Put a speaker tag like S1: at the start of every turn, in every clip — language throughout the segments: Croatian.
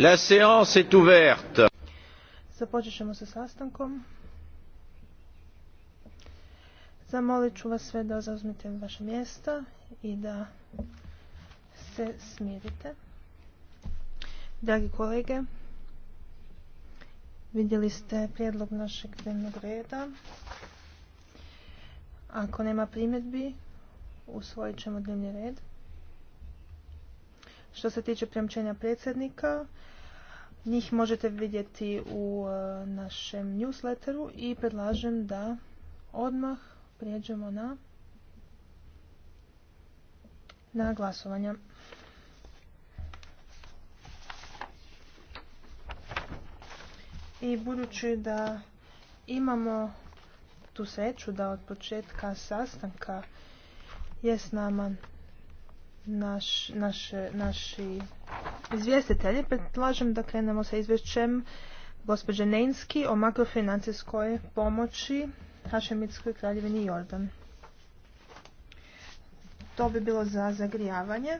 S1: La séance est ouverte.
S2: Započet ćemo sa sastankom. Zamolit ću vas sve da zauzmete vaše mjesta i da se smirite. Dragi kolege, vidjeli ste prijedlog našeg dnevnog reda. Ako nema primjedbi, usvojit ćemo dnevni red. Što se tiče prijemčenja predsjednika, njih možete vidjeti u e, našem newsletteru i predlažem da odmah prijeđemo na na glasovanja. I budući da imamo tu sreću da od početka sastanka je s nama naš, naši izvjestitelji. Predlažem da krenemo sa izvješćem gospođe Nenski o makrofinancijskoj pomoći Hašemitskoj kraljevini Jordan. To bi bilo za zagrijavanje.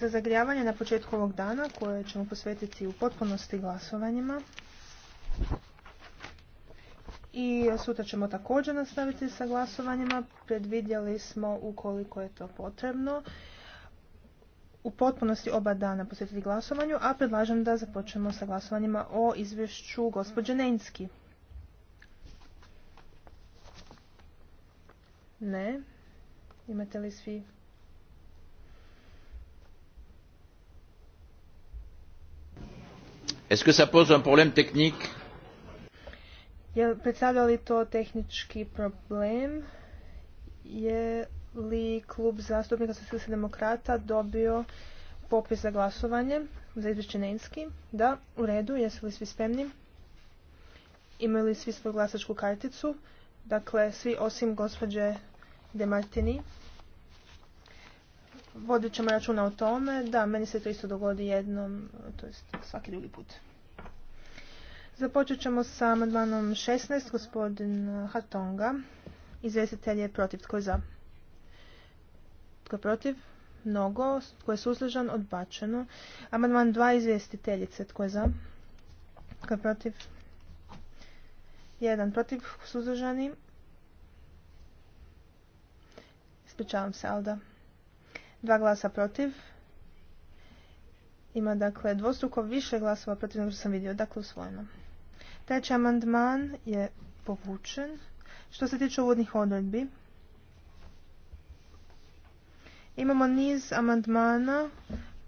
S2: Za zagrijavanje na početku ovog dana koje ćemo posvetiti u potpunosti glasovanjima i sutra ćemo također nastaviti sa glasovanjima. Predvidjeli smo ukoliko je to potrebno u potpunosti oba dana posjetiti glasovanju, a predlažem da započnemo sa glasovanjima o izvješću gospođe Nenski. Ne. Imate li svi
S1: Est-ce que ça pose un problème technique
S2: je predstavlja li to tehnički problem? Je li klub zastupnika socijalista demokrata dobio popis za glasovanje za izvješće Nenski? Da, u redu, jesu li svi spremni? Imaju li svi svoju glasačku karticu? Dakle, svi osim gospođe De Martini. Vodit ćemo računa o tome. Da, meni se to isto dogodi jednom, to jest svaki drugi put. Započet ćemo sa amandmanom 16, gospodin Hatonga. Izvjestitelj je protiv. Tko je za? Tko je protiv? Mnogo. Tko je suzdržan? Odbačeno. Amandman 2, izvjestiteljice. Tko je za? Tko je protiv? Jedan protiv, suzdržani. Ispričavam se, Alda. Dva glasa protiv. Ima dakle dvostruko više glasova protiv nego što sam vidio. Dakle, usvojeno. Treći amandman je povučen. Što se tiče uvodnih odredbi, imamo niz amandmana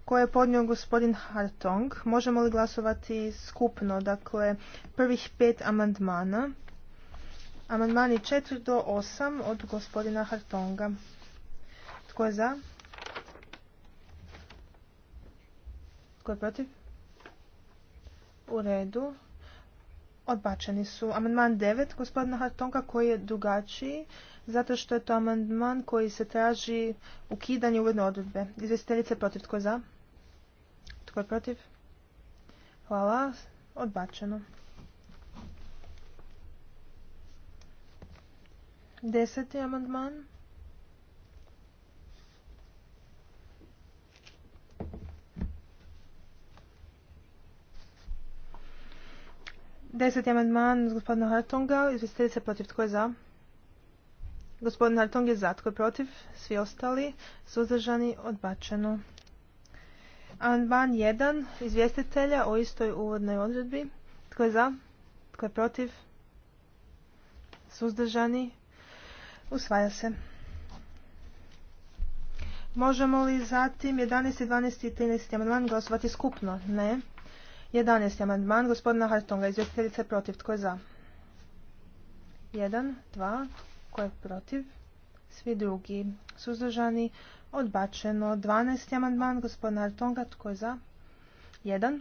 S2: koje je podnio gospodin Hartong. Možemo li glasovati skupno? Dakle, prvih pet amandmana. Amandmani četiri do osam od gospodina Hartonga. Tko je za? Tko je protiv? U redu. Odbačeni su. Amandman 9 gospodina Hartonka koji je drugačiji zato što je to amandman koji se traži ukidanje uvodne odredbe. Izvjestiteljice protiv tko je za? Tko je protiv? Hvala. Odbačeno. Deseti amandman. Deseti amandman gospodina Hartonga, se protiv, tko je za? Gospodin Hartong je za, tko je protiv? Svi ostali, suzdržani, odbačeno. Amandman 1, izvjestitelja o istoj uvodnoj odredbi, tko je za? Tko je protiv? Suzdržani, usvaja se. Možemo li zatim 11, 12 i 13 amandman glasovati skupno? Ne. 11. amandman gospodina Hartonga. izvjestiteljice protiv. Tko je za? 1, 2. Tko je protiv? Svi drugi. Suzdržani. Odbačeno. 12. amandman gospodina Hartonga. Tko je za? 1.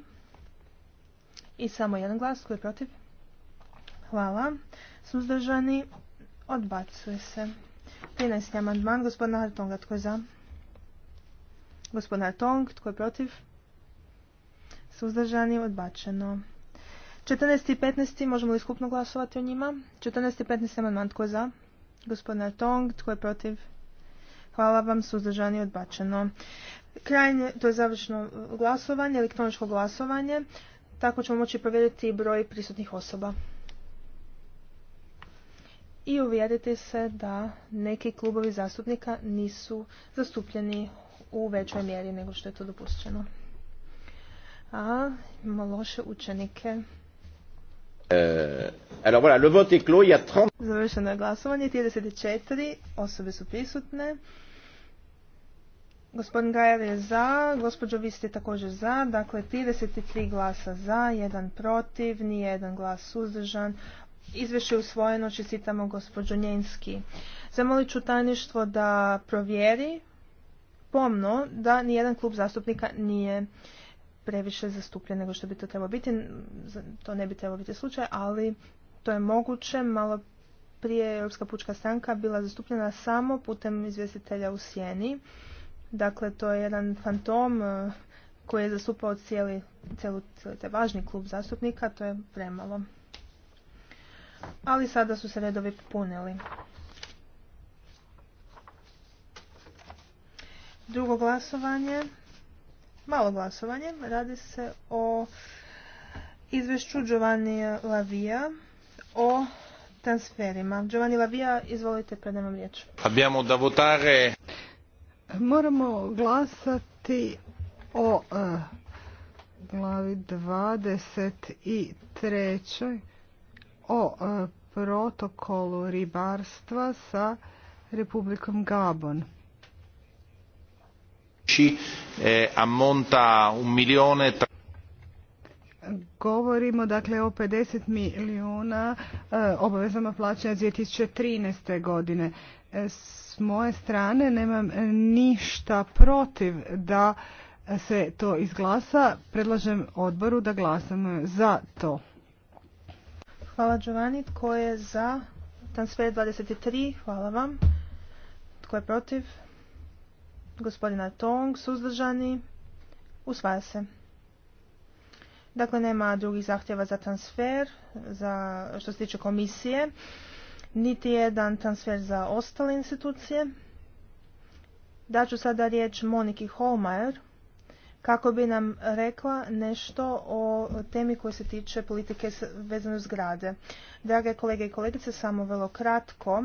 S2: I samo jedan glas. Tko je protiv? Hvala. Suzdržani. Odbacuje se. 13. amandman gospodina Hartonga. Tko je za? Gospodina Hartong. Tko je protiv? Suzdržani odbačeno. 14. i 15. možemo li skupno glasovati o njima? 14. i 15. amandman tko je za? Gospodina Tong, tko je protiv? Hvala vam, suzdržani odbačeno. Krajnje, to je završno glasovanje, elektroničko glasovanje. Tako ćemo moći provjeriti broj prisutnih osoba. I uvjeriti se da neki klubovi zastupnika nisu zastupljeni u većoj mjeri nego što je to dopušteno. A, imamo loše učenike. Završeno je glasovanje, 34 osobe su prisutne. Gospodin Gajer je za, gospođo vi ste također za, dakle 33 glasa za, jedan protiv, nijedan jedan glas suzdržan. Izvješće je usvojeno, čestitamo gospođo Njenski. Zamolit ću tajništvo da provjeri pomno da nijedan klub zastupnika nije previše zastupljen nego što bi to trebalo biti. To ne bi trebalo biti slučaj, ali to je moguće. Malo prije je Europska pučka stranka bila zastupljena samo putem izvjestitelja u Sjeni. Dakle, to je jedan fantom eh, koji je zastupao cijeli, cijeli, te važni klub zastupnika, to je premalo. Ali sada su se redovi popunili. Drugo glasovanje Malo glasovanje. Radi se o izvješću Giovanni Lavija o transferima. Giovanni Lavija, izvolite, predajem vam riječ.
S1: Abbiamo da votare.
S2: Moramo glasati
S3: o e, glavi glavi 23. o e, protokolu ribarstva sa Republikom Gabon.
S1: Eh, ammonta un milione
S3: Govorimo dakle o 50 milijuna eh, obavezama plaćanja 2013. godine. Eh, s moje strane nemam ništa protiv da se to izglasa. Predlažem odboru da glasamo za to.
S2: Hvala Giovanni. Tko je za transfer 23? Hvala vam. Tko je protiv? gospodina Tong, suzdržani, usvaja se. Dakle, nema drugih zahtjeva za transfer, za, što se tiče komisije, niti jedan transfer za ostale institucije. Daću sada riječ Moniki Holmajer kako bi nam rekla nešto o temi koja se tiče politike vezane uz grade. Drage kolege i kolegice, samo vrlo kratko.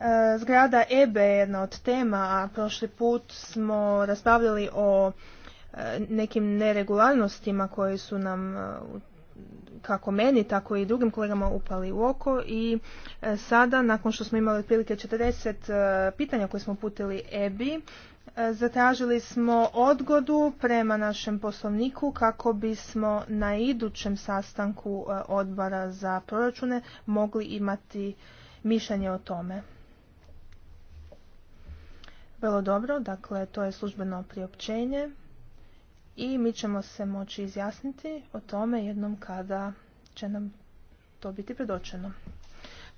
S2: E, zgrada EBE je jedna od tema, a prošli put smo raspravljali o e, nekim neregularnostima koje su nam e, kako meni, tako i drugim kolegama upali u oko i sada, nakon što smo imali otprilike 40 pitanja koje smo putili EBI, zatražili smo odgodu prema našem poslovniku kako bismo na idućem sastanku odbora za proračune mogli imati mišljenje o tome. Vrlo dobro, dakle to je službeno priopćenje i mi ćemo se moći izjasniti o tome jednom kada će nam to biti predočeno.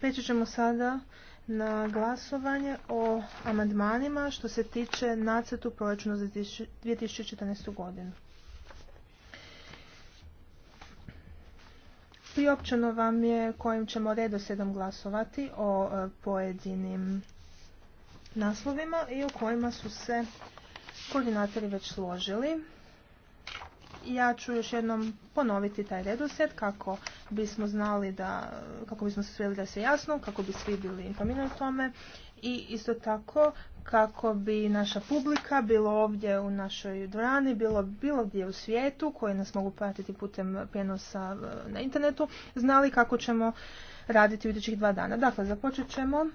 S2: Preći ćemo sada na glasovanje o amandmanima što se tiče nacetu proračuna za 2014. godinu. Priopćeno vam je kojim ćemo redoslijedom glasovati o e, pojedinim naslovima i u kojima su se koordinatori već složili. Ja ću još jednom ponoviti taj redoslijed kako bismo znali da, kako bismo se sveli da se jasno, kako bi svi bili informirani o tome i isto tako kako bi naša publika bilo ovdje u našoj dvorani, bilo bilo gdje u svijetu koji nas mogu pratiti putem prijenosa e, na internetu, znali kako ćemo raditi u idućih dva dana. Dakle, započet ćemo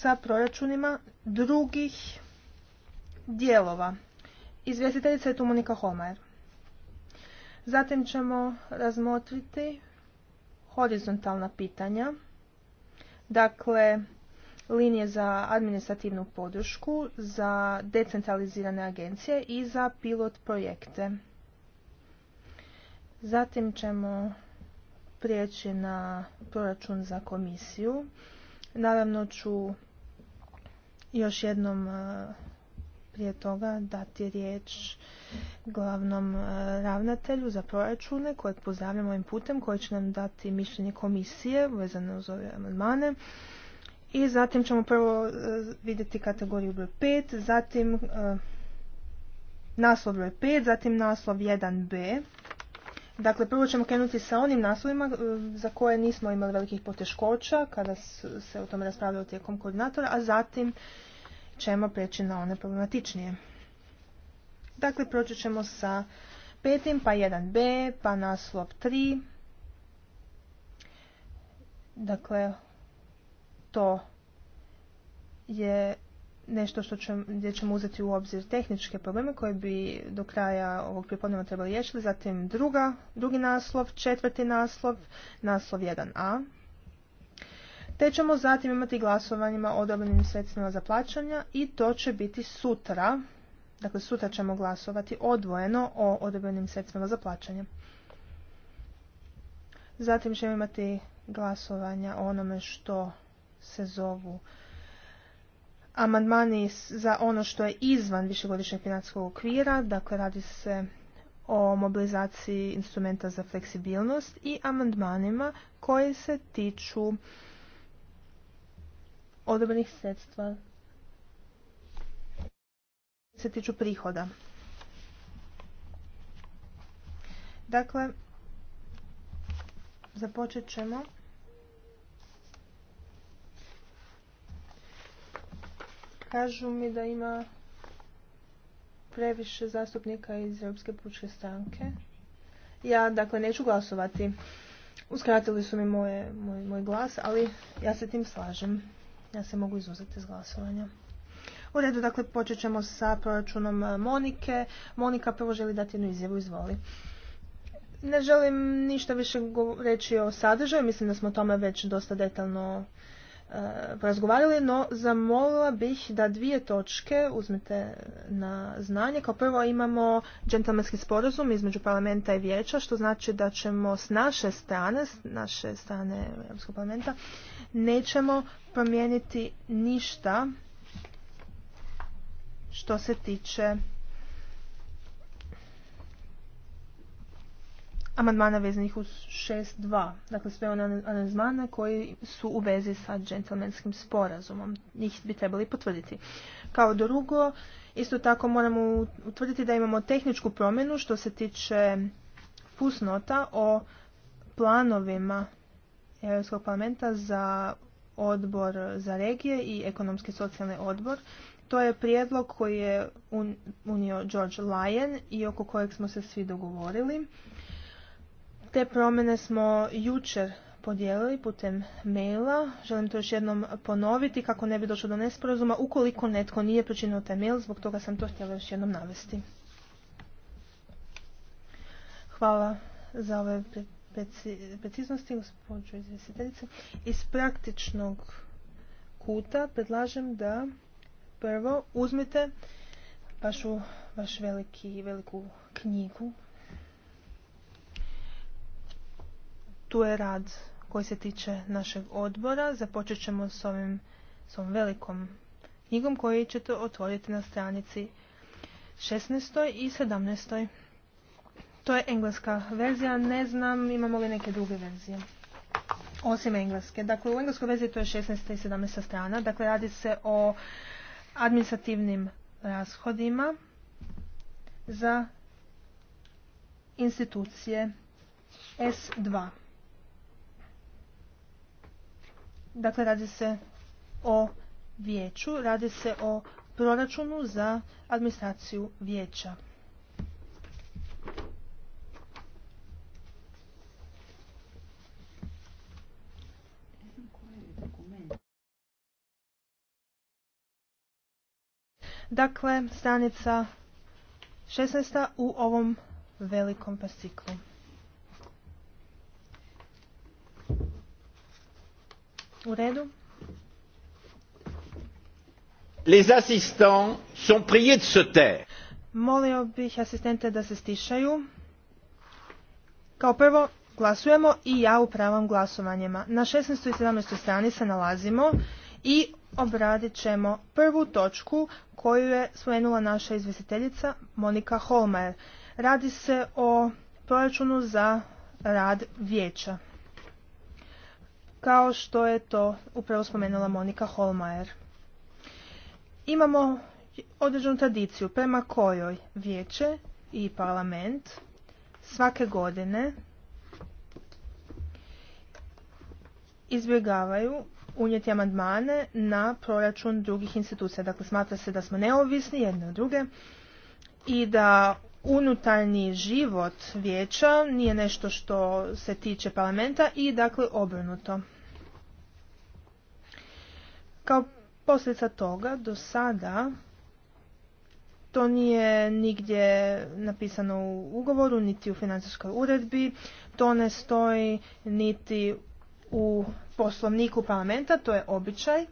S2: sa proračunima drugih dijelova. Izvjestiteljica je tu Monika Homer. Zatim ćemo razmotriti horizontalna pitanja, dakle linije za administrativnu podršku, za decentralizirane agencije i za pilot projekte. Zatim ćemo prijeći na proračun za komisiju. Naravno ću još jednom e, prije toga dati riječ glavnom e, ravnatelju za proračune kojeg pozdravljamo ovim putem koji će nam dati mišljenje komisije vezano uz ove amandmane. I zatim ćemo prvo e, vidjeti kategoriju broj 5, zatim naslov broj 5, zatim naslov 1b Dakle, prvo ćemo krenuti sa onim naslovima e, za koje nismo imali velikih poteškoća kada se o tome raspravljalo tijekom koordinatora, a zatim ćemo preći na one problematičnije. Dakle, proći ćemo sa petim, pa 1b, pa naslov 3. Dakle, to je nešto što gdje ćemo uzeti u obzir tehničke probleme koje bi do kraja ovog pripodnjena trebali riješiti. Zatim druga, drugi naslov, četvrti naslov, naslov 1a. Te ćemo zatim imati glasovanjima o odobrenim sredstvima za plaćanja i to će biti sutra. Dakle, sutra ćemo glasovati odvojeno o odobrenim sredstvima za plaćanje. Zatim ćemo imati glasovanja o onome što se zovu amandmani za ono što je izvan višegodišnjeg financijskog okvira, dakle radi se o mobilizaciji instrumenta za fleksibilnost i amandmanima koji se tiču odobrenih sredstva se tiču prihoda. Dakle, započet ćemo Kažu mi da ima previše zastupnika iz Europske pučke stranke. Ja, dakle, neću glasovati. Uskratili su mi moje, moj, moj glas, ali ja se tim slažem. Ja se mogu izuzeti iz glasovanja. U redu, dakle, počet ćemo sa proračunom e, Monike. Monika prvo želi dati jednu izjavu, izvoli. Ne želim ništa više reći o sadržaju, mislim da smo o tome već dosta detaljno porazgovarali, eh, no zamolila bih da dvije točke uzmete na znanje. Kao prvo imamo džentlmenski sporazum između parlamenta i vijeća, što znači da ćemo s naše strane, s naše strane Europskog parlamenta, nećemo promijeniti ništa što se tiče amandmana vezanih uz 6.2. Dakle, sve one amandmane koji su u vezi sa džentlmenskim sporazumom. Njih bi trebali potvrditi. Kao drugo, isto tako moramo utvrditi da imamo tehničku promjenu što se tiče fusnota o planovima Europskog parlamenta za odbor za regije i ekonomski socijalni odbor. To je prijedlog koji je unio George Lyon i oko kojeg smo se svi dogovorili. Te promjene smo jučer podijelili putem maila. Želim to još jednom ponoviti kako ne bi došlo do nesporazuma ukoliko netko nije pročinio taj mail, zbog toga sam to htjela još jednom navesti. Hvala za ove preciznosti, gospođo izvjestiteljice. Iz praktičnog kuta predlažem da prvo uzmite vašu, vaš veliki, veliku knjigu Tu je rad koji se tiče našeg odbora. Započet ćemo s ovim, s ovom velikom knjigom koju ćete otvoriti na stranici 16. i 17. To je engleska verzija, ne znam imamo li neke druge verzije. Osim engleske. Dakle, u engleskoj verziji to je 16. i 17. strana. Dakle, radi se o administrativnim rashodima za institucije S2. Dakle, radi se o vijeću, radi se o proračunu za administraciju vijeća. Dakle, stanica 16. u ovom velikom pasiklu. U redu.
S1: Les assistants sont priés de se taire.
S2: Molio bih asistente da se stišaju. Kao prvo, glasujemo i ja u pravom glasovanjima. Na 16. i 17. strani se nalazimo i obradit ćemo prvu točku koju je spomenula naša izvjestiteljica Monika Holmer. Radi se o proračunu za rad vijeća kao što je to upravo spomenula Monika Holmajer. Imamo određenu tradiciju prema kojoj vijeće i parlament svake godine izbjegavaju unijeti amandmane na proračun drugih institucija. Dakle, smatra se da smo neovisni jedne od druge i da unutarnji život vijeća nije nešto što se tiče parlamenta i dakle obrnuto. Kao posljedica toga do sada to nije nigdje napisano u ugovoru, niti u financijskoj uredbi, to ne stoji niti u poslovniku parlamenta, to je običaj.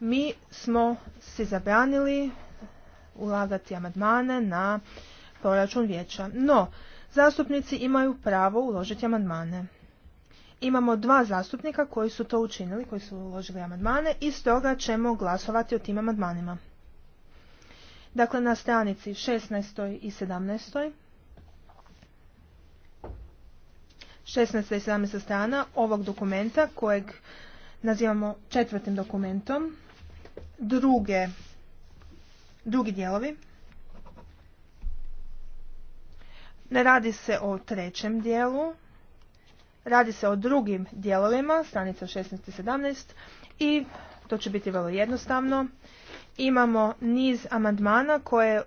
S2: Mi smo se zabranili ulagati amandmane na proračun vijeća. No, zastupnici imaju pravo uložiti amandmane. Imamo dva zastupnika koji su to učinili, koji su uložili amandmane i stoga ćemo glasovati o tim amandmanima. Dakle, na stranici 16. i 17. 16. i 17. strana ovog dokumenta kojeg nazivamo četvrtim dokumentom. Druge Drugi dijelovi. Ne radi se o trećem dijelu. Radi se o drugim dijelovima, stranica 16 i 17. I to će biti vrlo jednostavno. Imamo niz amandmana koje je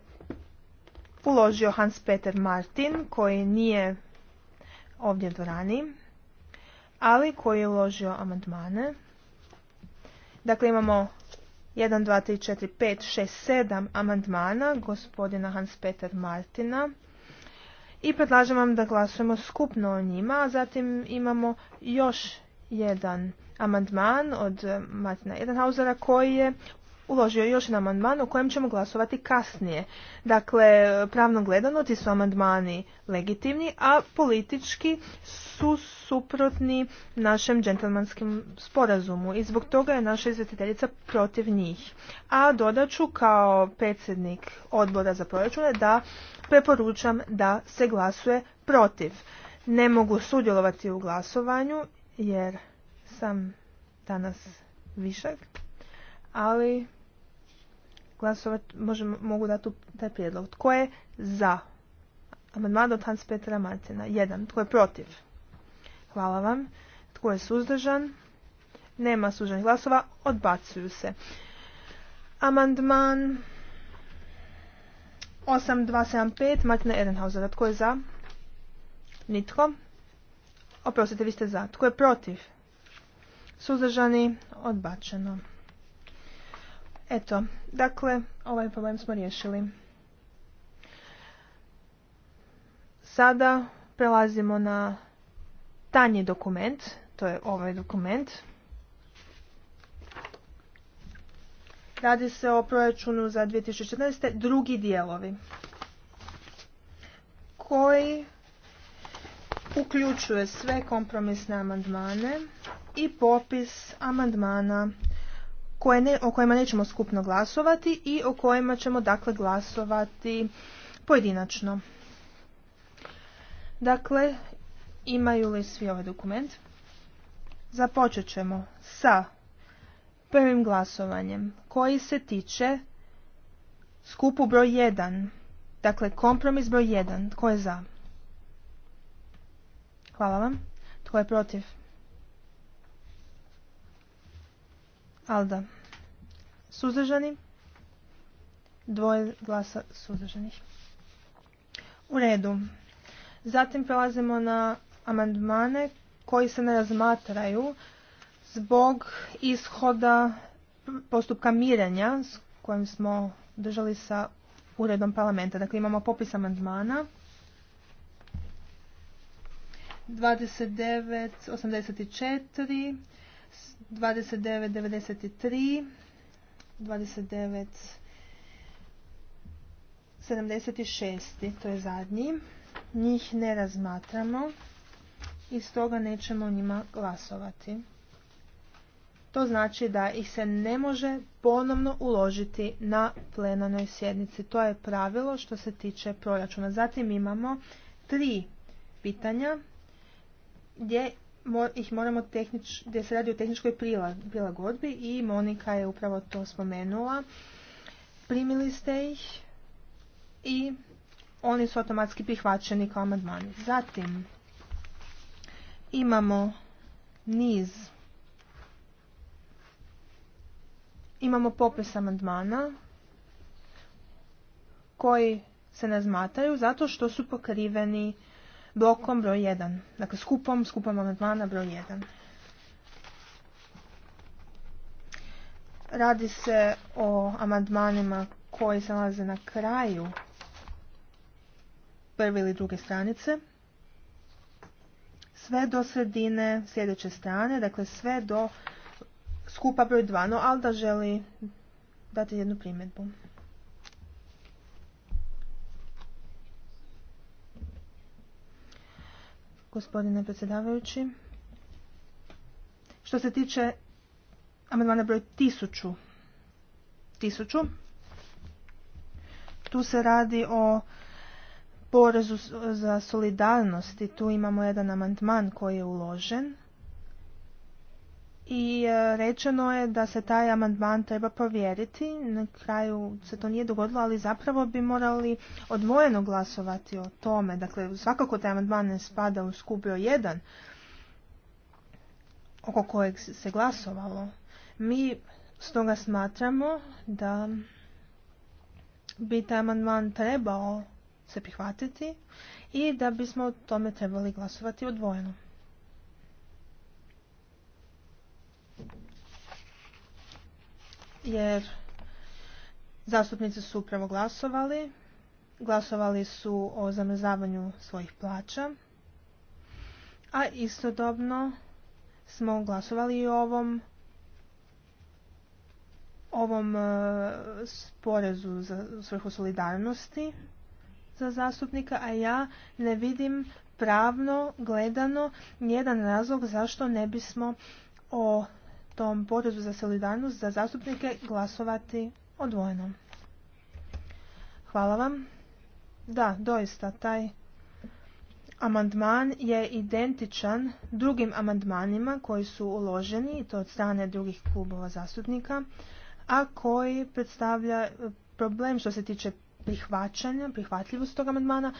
S2: uložio Hans Peter Martin, koji nije ovdje dvorani, ali koji je uložio amandmane. Dakle, imamo 1, 2, 3, 4, 5, 6, 7 amandmana gospodina Hans-Peter Martina i predlažem vam da glasujemo skupno o njima, a zatim imamo još jedan amandman od Martina Edenhausera koji je uložio još jedan amandman o kojem ćemo glasovati kasnije. Dakle, pravno gledano ti su amandmani legitimni, a politički su suprotni našem džentlmanskim sporazumu i zbog toga je naša izvjetiteljica protiv njih. A dodaću kao predsjednik odbora za proračune da preporučam da se glasuje protiv. Ne mogu sudjelovati u glasovanju jer sam danas višak ali glasovati, možemo, mogu dati taj prijedlog. Tko je za? Amandman od Hans Petra Martina. Jedan. Tko je protiv? Hvala vam. Tko je suzdržan? Nema suzdržanih glasova. Odbacuju se. Amandman 8275 Martina Edenhausera. Tko je za? Nitko. Oprostite, vi ste za. Tko je protiv? Suzdržani. Odbačeno. Eto, dakle, ovaj problem smo riješili. Sada prelazimo na tanji dokument, to je ovaj dokument. Radi se o proračunu za 2014. drugi dijelovi koji uključuje sve kompromisne amandmane i popis amandmana o kojima nećemo skupno glasovati i o kojima ćemo dakle glasovati pojedinačno. Dakle, imaju li svi ovaj dokument? Započet ćemo sa prvim glasovanjem koji se tiče skupu broj 1. Dakle, kompromis broj 1. Tko je za? Hvala vam. Tko je protiv? Alda. Suzdržani? Dvoje glasa suzdržanih. U redu. Zatim prelazimo na amandmane koji se ne razmatraju zbog ishoda postupka miranja s kojim smo držali sa uredom parlamenta. Dakle, imamo popis amandmana. 29, 84, 29, 93, 29 76. to je zadnji. Njih ne razmatramo i stoga nećemo njima glasovati. To znači da ih se ne može ponovno uložiti na plenarnoj sjednici. To je pravilo što se tiče proračuna. Zatim imamo tri pitanja gdje ih moramo tehnič, gdje se radi o tehničkoj prilagodbi i Monika je upravo to spomenula. Primili ste ih i oni su automatski prihvaćeni kao amandmani. Zatim imamo niz imamo popis amandmana koji se nazmataju zato što su pokriveni blokom broj 1. Dakle, skupom, skupom amandmana broj 1. Radi se o amandmanima koji se nalaze na kraju prve ili druge stranice. Sve do sredine sljedeće strane, dakle sve do skupa broj 2. No, Alda želi dati jednu primjedbu. gospodine predsjedavajući. Što se tiče amandmana broj tisuću, 1000, tu se radi o porezu za solidarnost i tu imamo jedan amandman koji je uložen i e, rečeno je da se taj amandman treba provjeriti. Na kraju se to nije dogodilo, ali zapravo bi morali odvojeno glasovati o tome. Dakle, svakako taj amandman ne spada u skupio jedan oko kojeg se glasovalo. Mi stoga smatramo da bi taj amandman trebao se prihvatiti i da bismo o tome trebali glasovati odvojeno. jer zastupnici su upravo glasovali. Glasovali su o zamrzavanju svojih plaća, a istodobno smo glasovali i o ovom ovom e, sporezu za svrhu solidarnosti za zastupnika, a ja ne vidim pravno gledano nijedan razlog zašto ne bismo o tom potezu za solidarnost za zastupnike glasovati odvojeno. Hvala vam. Da, doista, taj amandman je identičan drugim amandmanima koji su uloženi, to od strane drugih klubova zastupnika, a koji predstavlja problem što se tiče prihvaćanja, prihvatljivost tog amandmana.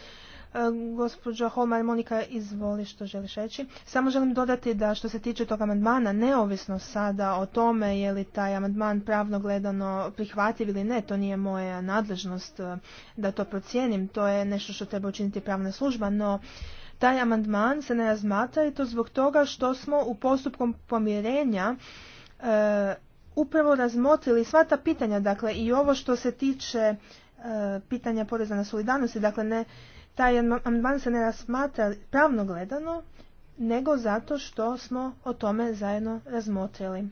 S2: Gospođo Holmar Monika, izvoli što želiš reći. Samo želim dodati da što se tiče tog amandmana, neovisno sada o tome je li taj amandman pravno gledano prihvatljiv ili ne, to nije moja nadležnost eh, da to procijenim, to je nešto što treba učiniti pravna služba, no taj amandman se ne razmatra i to zbog toga što smo u postupkom pomirenja eh, upravo razmotrili sva ta pitanja, dakle i ovo što se tiče eh, pitanja poreza na solidarnosti, dakle ne taj amandman se ne razmatra pravno gledano, nego zato što smo o tome zajedno razmotrili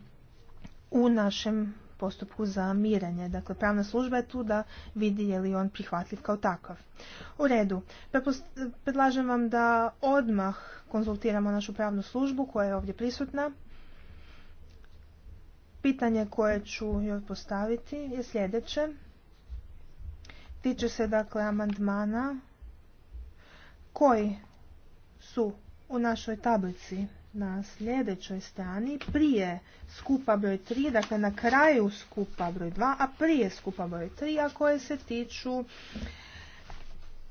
S2: u našem postupku za miranje. Dakle, pravna služba je tu da vidi je li on prihvatljiv kao takav. U redu, predlažem vam da odmah konzultiramo našu pravnu službu koja je ovdje prisutna. Pitanje koje ću joj postaviti je sljedeće. Tiče se dakle amandmana koji su u našoj tablici na sljedećoj strani prije skupa broj 3, dakle na kraju skupa broj 2, a prije skupa broj 3, a koje se tiču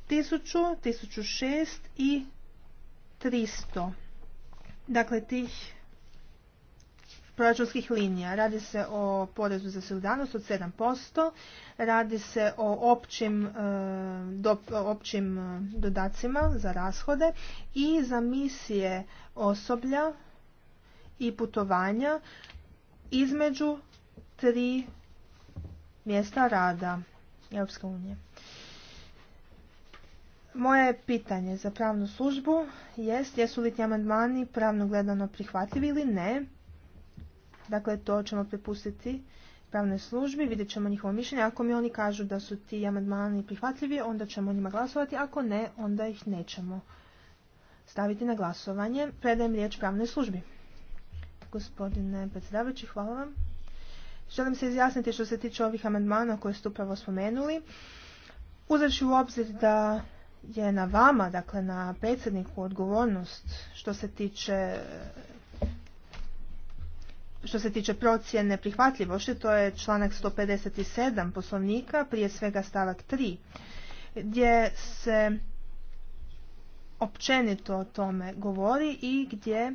S2: 1000, 1006 i 300. Dakle, tih proračunskih linija. Radi se o porezu za solidarnost od 7%, radi se o općim, e, općim e, dodacima za rashode i za misije osoblja i putovanja između tri mjesta rada Europske unije. Moje pitanje za pravnu službu jest jesu li ti amandmani pravno gledano prihvatljivi ili ne, Dakle, to ćemo prepustiti pravnoj službi, vidjet ćemo njihovo mišljenje. Ako mi oni kažu da su ti amandmani prihvatljivi, onda ćemo njima glasovati, ako ne, onda ih nećemo staviti na glasovanje. Predajem riječ pravnoj službi. Gospodine predsjedavajući, hvala vam. Želim se izjasniti što se tiče ovih amandmana koje ste upravo spomenuli. Uzevši u obzir da je na vama, dakle na predsjedniku, odgovornost što se tiče što se tiče procjene prihvatljivosti, to je članak 157 poslovnika, prije svega stavak 3, gdje se općenito o tome govori i gdje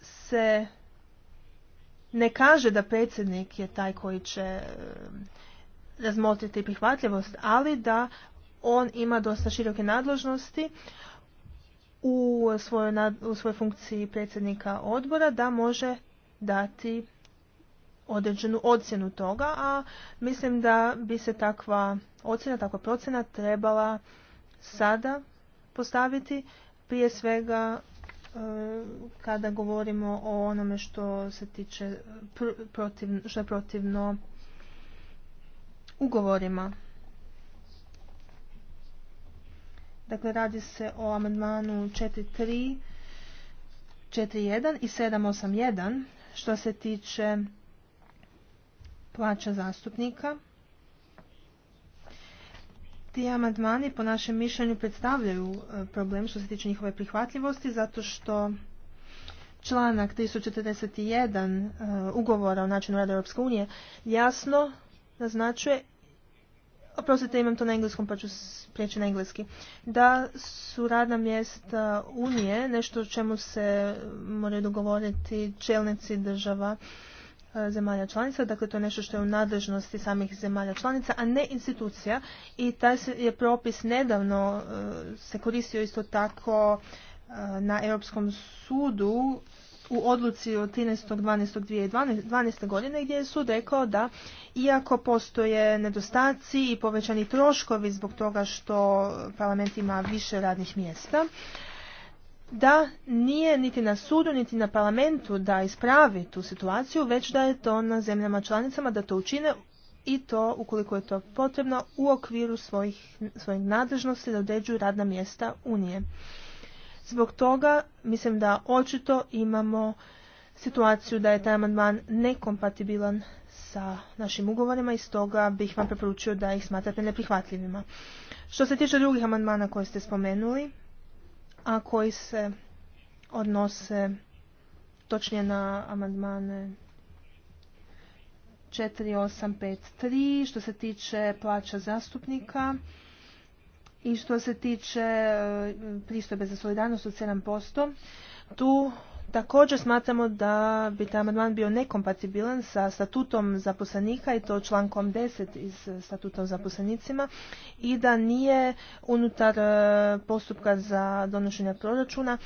S2: se ne kaže da predsjednik je taj koji će eh, razmotriti prihvatljivost, ali da on ima dosta široke nadležnosti u svojoj, u svojoj funkciji predsjednika odbora da može dati određenu ocjenu toga, a mislim da bi se takva ocjena, takva procjena trebala sada postaviti prije svega e, kada govorimo o onome što se tiče protiv, što je protivno ugovorima. Dakle, radi se o amandmanu 4.3, 4.1 i 7.8.1 što se tiče plaća zastupnika. Ti amandmani po našem mišljenju predstavljaju e, problem što se tiče njihove prihvatljivosti zato što članak 341 e, ugovora o načinu rada Europske unije jasno naznačuje oprostite imam to na engleskom pa ću prijeći na engleski, da su radna mjesta Unije nešto o čemu se moraju dogovoriti čelnici država e, zemalja članica, dakle to je nešto što je u nadležnosti samih zemalja članica, a ne institucija i taj je propis nedavno e, se koristio isto tako e, na Europskom sudu u odluci od 13.12.2012. godine gdje je sud rekao da iako postoje nedostaci i povećani troškovi zbog toga što parlament ima više radnih mjesta, da nije niti na sudu niti na parlamentu da ispravi tu situaciju, već da je to na zemljama članicama da to učine i to ukoliko je to potrebno u okviru svojih, svojih nadležnosti da određuju radna mjesta Unije. Zbog toga mislim da očito imamo situaciju da je taj amandman nekompatibilan sa našim ugovorima i stoga bih vam preporučio da ih smatrate neprihvatljivima. Što se tiče drugih amandmana koje ste spomenuli, a koji se odnose točnije na amandmane 4853, što se tiče plaća zastupnika, i što se tiče e, pristojbe za solidarnost od 7%, tu također smatramo da bi taj amandman bio nekompatibilan sa statutom zaposlenika i to člankom 10 iz statuta zaposlenicima i da nije unutar e, postupka za donošenje proračuna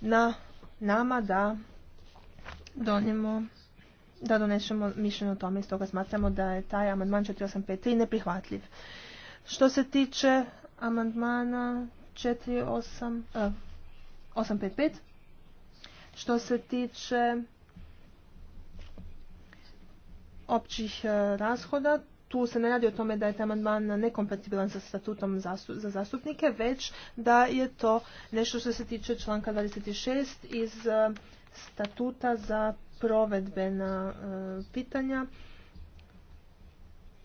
S2: na nama da donijemo da donesemo mišljenje o tome i stoga smatramo da je taj amandman 4853 neprihvatljiv. Što se tiče amandmana 855 e, što se tiče općih e, rashoda tu se ne radi o tome da je taj amandman nekompatibilan sa statutom za zastupnike, već da je to nešto što se tiče članka 26 iz e, statuta za provedbena pitanja,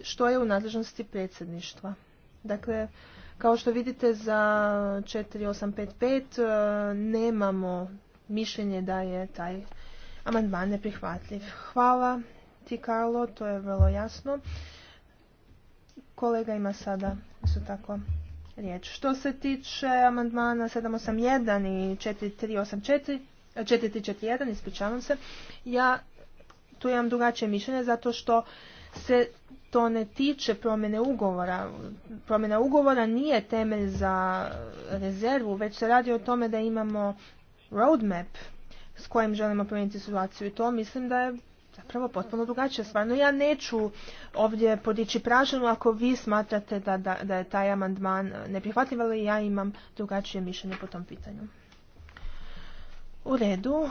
S2: što je u nadležnosti predsjedništva. Dakle, kao što vidite za 4855 eh, nemamo mišljenje da je taj amandman neprihvatljiv. Hvala ti Karlo, to je vrlo jasno. Kolega ima sada isto tako riječ. Što se tiče amandmana 781 i 4384, 4341, eh, ispričavam se, ja tu imam drugačije mišljenje zato što se to ne tiče promjene ugovora. Promjena ugovora nije temelj za rezervu, već se radi o tome da imamo roadmap s kojim želimo promijeniti situaciju i to mislim da je zapravo potpuno drugačija stvar. No ja neću ovdje podići pražinu ako vi smatrate da, da, da je taj amandman neprihvatljiv, ali ja imam drugačije mišljenje po tom pitanju. U redu,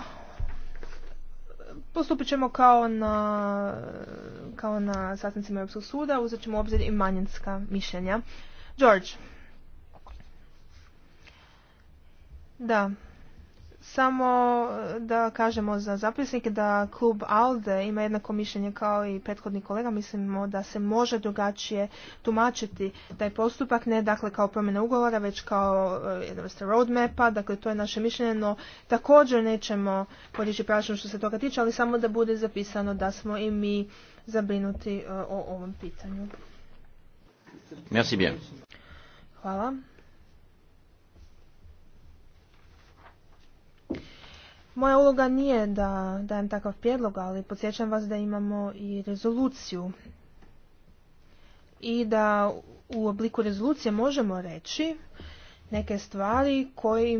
S2: Postupit ćemo kao na, kao na sastancima Europskog suda, uzet ćemo u obzir i manjinska mišljenja. George. Da, samo eh, da kažemo za zapisnike da klub ALDE ima jednako mišljenje kao i prethodni kolega. Mislimo da se može drugačije tumačiti taj postupak, ne dakle kao promjena ugovora, već kao eh, jedna vrsta roadmapa. Dakle, to je naše mišljenje, no također nećemo podići prašno što se toga tiče, ali samo da bude zapisano da smo i mi zabrinuti eh, o ovom pitanju. Merci bien. Hvala. Moja uloga nije da dajem takav prijedlog, ali podsjećam vas da imamo i rezoluciju. I da u obliku rezolucije možemo reći neke stvari koje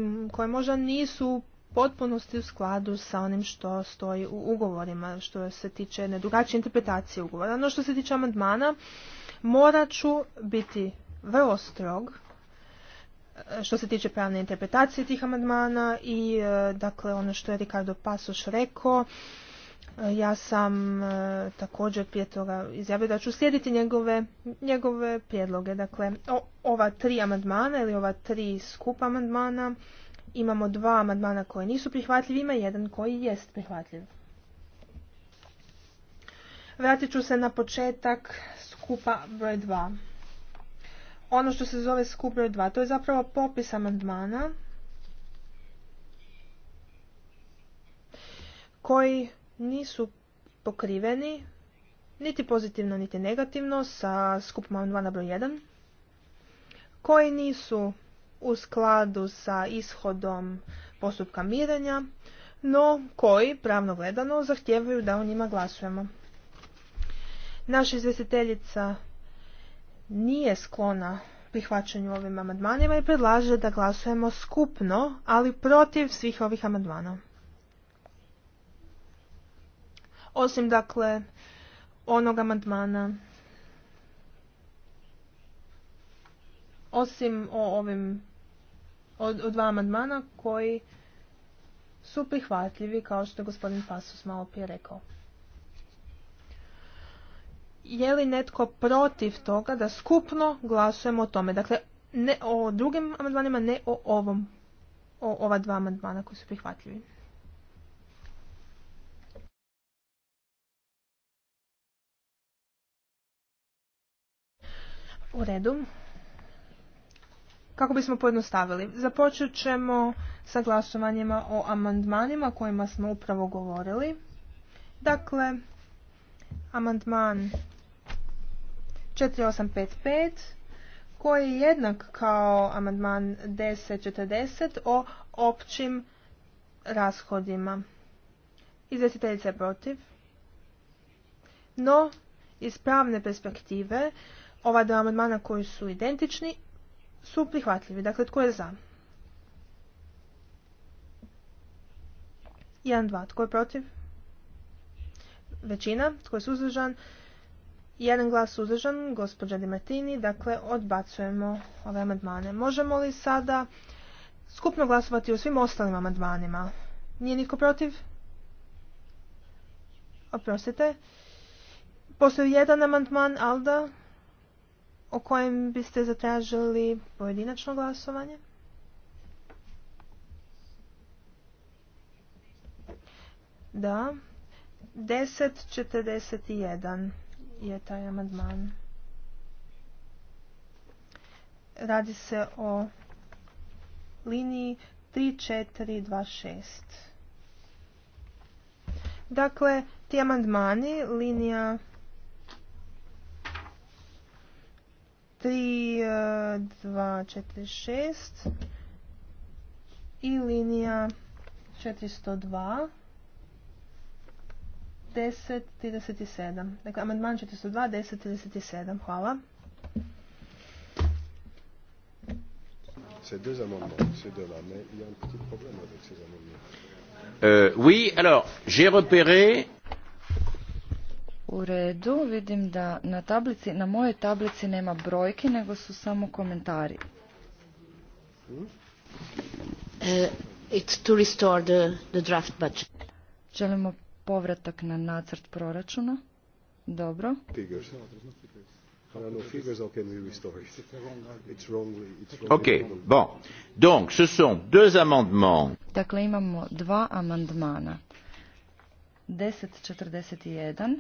S2: možda nisu u potpunosti u skladu sa onim što stoji u ugovorima, što se tiče jedne drugačije interpretacije ugovora. No što se tiče amandmana, morat ću biti vrlo strog što se tiče pravne interpretacije tih amandmana i e, dakle ono što je Ricardo Pasoš rekao, e, ja sam e, također prije toga izjavio da ću slijediti njegove, njegove prijedloge. Dakle, ova tri amandmana ili ova tri skupa amandmana, imamo dva amandmana koje nisu prihvatljivi, ima jedan koji jest prihvatljiv. Vratit ću se na početak skupa broj dva ono što se zove skup broj 2. To je zapravo popis amandmana koji nisu pokriveni niti pozitivno niti negativno sa skupom amandmana broj 1 koji nisu u skladu sa ishodom postupka mirenja, no koji, pravno gledano, zahtijevaju da o njima glasujemo. Naša izvjestiteljica nije sklona prihvaćanju ovim amandmanima i predlaže da glasujemo skupno, ali protiv svih ovih amandmana. Osim, dakle, onog amandmana. Osim o ovim, o, dva amandmana koji su prihvatljivi, kao što je gospodin Pasus malo prije rekao je li netko protiv toga da skupno glasujemo o tome. Dakle, ne o drugim amandmanima, ne o ovom. O ova dva amandmana koji su prihvatljivi. U redu. Kako bismo pojednostavili? Započet ćemo sa glasovanjima o amandmanima kojima smo upravo govorili. Dakle, amandman 4855 koji je jednak kao amandman 1040 o općim rashodima. Izvestiteljica je protiv. No, iz pravne perspektive, ova dva amandmana koji su identični su prihvatljivi. Dakle, tko je za? 1, 2. Tko je protiv? Većina. Tko je suzdržan? Jedan glas suzdržan, gospođa Di dakle odbacujemo ove amandmane. Možemo li sada skupno glasovati o svim ostalim amandmanima? Nije niko protiv? Oprostite. Postoji jedan amandman Alda o kojem biste zatražili pojedinačno glasovanje. Da. 10.41 je taj amandman. Radi se o liniji 3426. Dakle, ti amandmani, linija 3246 i linija 402 10.37. Dakle, amandman 402, 10.37. Hvala.
S1: Ces deux amendements, ces deux-là, mais il y a un petit problème avec ces amendements. Euh, oui, alors, j'ai repéré...
S4: U redu, vidim da na tablici, na mojoj tablici nema brojke, nego su samo komentari. Hmm? Uh, it's to restore the, the draft budget. Želimo povratak na nacrt proračuna. Dobro.
S1: Ok, bon. Donc, ce sont deux amendements.
S4: Dakle, imamo dva amandmana. 10.41,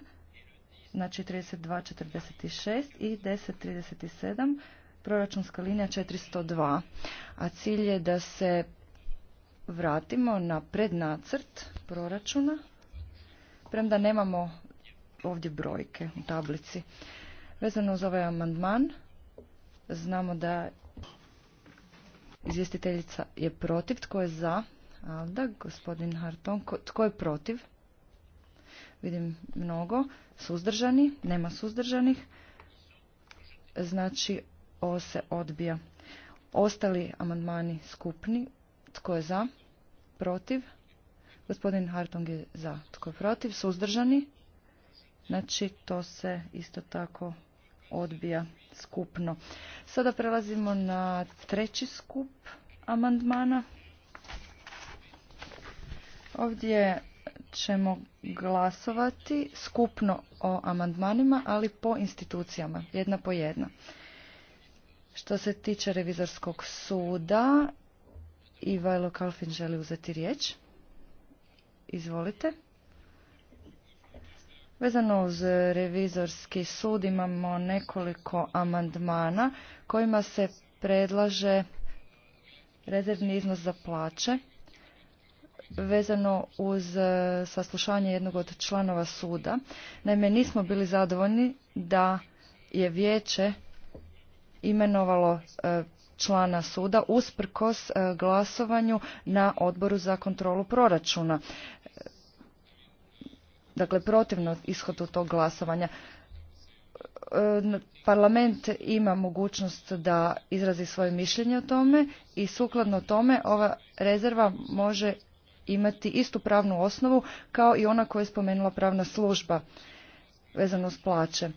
S4: znači 32.46 i 10.37, proračunska linija 402. A cilj je da se vratimo na prednacrt proračuna premda nemamo ovdje brojke u tablici. Vezano uz ovaj amandman, znamo da izvjestiteljica je protiv. Tko je za? da, gospodin Harton. Tko je protiv? Vidim mnogo. Suzdržani? Nema suzdržanih. Znači, ovo se odbija. Ostali amandmani skupni. Tko je za? Protiv? Gospodin Hartong je za. Tko je protiv? Suzdržani? Znači, to se isto tako odbija skupno. Sada prelazimo na treći skup amandmana. Ovdje ćemo glasovati skupno o amandmanima, ali po institucijama, jedna po jedna. Što se tiče revizorskog suda, Ivajlo Kalfin želi uzeti riječ. Izvolite. Vezano uz revizorski sud imamo nekoliko amandmana kojima se predlaže rezervni iznos za plaće vezano uz e, saslušanje jednog od članova suda. Naime, nismo bili zadovoljni da je vijeće imenovalo e, člana suda usprkos e, glasovanju na odboru za kontrolu proračuna. Dakle, protivno ishodu tog glasovanja. E, parlament ima mogućnost da izrazi svoje mišljenje o tome i sukladno tome ova rezerva može imati istu pravnu osnovu kao i ona koju je spomenula pravna služba vezano s plaće.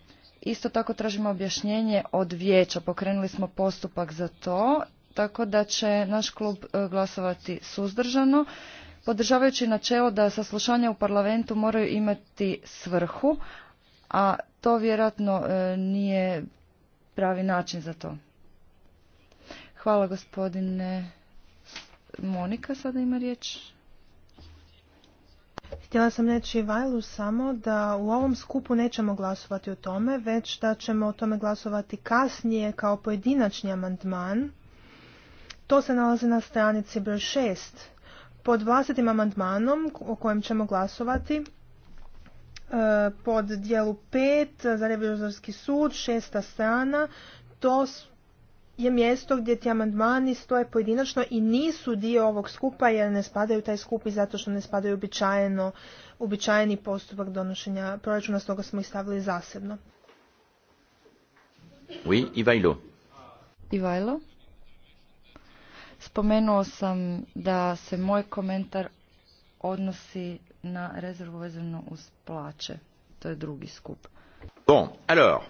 S4: Isto tako tražimo objašnjenje od vijeća. Pokrenuli smo postupak za to, tako da će naš klub e, glasovati suzdržano. Podržavajući načelo da saslušanja u parlamentu moraju imati svrhu, a to vjerojatno e, nije pravi način za to. Hvala gospodine
S2: Monika, sada ima riječ. Htjela sam reći Vajlu samo da u ovom skupu nećemo glasovati o tome, već da ćemo o tome glasovati kasnije kao pojedinačni amandman. To se nalazi na stranici broj 6. Pod vlastitim amandmanom o kojem ćemo glasovati e, pod dijelu 5 za revizorski sud, šesta strana, to je mjesto gdje ti amandmani stoje pojedinačno i nisu dio ovog skupa jer ne spadaju u taj skup i zato što ne spadaju običajeno uobičajeni postupak donošenja proračuna, stoga smo ih stavili zasebno. Oui, Ivajlo. Spomenuo sam
S4: da se moj komentar odnosi na rezervu vezano uz plaće. To je drugi skup.
S1: Bon, alors,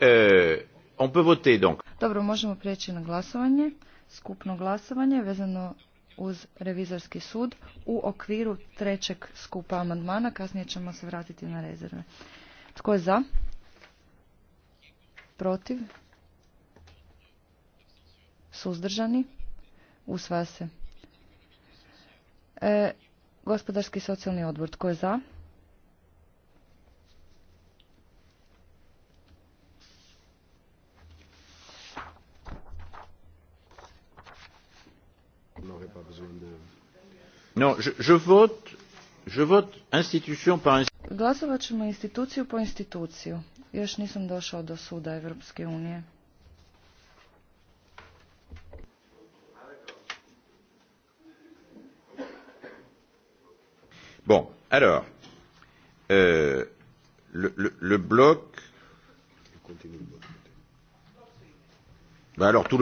S1: euh, on peut donc.
S4: Dobro, možemo prijeći na glasovanje, skupno glasovanje vezano uz revizorski sud u okviru trećeg skupa amandmana, kasnije ćemo se vratiti na rezerve. Tko je za? Protiv? Suzdržani? Usvaja se. E, gospodarski socijalni odbor, tko je za?
S1: pas besoin de... Non, je, je vote, je vote institution par institution.
S4: Glasovat ćemo instituciju po instituciju. Još nisam došao do suda Evropske unije.
S1: Bon, alors, euh, le, le, le bloc... Continue le bloc tout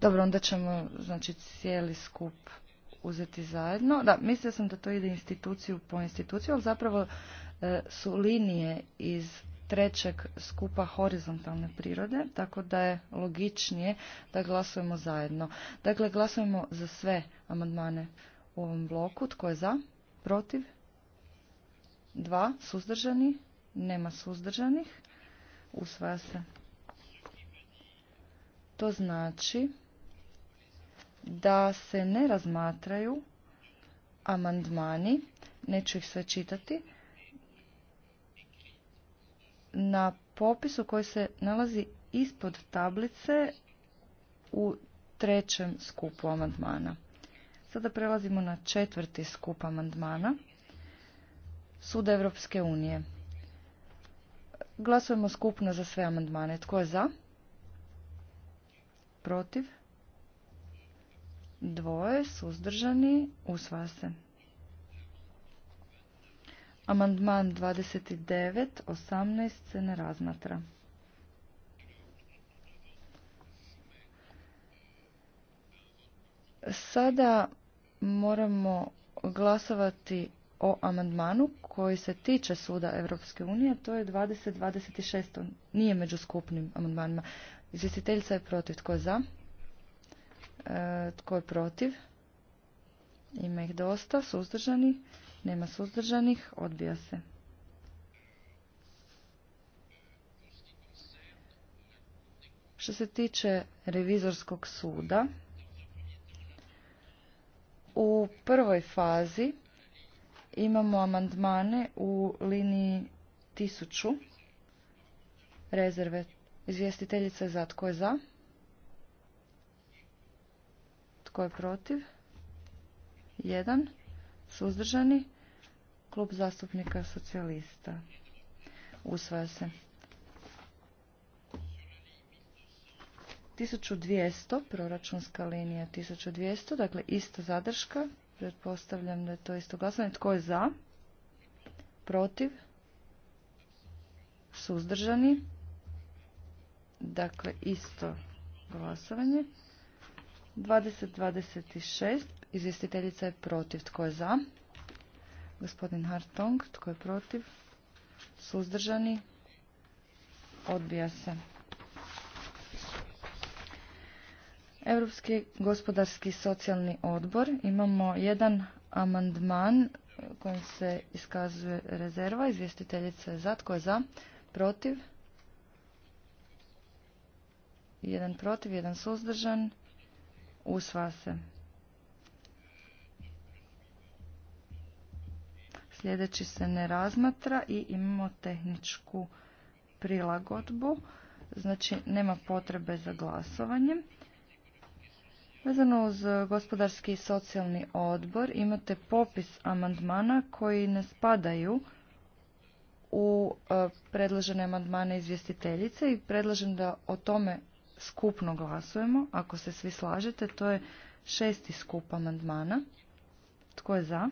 S4: Dobro onda ćemo znači cijeli skup uzeti zajedno. Da, mislio sam da to ide instituciju po instituciju, ali zapravo e, su linije iz trećeg skupa horizontalne prirode, tako da je logičnije da glasujemo zajedno. Dakle, glasujemo za sve amandmane u ovom bloku. Tko je za? Protiv? Dva? Suzdržani? Nema suzdržanih. Usvaja se. To znači da se ne razmatraju amandmani, neću ih sve čitati, na popisu koji se nalazi ispod tablice u trećem skupu amandmana. Sada prelazimo na četvrti skup amandmana. Sud Evropske unije. Glasujemo skupno za sve amandmane. Tko je za? protiv, dvoje, suzdržani, usvaja se. Amandman 29, 18 se ne razmatra. Sada moramo glasovati o amandmanu koji se tiče suda Europske unije, to je 2026. Nije među skupnim amandmanima. Izvjestiteljica je protiv. Tko je za? E, tko je protiv? Ima ih dosta. Suzdržani? Nema suzdržanih. Odbija se. Što se tiče revizorskog suda, u prvoj fazi imamo amandmane u liniji 1000 rezerve Izvjestiteljica je za. Tko je za? Tko je protiv? Jedan. Suzdržani. Klub zastupnika socijalista. Usvaja se. 1200, proračunska linija 1200, dakle ista zadrška. Pretpostavljam da je to isto glasanje. Tko je za? Protiv? Suzdržani? Dakle, isto glasovanje. 20-26. Izvjestiteljica je protiv. Tko je za? Gospodin Hartong. Tko je protiv? Suzdržani? Odbija se. Europski gospodarski socijalni odbor. Imamo jedan amandman kojim se iskazuje rezerva. Izvjestiteljica je za. Tko je za? Protiv? Jedan protiv, jedan suzdržan. Usva se. Sljedeći se ne razmatra i imamo tehničku prilagodbu. Znači, nema potrebe za glasovanjem. Vezano uz gospodarski i socijalni odbor imate popis amandmana koji ne spadaju u e, predložene amandmane izvjestiteljice i predlažem da o tome skupno glasujemo. Ako se svi slažete, to je šesti skup amandmana. Tko je za?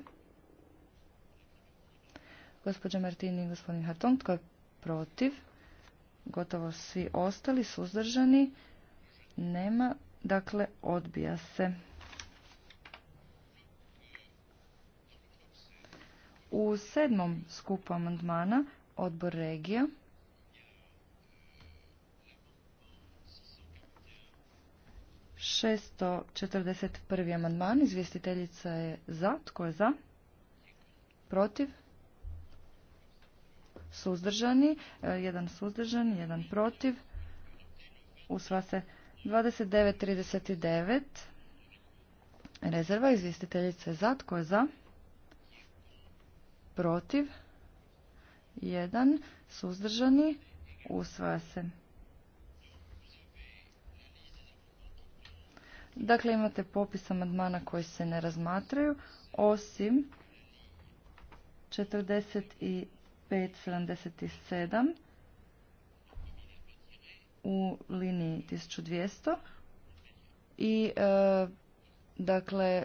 S4: Gospođa Martini i gospodin Harton. Tko je protiv? Gotovo svi ostali suzdržani. Nema. Dakle, odbija se. U sedmom skupu amandmana odbor regija 641. amandman. Izvjestiteljica je za. Tko je za? Protiv? Suzdržani. E, jedan suzdržan, jedan protiv. Usva se 29.39. Rezerva. Izvjestiteljica je za. Tko je za? Protiv? Jedan. Suzdržani. Usvaja se. Dakle, imate popis amandmana koji se ne razmatraju, osim 45.77 u liniji 1200 i e, dakle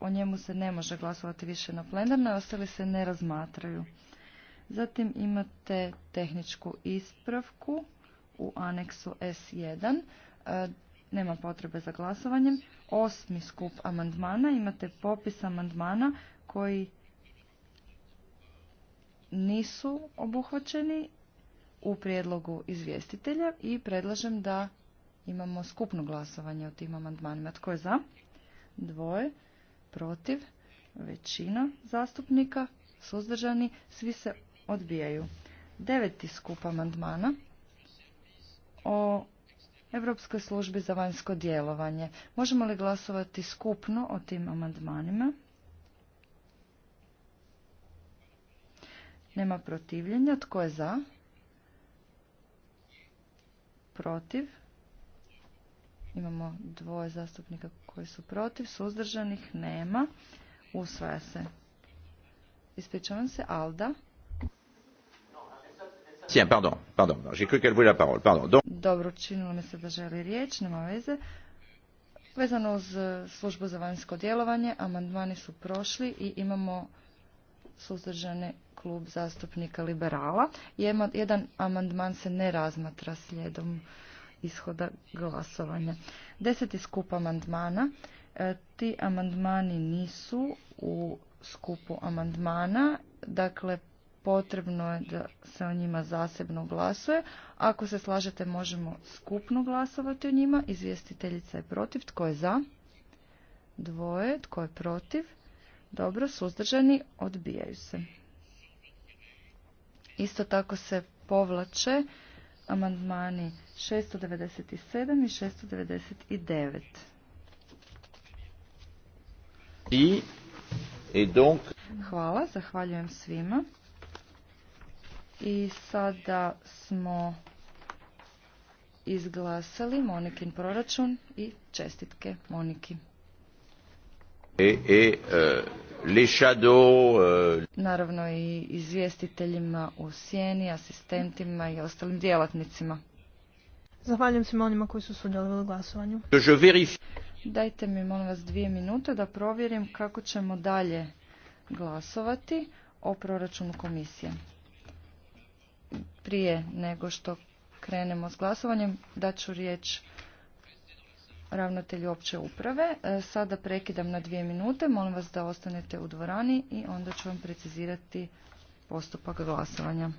S4: o njemu se ne može glasovati više na plenarnoj, ostali se ne razmatraju. Zatim imate tehničku ispravku u aneksu S1. Nema potrebe za glasovanjem. Osmi skup amandmana. Imate popis amandmana koji nisu obuhvaćeni u prijedlogu izvjestitelja i predlažem da imamo skupno glasovanje o tim amandmanima. Tko je za? Dvoje. Protiv? Većina zastupnika. Suzdržani. Svi se odbijaju. Deveti skup amandmana o Europskoj službi za vanjsko djelovanje. Možemo li glasovati skupno o tim amandmanima? Nema protivljenja. Tko je za? Protiv? Imamo dvoje zastupnika koji su protiv. Suzdržanih nema. Usvaja se. Ispričavam se. Alda. Dobro, činilo mi se da želi riječ, nema veze. Vezano uz e, službu za vanjsko djelovanje, amandmani su prošli i imamo suzdržane klub zastupnika liberala. Jedan amandman se ne razmatra slijedom ishoda glasovanja. Deseti skup amandmana. E, ti amandmani nisu u skupu amandmana. Dakle, potrebno je da se o njima zasebno glasuje. Ako se slažete možemo skupno glasovati o njima. Izvjestiteljica je protiv. Tko je za? Dvoje. Tko je protiv? Dobro, suzdržani odbijaju se. Isto tako se povlače amandmani 697 i
S1: 699.
S4: Hvala, zahvaljujem svima. I sada smo izglasali Monikin proračun i čestitke Moniki.
S1: E, e, e, e,
S4: Naravno i izvjestiteljima u sjeni, asistentima i ostalim djelatnicima.
S2: Zahvaljujem svima onima koji su sudjelovali u glasovanju.
S4: Dajte mi molim vas dvije minute da provjerim kako ćemo dalje glasovati o proračunu komisije prije nego što krenemo s glasovanjem, daću riječ ravnatelju opće uprave. E, sada prekidam na dvije minute, molim vas da ostanete u dvorani i onda ću vam precizirati postupak glasovanja.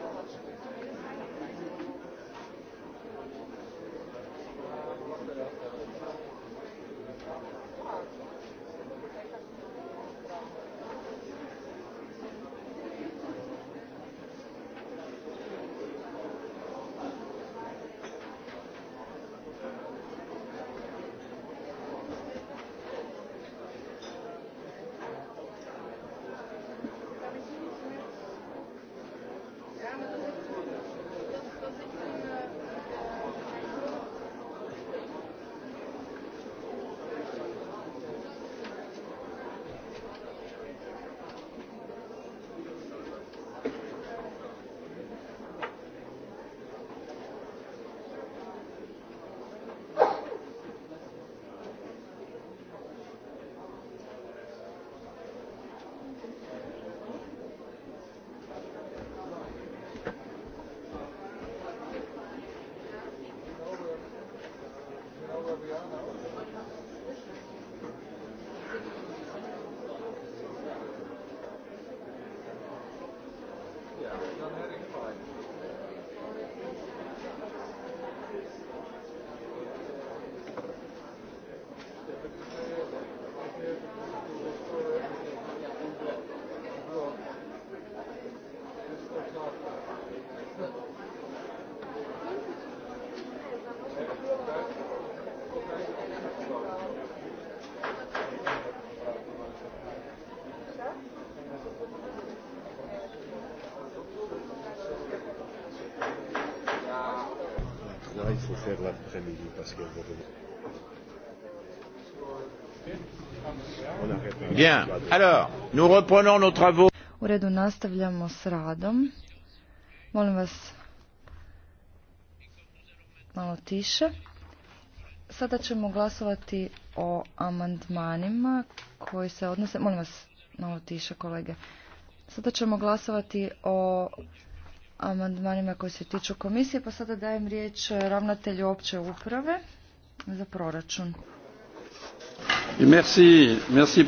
S2: Ja sam
S4: U redu nastavljamo s radom. Molim vas malo tiše. Sada ćemo glasovati o amandmanima koji se odnose... Molim vas malo tiše, kolege. Sada ćemo glasovati o amandmanima koji se tiču komisije, pa sada dajem riječ ravnatelju opće uprave za proračun.
S1: Merci, merci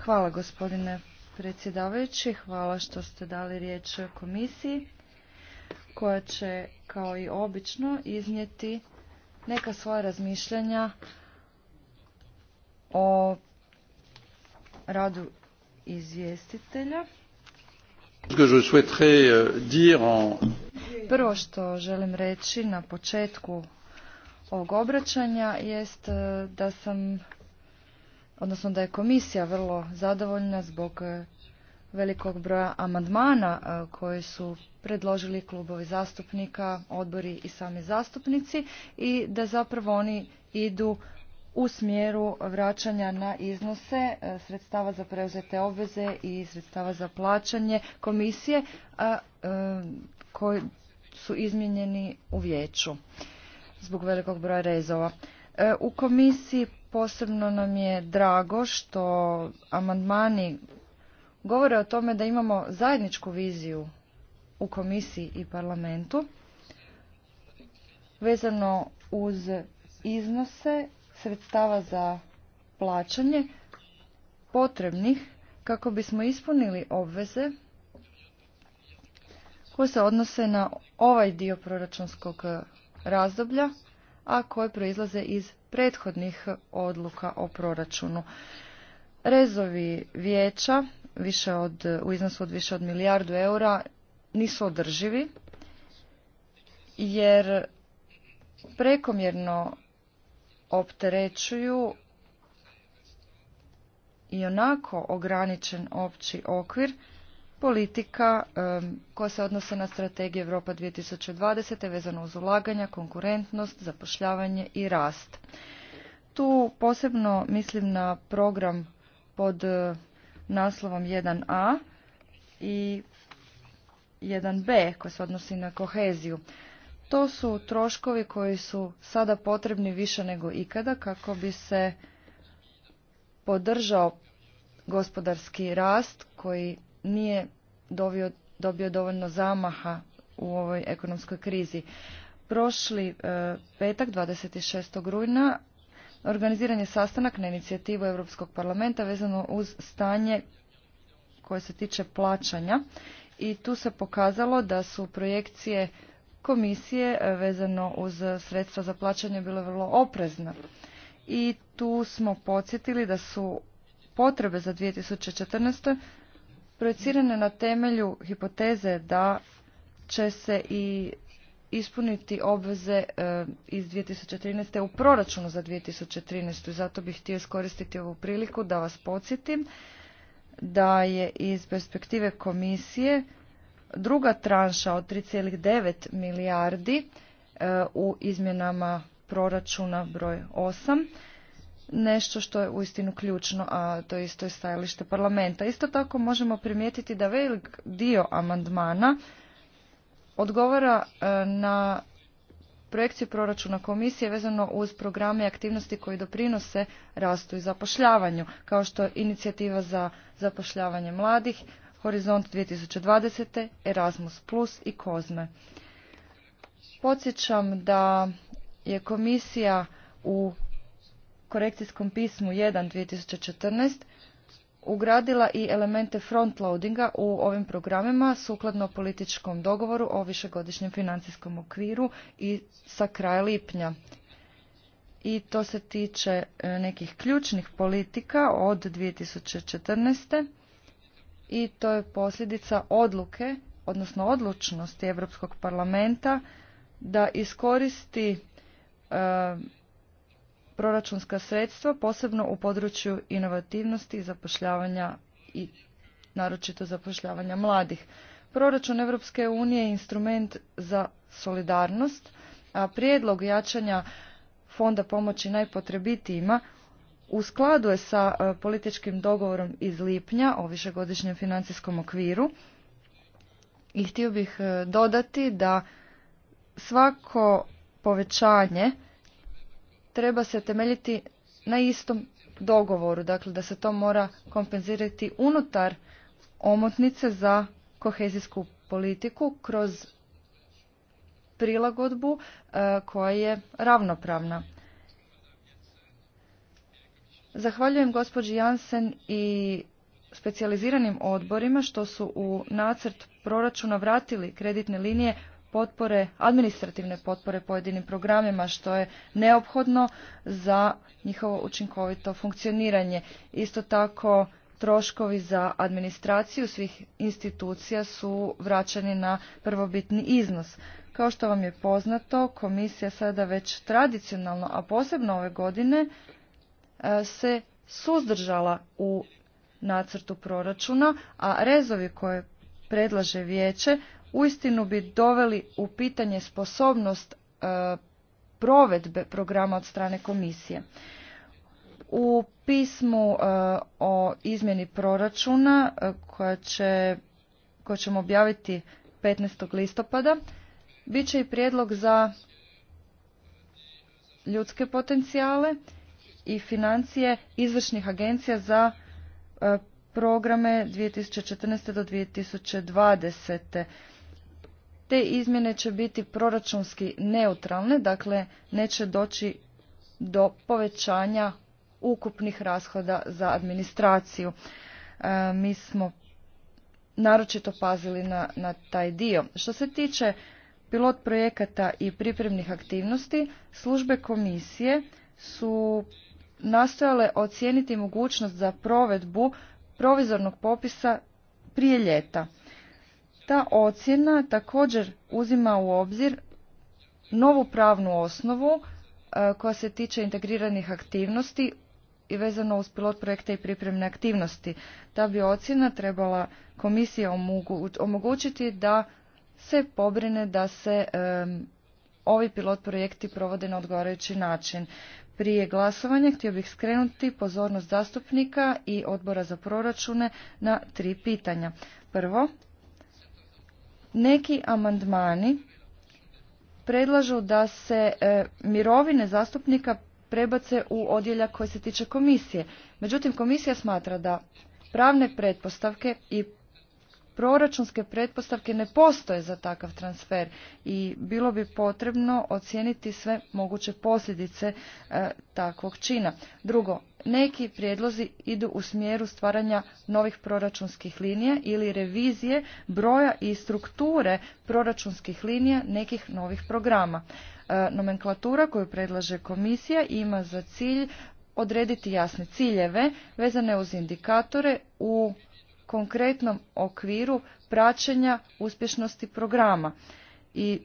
S4: Hvala gospodine predsjedavajući, hvala što ste dali riječ komisiji koja će kao i obično iznijeti neka svoja razmišljanja o radu izvjestitelja.
S1: Euh,
S4: Prvo što želim reći na početku ovog obraćanja jest e, da sam, odnosno da je komisija vrlo zadovoljna zbog e, velikog broja amandmana e, koje su predložili klubovi zastupnika, odbori i sami zastupnici i da zapravo oni idu u smjeru vraćanja na iznose e, sredstava za preuzete obveze i sredstava za plaćanje komisije e, koji su izmijenjeni u vijeću zbog velikog broja rezova. E, u komisiji posebno nam je drago što amandmani govore o tome da imamo zajedničku viziju u komisiji i parlamentu vezano uz iznose sredstava za plaćanje potrebnih kako bismo ispunili obveze koje se odnose na ovaj dio proračunskog razdoblja, a koje proizlaze iz prethodnih odluka o proračunu. Rezovi vijeća u iznosu od više od milijardu eura nisu održivi jer prekomjerno opterećuju i onako ograničen opći okvir politika koja se odnose na strategiju Europa 2020. vezano uz ulaganja, konkurentnost, zapošljavanje i rast. Tu posebno mislim na program pod e, naslovom 1a i 1b koji se odnosi na koheziju. To su troškovi koji su sada potrebni više nego ikada kako bi se podržao gospodarski rast koji nije dobio, dobio dovoljno zamaha u ovoj ekonomskoj krizi. Prošli e, petak, 26. rujna, organiziran je sastanak na inicijativu Europskog parlamenta vezano uz stanje koje se tiče plaćanja i tu se pokazalo da su projekcije komisije e, vezano uz sredstva za plaćanje bilo vrlo oprezna. I tu smo podsjetili da su potrebe za 2014. projecirane na temelju hipoteze da će se i ispuniti obveze e, iz 2013. u proračunu za 2013. Zato bih htio iskoristiti ovu priliku da vas podsjetim da je iz perspektive komisije druga tranša od 3,9 milijardi e, u izmjenama proračuna broj 8 nešto što je uistinu ključno, a to je isto je stajalište parlamenta. Isto tako možemo primijetiti da velik dio amandmana odgovara e, na projekciju proračuna komisije vezano uz programe i aktivnosti koji doprinose rastu i zapošljavanju, kao što je inicijativa za zapošljavanje mladih, Horizont 2020, Erasmus Plus i Kozme. Podsjećam da je komisija u korekcijskom pismu 1 2014 ugradila i elemente frontloadinga u ovim programima sukladno političkom dogovoru o višegodišnjem financijskom okviru i sa kraja lipnja. I to se tiče e, nekih ključnih politika od 2014 i to je posljedica odluke, odnosno odlučnosti Europskog parlamenta da iskoristi e, proračunska sredstva, posebno u području inovativnosti i zapošljavanja i naročito zapošljavanja mladih. Proračun Europske unije je instrument za solidarnost, a prijedlog jačanja fonda pomoći najpotrebitijima u skladu je sa e, političkim dogovorom iz lipnja o višegodišnjem financijskom okviru i htio bih e, dodati da svako povećanje treba se temeljiti na istom dogovoru, dakle da se to mora kompenzirati unutar omotnice za kohezijsku politiku kroz prilagodbu e, koja je ravnopravna. Zahvaljujem gospođi Jansen i specijaliziranim odborima što su u nacrt proračuna vratili kreditne linije potpore, administrativne potpore pojedinim programima što je neophodno za njihovo učinkovito funkcioniranje. Isto tako troškovi za administraciju svih institucija su vraćeni na prvobitni iznos. Kao što vam je poznato, komisija sada već tradicionalno, a posebno ove godine, E, se suzdržala u nacrtu proračuna, a rezovi koje predlaže vijeće uistinu bi doveli u pitanje sposobnost e, provedbe programa od strane komisije. U pismu e, o izmjeni proračuna koja koje ćemo objaviti 15. listopada bit će i prijedlog za ljudske potencijale i financije izvršnih agencija za e, programe 2014. do 2020. Te izmjene će biti proračunski neutralne, dakle neće doći do povećanja ukupnih rashoda za administraciju. E, mi smo naročito pazili na, na taj dio. Što se tiče pilot projekata i pripremnih aktivnosti, službe komisije su nastojale ocijeniti mogućnost za provedbu provizornog popisa prije ljeta. Ta ocjena također uzima u obzir novu pravnu osnovu e, koja se tiče integriranih aktivnosti i vezano uz pilot projekte i pripremne aktivnosti. Ta bi ocjena trebala komisija omogućiti da se pobrine da se ovi pilot projekti provode na odgovarajući način. Prije glasovanja htio bih skrenuti pozornost zastupnika i odbora za proračune na tri pitanja. Prvo, neki amandmani predlažu da se e, mirovine zastupnika prebace u odjeljak koji se tiče komisije. Međutim, komisija smatra da pravne pretpostavke i proračunske pretpostavke ne postoje za takav transfer i bilo bi potrebno ocijeniti sve moguće posljedice e, takvog čina. Drugo, neki prijedlozi idu u smjeru stvaranja novih proračunskih linija ili revizije broja i strukture proračunskih linija nekih novih programa. E, nomenklatura koju predlaže komisija ima za cilj odrediti jasne ciljeve vezane uz indikatore u konkretnom okviru praćenja uspješnosti programa. I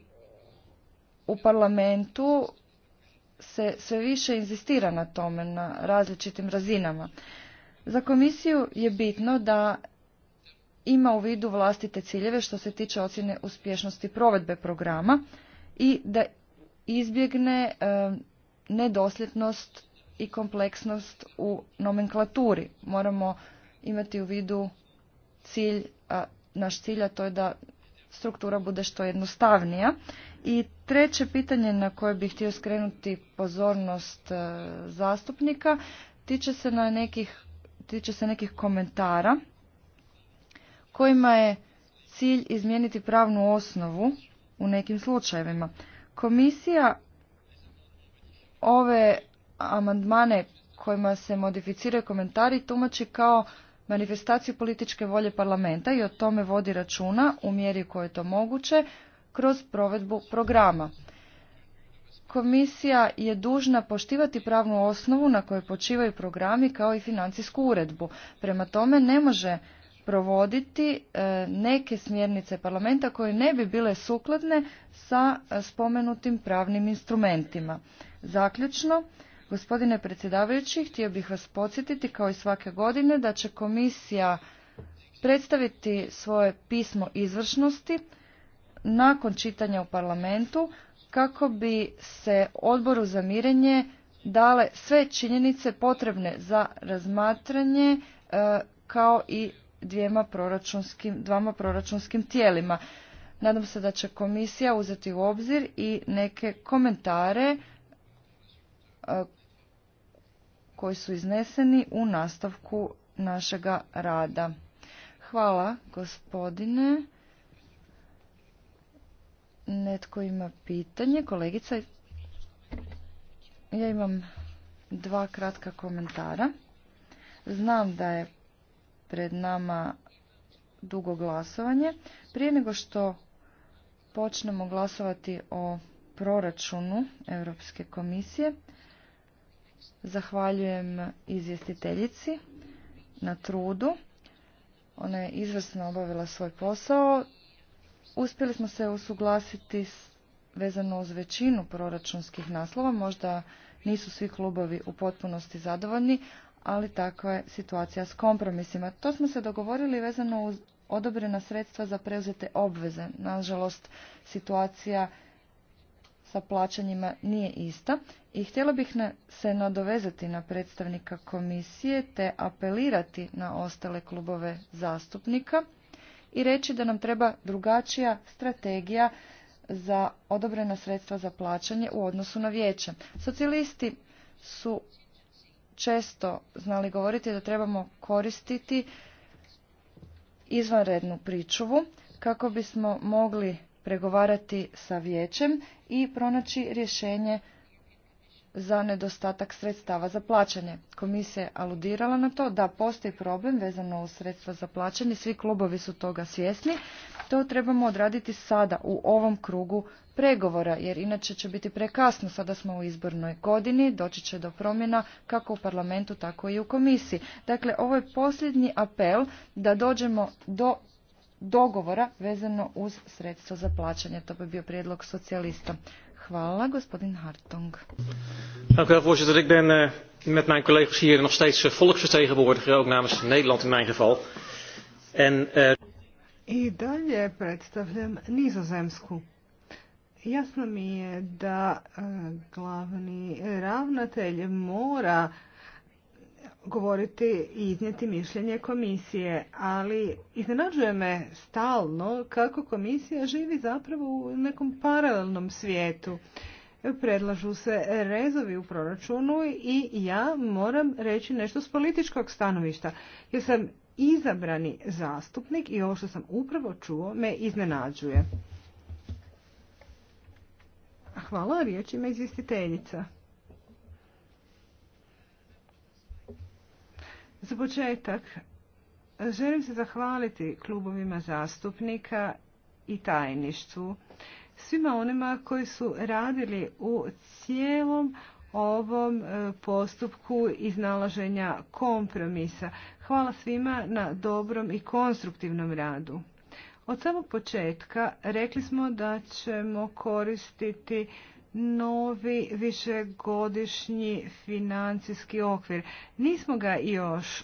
S4: u parlamentu se sve više inzistira na tome na različitim razinama. Za komisiju je bitno da ima u vidu vlastite ciljeve što se tiče ocjene uspješnosti provedbe programa i da izbjegne e, nedosljednost i kompleksnost u nomenklaturi. Moramo imati u vidu cilj, naš cilj, a to je da struktura bude što jednostavnija. I treće pitanje na koje bih htio skrenuti pozornost e, zastupnika tiče se, na nekih, tiče se nekih komentara kojima je cilj izmijeniti pravnu osnovu u nekim slučajevima. Komisija ove amandmane kojima se modificiraju komentari tumači kao manifestaciju političke volje parlamenta i o tome vodi računa u mjeri koje je to moguće kroz provedbu programa. Komisija je dužna poštivati pravnu osnovu na kojoj počivaju programi kao i financijsku uredbu. Prema tome ne može provoditi e, neke smjernice parlamenta koje ne bi bile sukladne sa e, spomenutim pravnim instrumentima. Zaključno, Gospodine predsjedavajući, htio bih vas podsjetiti kao i svake godine da će komisija predstaviti svoje pismo izvršnosti nakon čitanja u parlamentu kako bi se odboru za mirenje dale sve činjenice potrebne za razmatranje e, kao i dvijema proračunskim, dvama proračunskim tijelima. Nadam se da će komisija uzeti u obzir i neke komentare e, koji su izneseni u nastavku našega rada. Hvala gospodine. Netko ima pitanje. Kolegica, ja imam dva kratka komentara. Znam da je pred nama dugo glasovanje. Prije nego što počnemo glasovati o proračunu Europske komisije, Zahvaljujem izvjestiteljici na trudu. Ona je izvrsno obavila svoj posao. Uspjeli smo se usuglasiti vezano uz većinu proračunskih naslova. Možda nisu svi klubovi u potpunosti zadovoljni, ali takva je situacija s kompromisima. To smo se dogovorili vezano uz odobrena sredstva za preuzete obveze. Nažalost, situacija sa plaćanjima nije ista i htjela bih se nadovezati na predstavnika komisije te apelirati na ostale klubove zastupnika i reći da nam treba drugačija strategija za odobrena sredstva za plaćanje u odnosu na vijeće. Socijalisti su često znali govoriti da trebamo koristiti izvanrednu pričuvu kako bismo mogli pregovarati sa vijećem i pronaći rješenje za nedostatak sredstava za plaćanje. Komisija je aludirala na to da postoji problem vezano u sredstva za plaćanje, svi klubovi su toga svjesni. To trebamo odraditi sada u ovom krugu pregovora, jer inače će biti prekasno, sada smo u izbornoj godini, doći će do promjena kako u parlamentu, tako i u komisiji. Dakle, ovo je posljednji apel da dođemo do dogovora vezano uz sredstvo za plaćanje. To bi bio prijedlog socijalista. Hvala, gospodin Hartong.
S1: Dank u wel, voorzitter. Ik ben eh, met mijn collega's hier nog steeds eh, volksvertegenwoordiger, ook namens Nederland in mijn geval. En,
S3: uh... I dalje predstavljam nizozemsku. Jasno mi je da glavni ravnatelj mora govoriti i iznijeti mišljenje komisije, ali iznenađuje me stalno kako komisija živi zapravo u nekom paralelnom svijetu. Predlažu se rezovi u proračunu i ja moram reći nešto s političkog stanovišta, jer sam izabrani zastupnik i ovo što sam upravo čuo me iznenađuje. Hvala, riječ ima izvjestiteljica. Za početak, želim se zahvaliti klubovima zastupnika i tajništvu, svima onima koji su radili u cijelom ovom e, postupku iznalaženja kompromisa. Hvala svima na dobrom i konstruktivnom radu. Od samog početka rekli smo da ćemo koristiti novi višegodišnji financijski okvir. Nismo ga još e,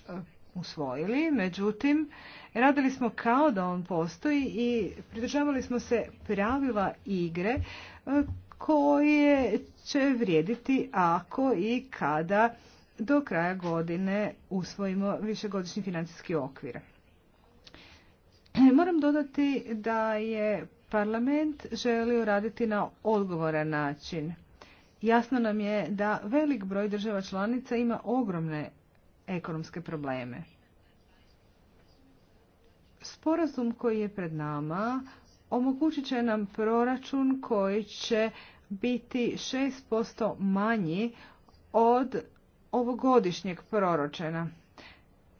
S3: usvojili, međutim, radili smo kao da on postoji i pridržavali smo se pravila igre e, koje će vrijediti ako i kada do kraja godine usvojimo višegodišnji financijski okvir. Moram dodati da je parlament želio raditi na odgovoran način. Jasno nam je da velik broj država članica ima ogromne ekonomske probleme. Sporazum koji je pred nama omogućit će nam proračun koji će biti 6% manji od ovogodišnjeg proračuna.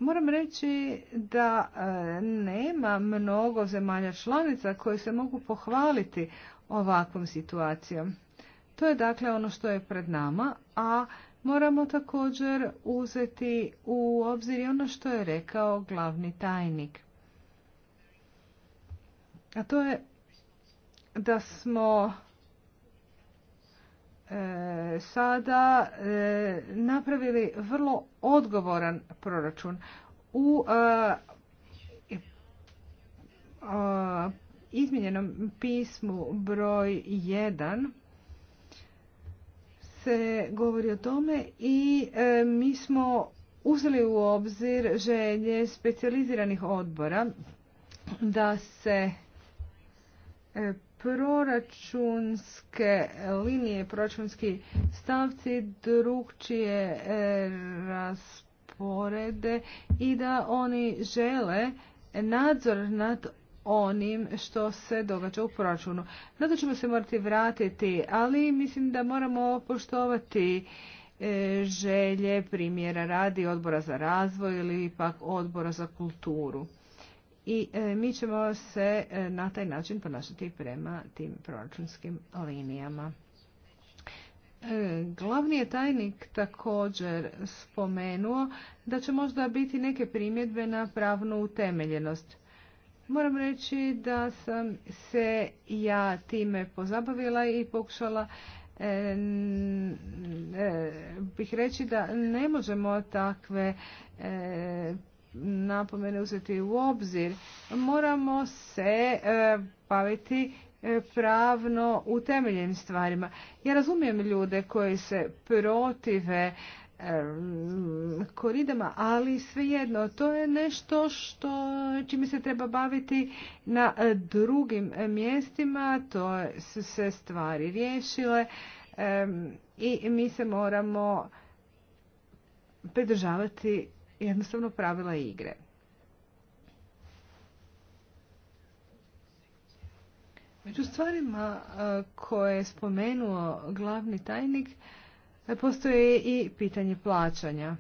S3: Moram reći da e, nema mnogo zemalja članica koje se mogu pohvaliti ovakvom situacijom. To je dakle ono što je pred nama, a moramo također uzeti u obzir ono što je rekao glavni tajnik. A to je da smo E, sada e, napravili vrlo odgovoran proračun. U e, izmjenjenom pismu broj 1 se govori o tome i mi smo uzeli u obzir želje specijaliziranih odbora da se proračunske linije, proračunski stavci drugčije e, rasporede i da oni žele nadzor nad onim što se događa u proračunu. Zato ćemo se morati vratiti, ali mislim da moramo poštovati e, želje primjera radi odbora za razvoj ili ipak odbora za kulturu i e, mi ćemo se e, na taj način ponašati prema tim proračunskim linijama. E, glavni je tajnik također spomenuo da će možda biti neke primjedbe na pravnu utemeljenost. Moram reći da sam se ja time pozabavila i pokušala e, bih reći da ne možemo takve napomene uzeti u obzir. Moramo se e, baviti e, pravno utemeljenim stvarima. Ja razumijem ljude koji se protive e, koridama, ali svejedno, to je nešto što čime se treba baviti na drugim mjestima, to su se stvari riješile i mi se moramo pridržavati jednostavno pravila igre. Među stvarima koje je spomenuo glavni tajnik postoje i pitanje plaćanja.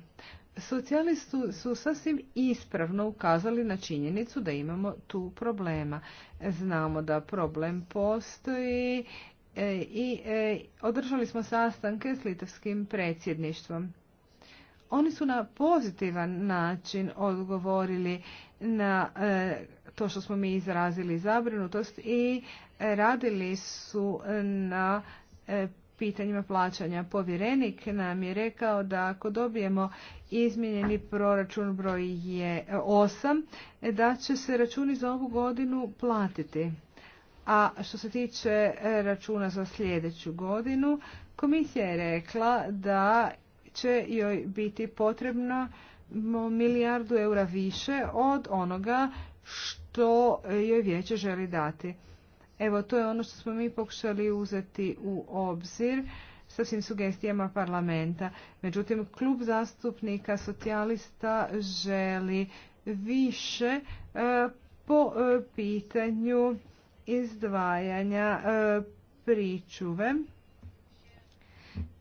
S3: Socijali su sasvim ispravno ukazali na činjenicu da imamo tu problema. Znamo da problem postoji e, i e, održali smo sastanke s litavskim predsjedništvom. Oni su na pozitivan način odgovorili na e, to što smo mi izrazili zabrinutost i e, radili su na e, pitanjima plaćanja. Povjerenik nam je rekao da ako dobijemo izmijenjeni proračun broj je 8, da će se računi za ovu godinu platiti. A što se tiče računa za sljedeću godinu, komisija je rekla da će joj biti potrebno milijardu eura više od onoga što joj vijeće želi dati. Evo, to je ono što smo mi pokušali uzeti u obzir sa svim sugestijama parlamenta. Međutim, klub zastupnika socijalista želi više e, po e, pitanju izdvajanja e, pričuve.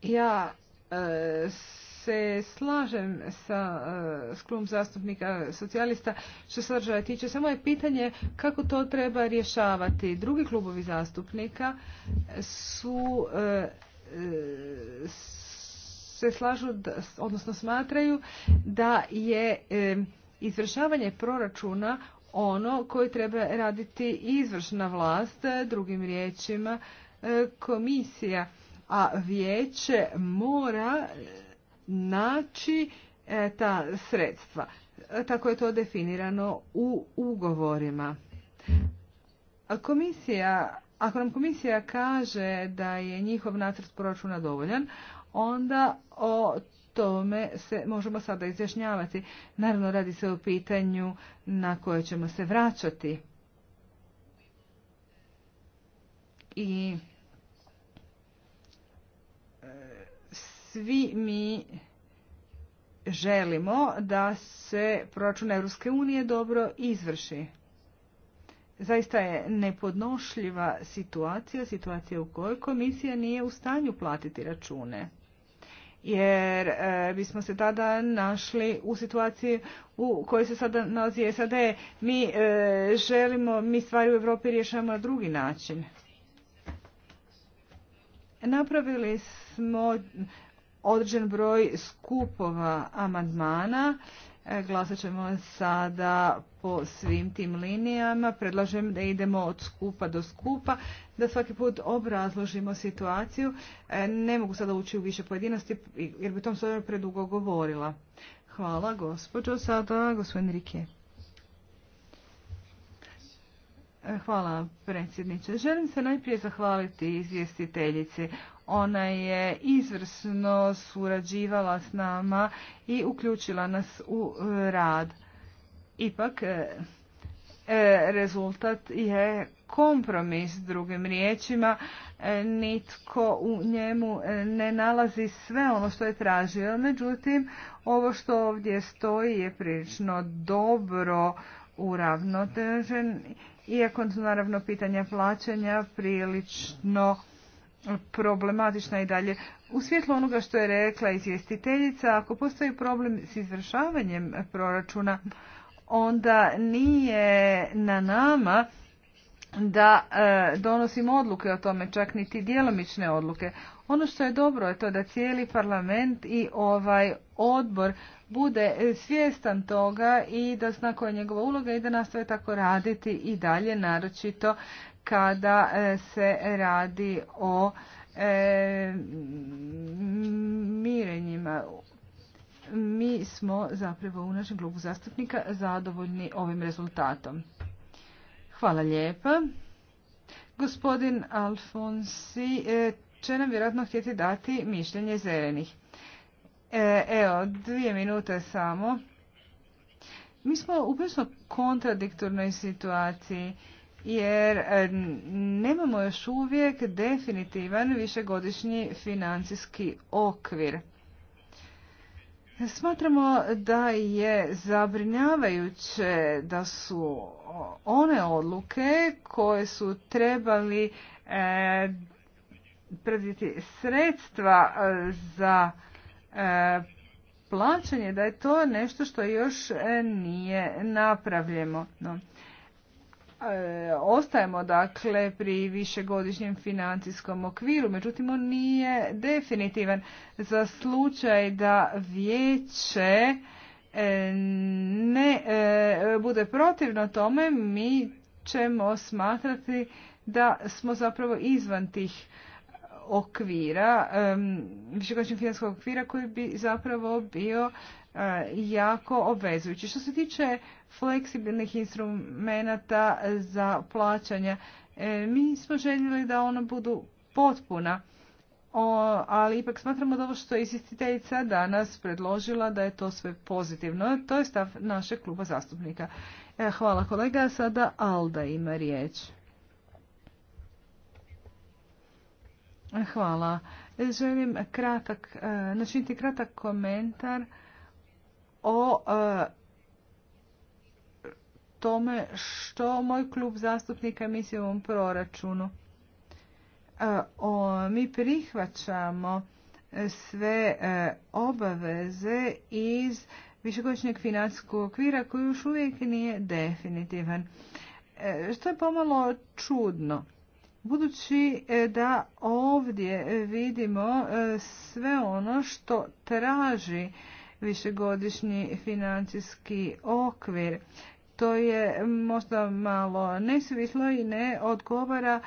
S3: Ja se slažem sa e, s klubom zastupnika socijalista što sadržaja tiče. Samo je pitanje kako to treba rješavati. Drugi klubovi zastupnika su e, e, se slažu, odnosno smatraju da je izvršavanje proračuna ono koje treba raditi izvršna vlast, drugim riječima komisija a vijeće mora e, naći e, ta sredstva. E, tako je to definirano u ugovorima. Komisija, ako nam komisija kaže da je njihov nacrt proračuna dovoljan, onda o tome se možemo sada izjašnjavati. Naravno radi se o pitanju na koje ćemo se vraćati. I svi mi želimo da se proračun Europske unije dobro izvrši. Zaista je nepodnošljiva situacija, situacija u kojoj komisija nije u stanju platiti račune. Jer e, bismo se tada našli u situaciji u kojoj se sada nalazi SAD. Mi e, želimo, mi stvari u Europi rješavamo na drugi način. Napravili smo određen broj skupova amandmana. E, glasat ćemo sada po svim tim linijama. Predlažem da idemo od skupa do skupa, da svaki put obrazložimo situaciju. E, ne mogu sada ući u više pojedinosti jer bi tom svojom predugo govorila. Hvala gospođo. Sada gospodin Rike. E, hvala predsjedniče. Želim se najprije zahvaliti izvjestiteljici. Ona je izvrsno surađivala s nama i uključila nas u e, rad. Ipak, e, e, rezultat je kompromis drugim riječima nitko u njemu ne nalazi sve ono što je tražio međutim ovo što ovdje stoji je prilično dobro uravnotežen iako su naravno pitanja plaćanja prilično problematična i dalje. U svjetlu onoga što je rekla izvjestiteljica, ako postoji problem s izvršavanjem proračuna, onda nije na nama da e, donosimo odluke o tome, čak niti djelomične odluke. Ono što je dobro je to da cijeli parlament i ovaj odbor bude svjestan toga i da zna koja je njegova uloga i da nastoje tako raditi i dalje, naročito kada e, se radi o e, mirenjima. Mi smo zapravo u našem klubu zastupnika zadovoljni ovim rezultatom. Hvala lijepa. Gospodin Alfonsi e, će nam vjerojatno htjeti dati mišljenje zelenih. evo, dvije minute samo. Mi smo u kontradiktornoj situaciji jer e, nemamo još uvijek definitivan višegodišnji financijski okvir. Smatramo da je zabrinjavajuće da su one odluke koje su trebali e, sredstva e, za e, plaćanje, da je to nešto što još nije napravljeno. E, ostajemo dakle pri višegodišnjem financijskom okviru, međutim on nije definitivan za slučaj da vijeće e, ne e, bude protivno tome, mi ćemo smatrati da smo zapravo izvan tih okvira, višegodišnjeg financijskog okvira koji bi zapravo bio jako obvezujući. Što se tiče fleksibilnih instrumenta za plaćanje, e, mi smo željeli da ona budu potpuna, ali ipak smatramo da ovo što je izvjestiteljica danas predložila da je to sve pozitivno. To je stav našeg kluba zastupnika. E, hvala kolega, sada Alda ima riječ. Hvala. Želim kratak, e, načiniti kratak komentar o e, tome što moj klub zastupnika misli u ovom proračunu. E, mi prihvaćamo sve e, obaveze iz višegodišnjeg financijskog okvira koji još uvijek nije definitivan. Što je pomalo čudno. Budući da ovdje vidimo sve ono što traži višegodišnji financijski okvir. To je možda malo nesvislo i ne odgovara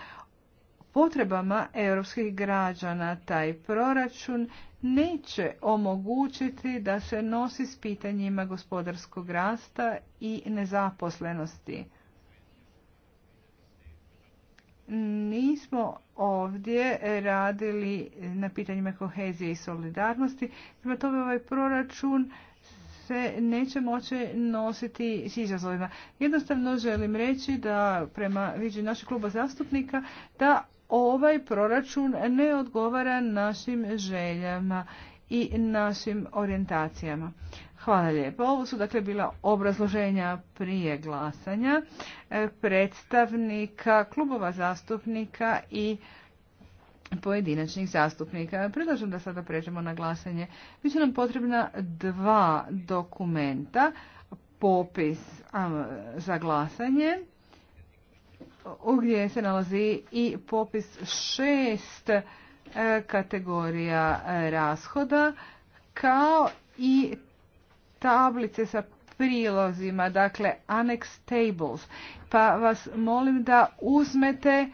S3: potrebama europskih građana. Taj proračun neće omogućiti da se nosi s pitanjima gospodarskog rasta i nezaposlenosti nismo ovdje radili na pitanjima kohezije i solidarnosti. Prema tome ovaj proračun se neće moći nositi s izazovima. Jednostavno želim reći da prema viđenju našeg kluba zastupnika da ovaj proračun ne odgovara našim željama i našim orijentacijama. Hvala lijepo. Ovo su dakle bila obrazloženja prije glasanja e, predstavnika klubova zastupnika i pojedinačnih zastupnika. Predlažem da sada pređemo na glasanje. Biće nam potrebna dva dokumenta. Popis za glasanje gdje se nalazi i popis šest e, kategorija e, rashoda kao i tablice sa prilozima, dakle annex tables, pa vas molim da uzmete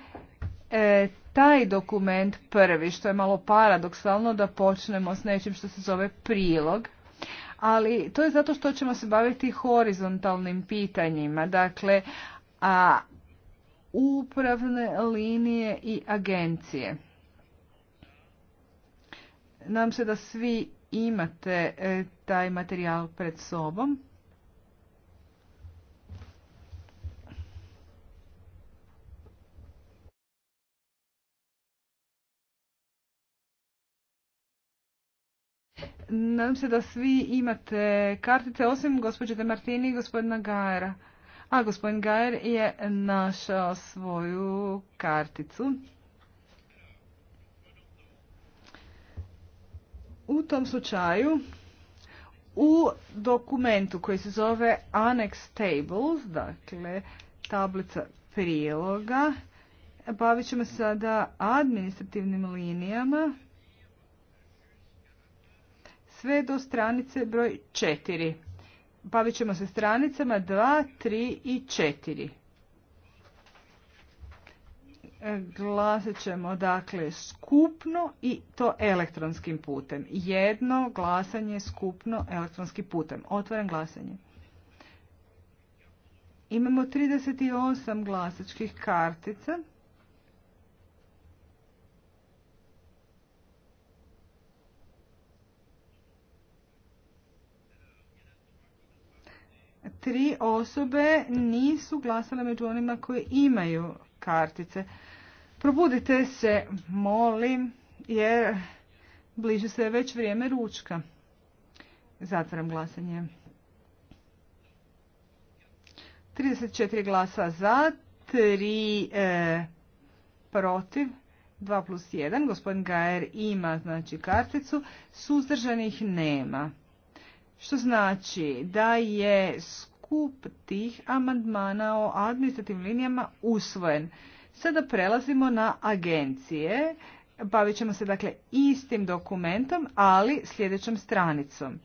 S3: e, taj dokument prvi, što je malo paradoksalno da počnemo s nečim što se zove prilog, ali to je zato što ćemo se baviti horizontalnim pitanjima, dakle a upravne linije i agencije. Nam se da svi imate e, taj materijal pred sobom. Nadam se da svi imate kartice, osim gospođe De Martini i gospodina Gajera. A gospodin Gajer je našao svoju karticu. U tom slučaju u dokumentu koji se zove Annex Tables, dakle tablica priloga, bavit ćemo sada administrativnim linijama sve do stranice broj 4. Bavit ćemo se stranicama 2, 3 i 4. Glasit ćemo dakle skupno i to elektronskim putem. Jedno glasanje skupno elektronskim putem. Otvoren glasanje. Imamo 38 glasačkih kartica. Tri osobe nisu glasale među onima koje imaju kartice. Probudite se, molim, jer bliže se već vrijeme ručka. Zatvaram glasanje. 34 glasa za, 3 e, protiv, 2 plus 1. Gospodin Gajer ima znači karticu, suzdržanih nema. Što znači da je skup tih amandmana o administrativnim linijama usvojen. Sada prelazimo na agencije. Bavit ćemo se dakle istim dokumentom, ali sljedećom stranicom.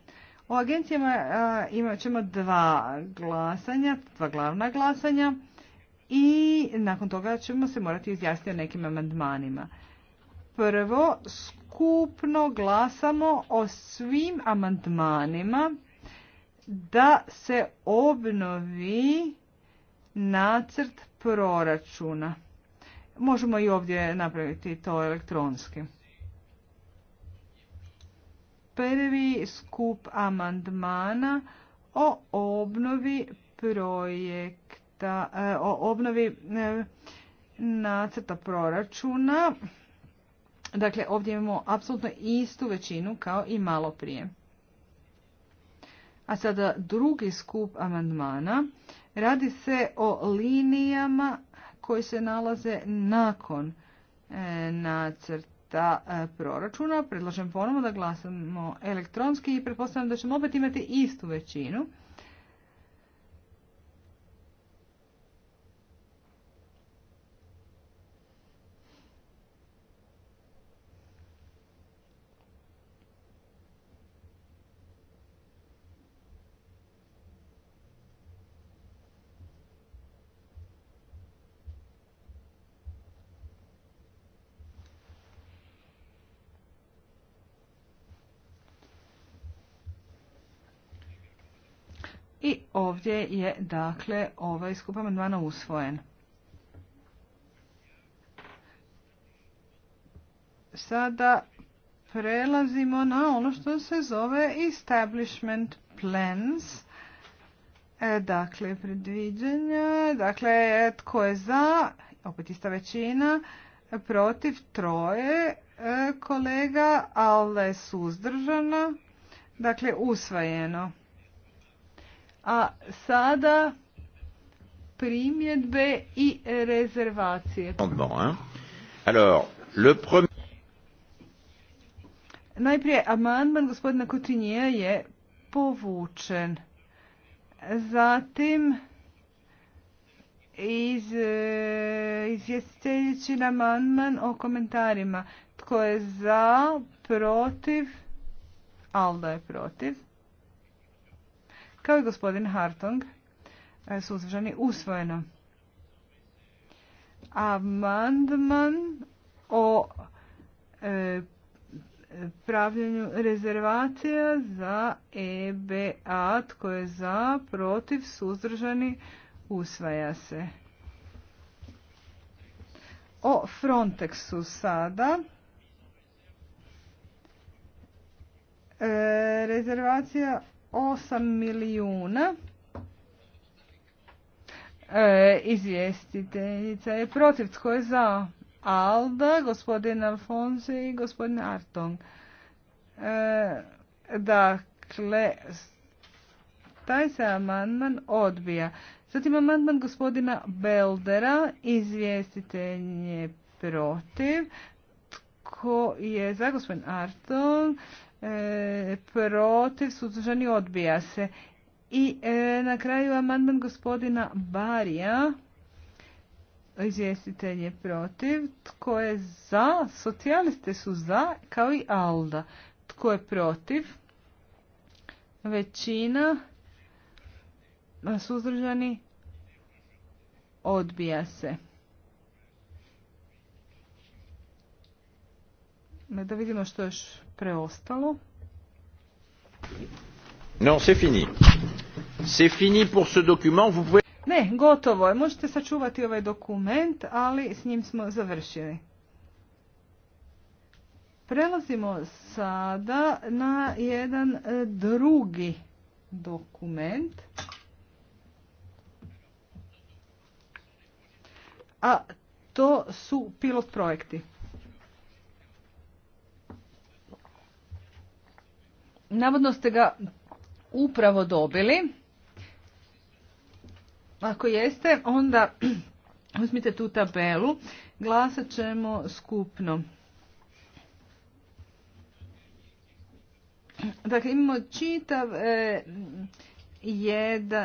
S3: O agencijama imat ćemo dva glasanja, dva glavna glasanja i nakon toga ćemo se morati izjasniti o nekim amandmanima. Prvo, skupno glasamo o svim amandmanima da se obnovi nacrt proračuna. Možemo i ovdje napraviti to elektronski. Prvi skup amandmana o obnovi projekta, e, o obnovi e, nacrta proračuna. Dakle, ovdje imamo apsolutno istu većinu kao i malo prije. A sada drugi skup amandmana. Radi se o linijama koji se nalaze nakon e, nacrta e, proračuna. Predlažem ponovno da glasamo elektronski i pretpostavljam da ćemo opet imati istu većinu. Ovdje je dakle ovaj skup amandmana usvojen. Sada prelazimo na ono što se zove establishment plans. E, dakle, predviđanja, dakle, tko je za, opet ista većina, protiv troje e, kolega, ali suzdržana, dakle, usvojeno. A sada primjedbe i rezervacije. Najprije amandman gospodina Kutinija je povučen. Zatim iz, eh, izvjestiteljići na amandman o komentarima. Tko je za, protiv, Alda je protiv kao i gospodin Hartong, e, suzdržani usvojeno. Amandman o e, pravljenju rezervacija za EBA, tko je za, protiv, suzdržani, usvaja se. O Frontexu sada. E, rezervacija 8 milijuna. E, izvjestiteljica je protiv. Tko je za? Alda, gospodin Alfonso i gospodin Artong. E, dakle, taj se amandman odbija. Zatim amandman gospodina Beldera, izvjestitelj je protiv. Tko je za gospodin Artong? E, protiv, suzdržani odbija se. I e, na kraju amandman gospodina Barija. Izvjestitelj je protiv. Tko je za? Socijaliste su za, kao i Alda. Tko je protiv? Većina suzdržani odbija se. E, da vidimo što još preostalo?
S1: No, c'est fini. C'est fini pour
S3: Ne, gotovo je. Možete sačuvati ovaj dokument, ali s njim smo završili. Prelazimo sada na jedan e, drugi dokument. A to su pilot projekti. Navodno ste ga upravo dobili. Ako jeste, onda uzmite tu tabelu. Glasat ćemo skupno. Dakle, imamo čitav e,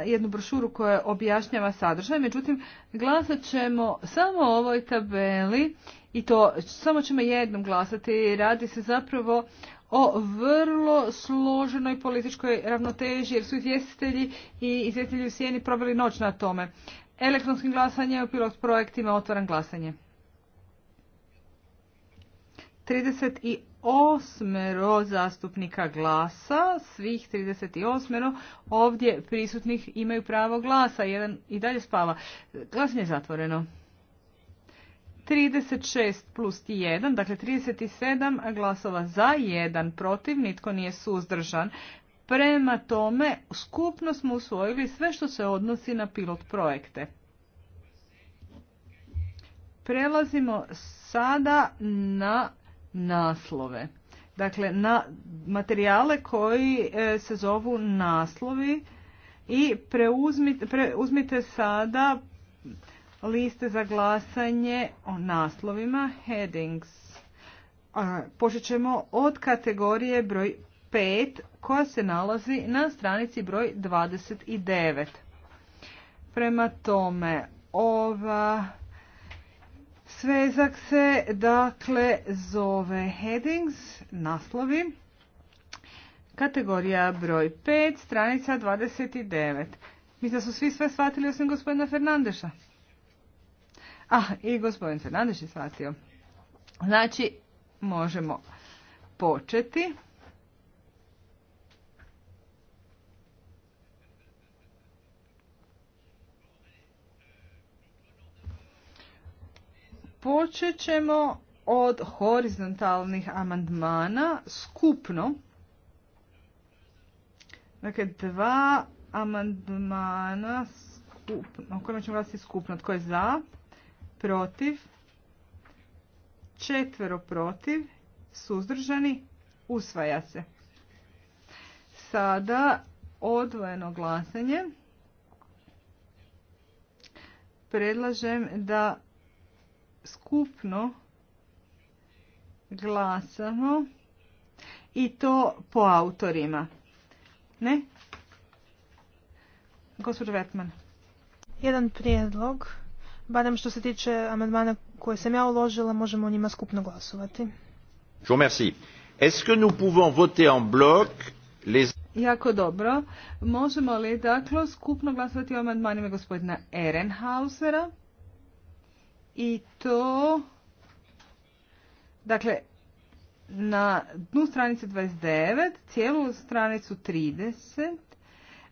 S3: jednu brošuru koja objašnjava sadržaj, međutim, glasat ćemo samo o ovoj tabeli i to samo ćemo jednom glasati. Radi se zapravo o vrlo složenoj političkoj ravnoteži jer su izvjestitelji i izvjestitelji u sjeni probili noć na tome. Elektronskim glasanjem u pilot projektima otvaram glasanje. 38 zastupnika glasa, svih 38 ovdje prisutnih imaju pravo glasa, jedan i dalje spava. Glasanje je zatvoreno. 36 plus 1, dakle 37 glasova za, 1 protiv, nitko nije suzdržan. Prema tome, skupno smo usvojili sve što se odnosi na pilot projekte. Prelazimo sada na naslove. Dakle, na materijale koji e, se zovu naslovi i preuzmite, preuzmite sada liste za glasanje o naslovima, headings. Počet ćemo od kategorije broj 5 koja se nalazi na stranici broj 29. Prema tome, ova svezak se dakle zove headings, naslovi, kategorija broj 5, stranica 29. Mislim da su svi sve shvatili osim gospodina Fernandeša. Ah, i gospodin Fernandeš je shvatio. Znači, možemo početi. Počet ćemo od horizontalnih amandmana skupno. Dakle, dva amandmana skupno, o kojima ćemo glasiti skupno. Tko je za? protiv, četvero protiv, suzdržani, usvaja se. Sada odvojeno glasanje. Predlažem da skupno glasamo i to po autorima. Ne? Gospod Vetman.
S2: Jedan prijedlog barem što se tiče amandmana koje sam ja uložila, možemo o njima skupno glasovati.
S3: Jako dobro. Možemo li dakle skupno glasovati o amandmanima gospodina Ehrenhausera? I to... Dakle, na dnu stranice 29, cijelu stranicu 30,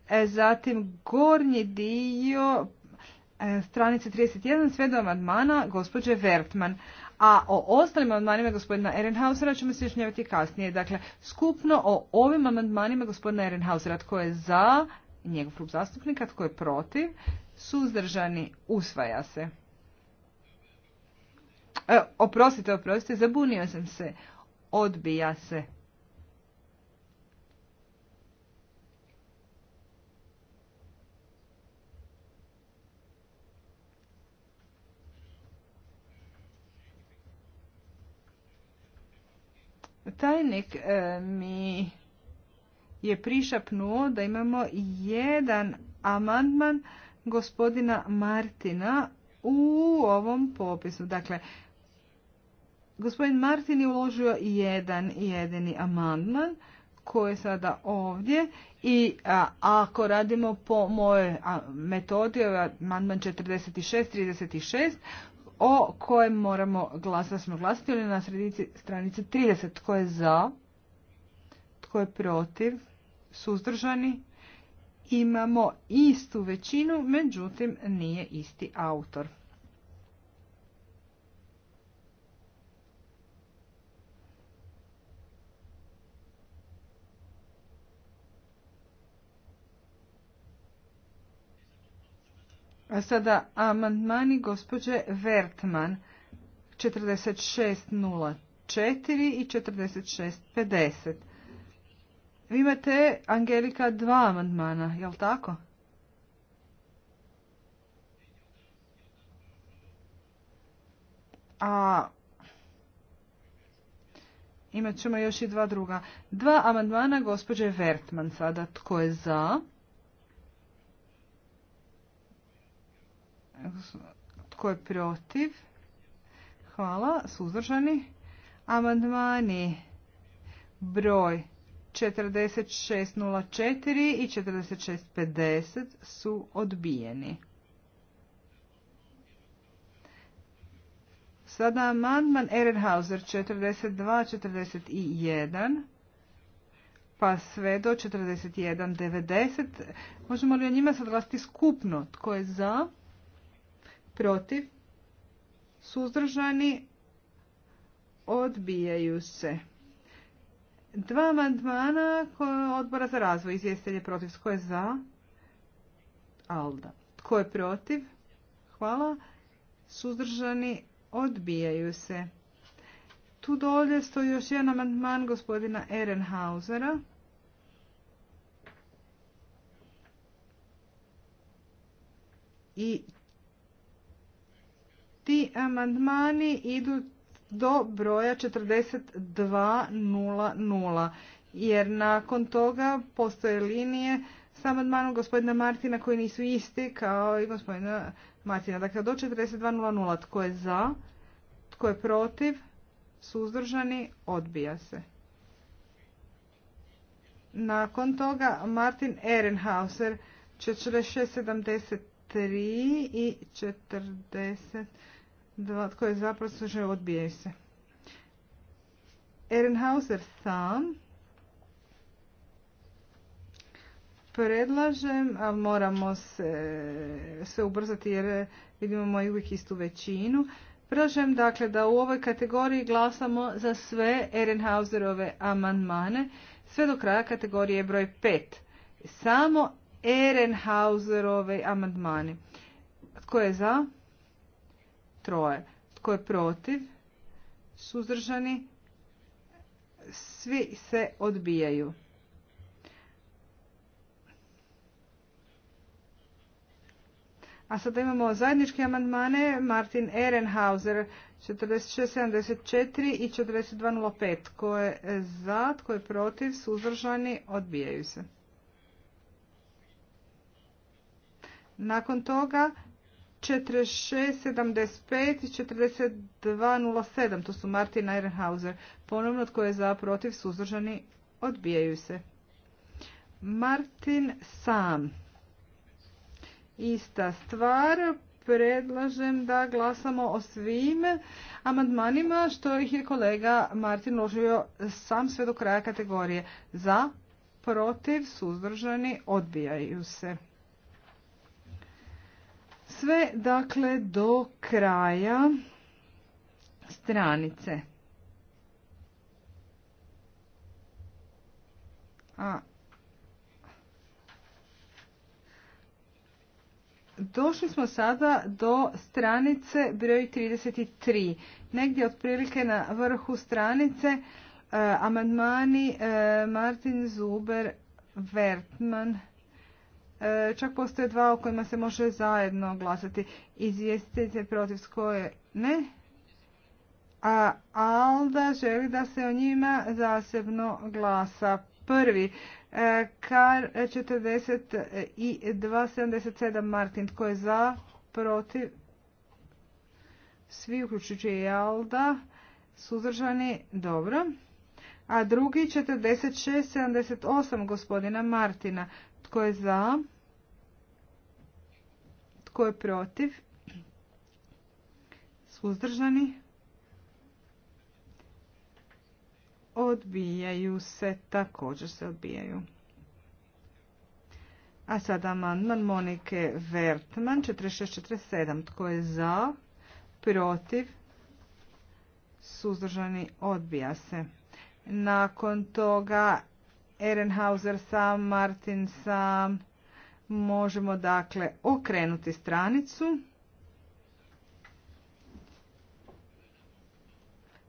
S3: e, zatim gornji dio E, stranice 31 sve do amandmana gospođe Vertman. A o ostalim amandmanima gospodina Ehrenhausera ćemo se jašnjavati kasnije. Dakle, skupno o ovim amandmanima gospodina Ehrenhausera. Tko je za, njegov klub zastupnika, tko je protiv, suzdržani, usvaja se. E, oprostite, oprostite, zabunio sam se. Odbija se. tajnik e, mi je prišapnuo da imamo jedan amandman gospodina Martina u ovom popisu. Dakle, gospodin Martin je uložio jedan jedini amandman koji je sada ovdje i ako radimo po moje metodi, amandman 46-36, o kojem moramo glasati. Smo glasati ili na sredici stranice 30. Tko je za? Tko je protiv? Suzdržani? Imamo istu većinu, međutim nije isti autor. A sada amandmani gospođe Vertman 4604 i 4650. Vi imate, Angelika, dva amandmana, je tako? A imat ćemo još i dva druga. Dva amandmana gospođe Vertman sada. Tko je za? Tko je protiv? Hvala. Suzdržani. Amandmani broj 4604 i 4650 su odbijeni. Sada amandman Ehrenhauser 42-41 pa sve do 41 Možemo li o njima sad glasiti skupno? Tko je za? protiv, suzdržani, odbijaju se. Dva amandmana odbora za razvoj. Izvjestelje protiv. Tko je za? Alda. Tko je protiv? Hvala. Suzdržani odbijaju se. Tu dolje stoji još jedan amandman gospodina Ehrenhausera. I ti amandmani idu do broja 4200 jer nakon toga postoje linije sa amandmanom gospodina Martina koji nisu isti kao i gospodina Martina. Dakle, do 42.00. Tko je za? Tko je protiv? Suzdržani? Odbija se. Nakon toga Martin Ehrenhauser 46.73 i 40... Dva, tko je zapravo odbije se. Ehrenhauser sam predlažem, a moramo se, ubrzati jer vidimo moju uvijek istu većinu. Predlažem dakle da u ovoj kategoriji glasamo za sve Ehrenhauserove amandmane sve do kraja kategorije broj 5. Samo Ehrenhauserove amandmane. Tko je za? troje. Tko je protiv? Suzdržani? Svi se odbijaju. A sada imamo zajedničke amandmane Martin Ehrenhauser 4674 i 4205. Tko je za, tko je protiv, suzdržani, odbijaju se. Nakon toga 46.75 i 42.07. To su Martin Ehrenhauser. Ponovno tko je za protiv suzdržani odbijaju se. Martin sam. Ista stvar. Predlažem da glasamo o svim amandmanima što ih je kolega Martin ložio sam sve do kraja kategorije. Za, protiv, suzdržani, odbijaju se. Sve dakle do kraja stranice. A Došli smo sada do stranice broj 33. Negdje otprilike na vrhu stranice eh, amandmani eh, Martin Zuber Vertman E, čak postoje dva o kojima se može zajedno glasati. Izvjestitelj protiv koje ne. A Alda želi da se o njima zasebno glasa. Prvi, e, Kar 40 i 277 Martin, tko je za, protiv, svi uključujući i Alda, suzdržani, dobro. A drugi 46-78 gospodina Martina. Tko je za? Tko je protiv? Suzdržani? Odbijaju se, također se odbijaju. A sada amandman Monike Vertman, 4647. Tko je za? Protiv? Suzdržani? Odbija se. Nakon toga Ehrenhauser sam, Martin sam, Možemo dakle okrenuti stranicu.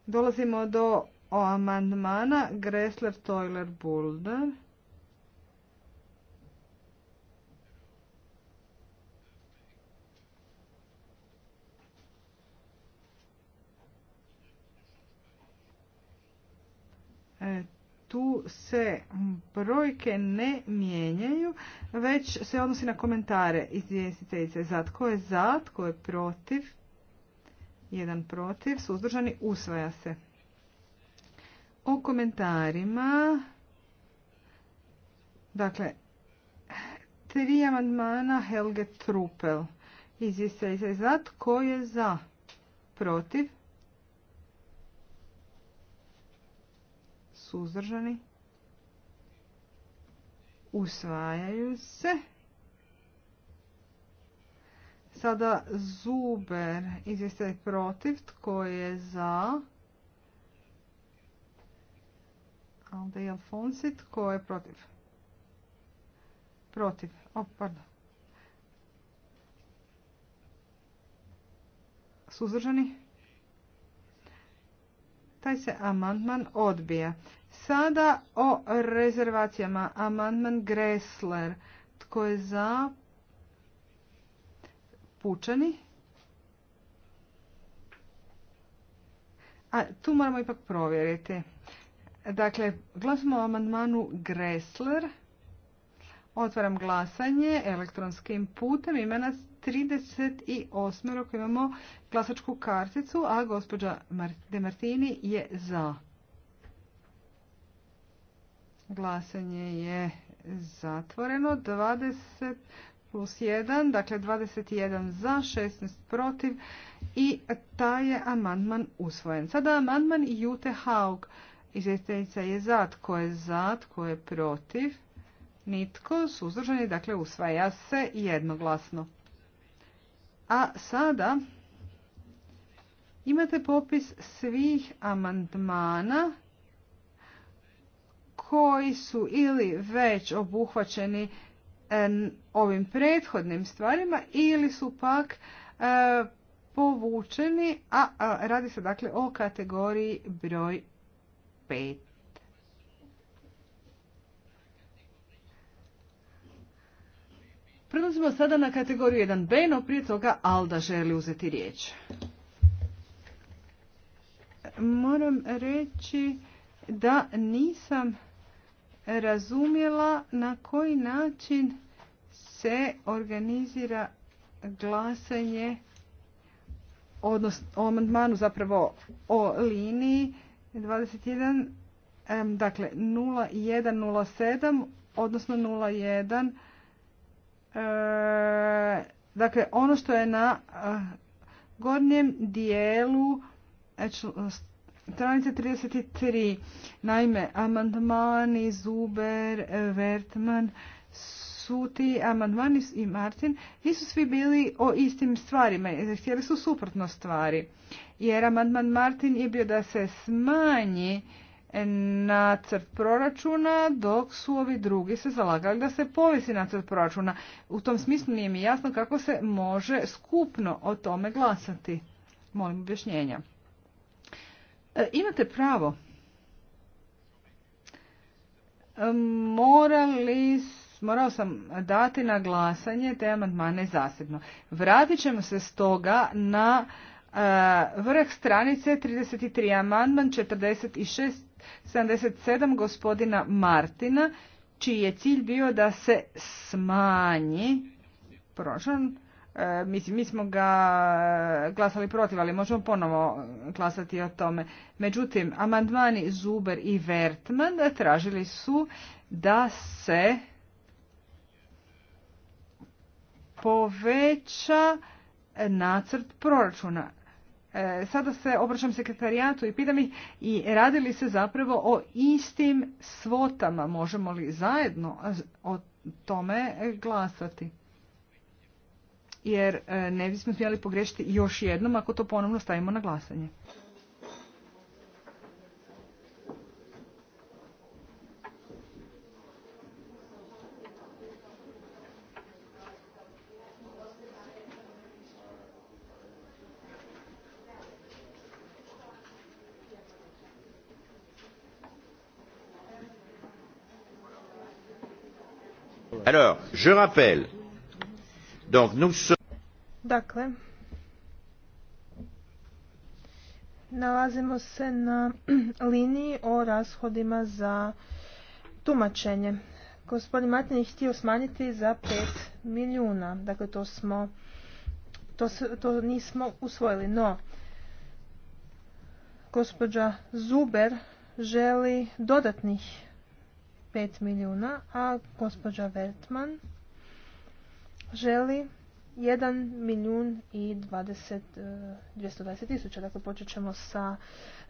S3: Dolazimo do amandmana Gressler Toiler Boulder tu se brojke ne mijenjaju, već se odnosi na komentare izvjestiteljice. Za tko je za, tko je protiv, jedan protiv, suzdržani, usvaja se. O komentarima, dakle, tri amandmana Helge Trupel. Izvjestiteljice za, tko je za, protiv, suzdržani, usvajaju se. Sada Zuber ...izvijeste protiv, tko je za? Alde i Alfonsi, tko je protiv? Protiv, o, pardon. Suzdržani? Taj se amandman odbija. Sada o rezervacijama. Amandman Gressler. Tko je za? Pučani. A tu moramo ipak provjeriti. Dakle, glasimo o amandmanu Gressler. Otvaram glasanje elektronskim putem. Ima nas 38. imamo glasačku karticu, a gospođa De Martini je za. Glasanje je zatvoreno. 20 plus 1, dakle 21 za, 16 protiv i taj je amandman usvojen. Sada amandman Jute Haug. Izvjestiteljica je za, tko je za, tko je protiv. Nitko, suzdržani, dakle usvaja se jednoglasno. A sada imate popis svih amandmana koji su ili već obuhvaćeni e, ovim prethodnim stvarima ili su pak e, povučeni, a radi se dakle o kategoriji broj 5. Prelazimo sada na kategoriju 1b, no prije toga Alda želi uzeti riječ. Moram reći da nisam razumjela na koji način se organizira glasanje odnosno o amandmanu zapravo o liniji 21 dakle 0107 odnosno 01 e, dakle ono što je na gornjem dijelu e, Stranica 33. Naime, amandmani Zuber, Vertman, Suti, amandmani i Martin nisu svi bili o istim stvarima, htjeli su suprotno stvari. Jer amandman Martin je bio da se smanji nacrt proračuna, dok su ovi drugi se zalagali da se povisi nacrt proračuna. U tom smislu nije mi jasno kako se može skupno o tome glasati. Molim objašnjenja. E, imate pravo. E, morali, morao sam dati na glasanje te amandmane zasebno. Vratit ćemo se stoga na e, vrh stranice 33 amandman 46 77 gospodina Martina, čiji je cilj bio da se smanji proračun E, mislim, mi smo ga e, glasali protiv, ali možemo ponovo glasati o tome. Međutim, amandmani Zuber i Vertman tražili su da se poveća nacrt proračuna. E, sada se obraćam sekretarijatu i pitam ih i radi li se zapravo o istim svotama, možemo li zajedno o tome glasati? jer e, ne bismo smjeli pogrešiti još jednom ako to ponovno stavimo na glasanje.
S1: Alors, je rappelle, donc nous
S2: Dakle, nalazimo se na liniji o rashodima za tumačenje. Gospodin Martin je htio smanjiti za 5 milijuna. Dakle, to smo to, to nismo usvojili. No, gospođa Zuber želi dodatnih 5 milijuna, a gospođa Vertman želi 1 milijun i 220 e, tisuća. Dakle, počet ćemo sa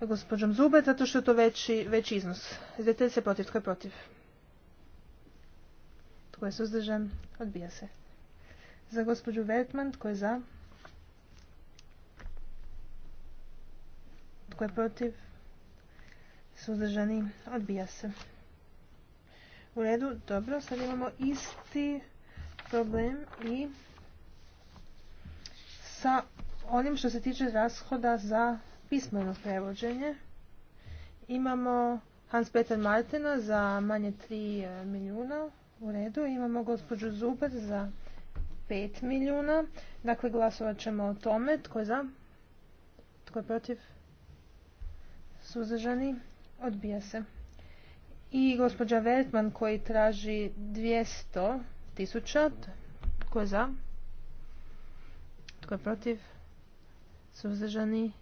S2: gospođom Zube, zato što je to veći, veći iznos. Izvjetelj se protiv. Tko je protiv? Tko je suzdržan? Odbija se. Za gospođu Vertman, tko je za? Tko je protiv? Suzdržani? Odbija se. U redu, dobro, sad imamo isti problem i sa onim što se tiče rashoda za pismeno prevođenje. Imamo Hans Peter Martina za manje 3 e, milijuna u redu. Imamo gospođu Zuber za 5 milijuna. Dakle, glasovat ćemo o tome. Tko je za? Tko je protiv? Suzdržani? Odbija se. I gospođa Vertman koji traži 200 tisuća. Tko je za? Tko je protiv? Suzdržani?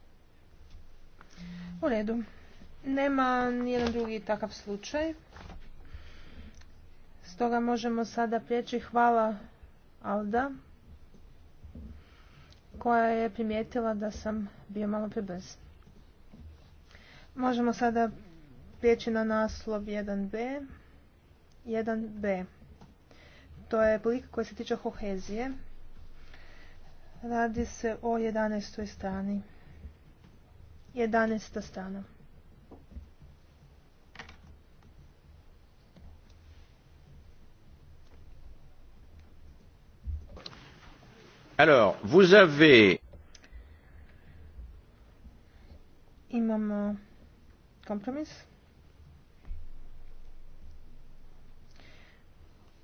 S2: U redu. Nema nijedan drugi takav slučaj. Stoga možemo sada prijeći hvala Alda koja je primijetila da sam bio malo prebrz. Možemo sada prijeći na naslov 1b. 1b. To je politika koji se tiče kohezije. Radi se o 11. strani. 11. strana.
S1: Alors, vous avez...
S2: Imamo kompromis.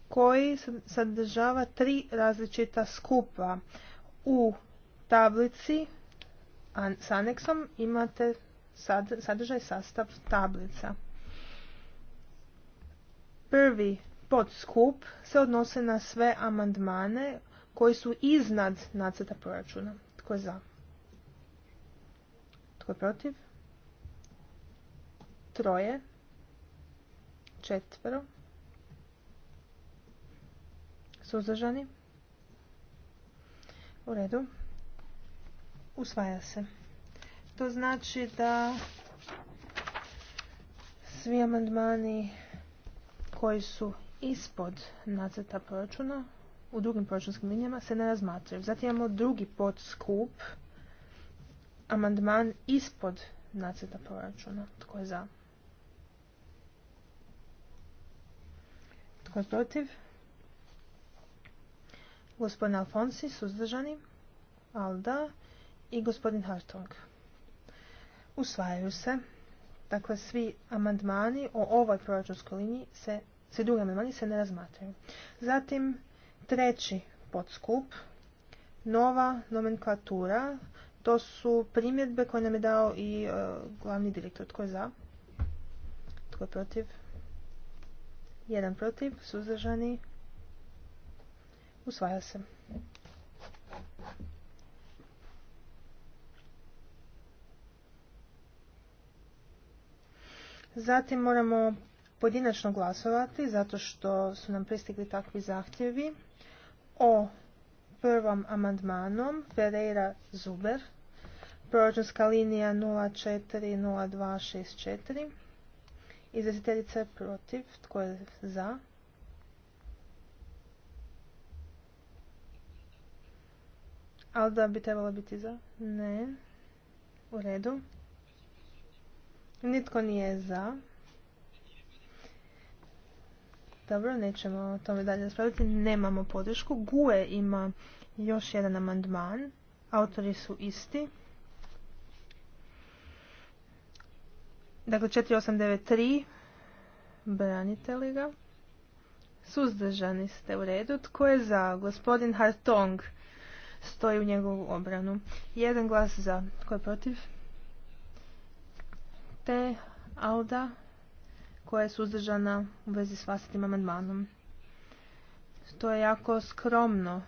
S2: koji sadržava tri različita skupa u tablici s aneksom imate sadržaj sastav tablica. Prvi podskup se odnose na sve amandmane koji su iznad nacrta proračuna. Tko je za? Tko je protiv? Troje. Četvero. Suzdržani. U redu. Usvaja se. To znači da svi amandmani koji su ispod nacrta proračuna u drugim proračunskim linijama se ne razmatraju. Zatim imamo drugi podskup amandman ispod nacrta proračuna. Tko je za? Tko je protiv? Gospodin Alfonsi, suzdržani. Alda i gospodin Hartog. Usvajaju se. Dakle, svi amandmani o ovoj proračunskoj liniji se, svi drugi amandmani se ne razmatraju. Zatim, treći podskup, nova nomenklatura, to su primjedbe koje nam je dao i e, glavni direktor. Tko je za? Tko je protiv? Jedan protiv, suzdržani, Usvaja se. Zatim moramo pojedinačno glasovati, zato što su nam pristigli takvi zahtjevi, o prvom amandmanom Pereira Zuber, proračunska linija 040264. Izvjestiteljica je protiv, tko je za? Ali da bi trebalo biti za? Ne. U redu. Nitko nije za. Dobro, nećemo o tome dalje raspraviti. Nemamo podršku. GUE ima još jedan amandman. Autori su isti. Dakle, 4893. Branite li ga? Suzdržani ste u redu. Tko je za? Gospodin Hartong stoji u njegovu obranu. Jedan glas za. Tko je protiv? Te Alda koja je suzdržana u vezi s vlastitim amandmanom. To je jako skromno,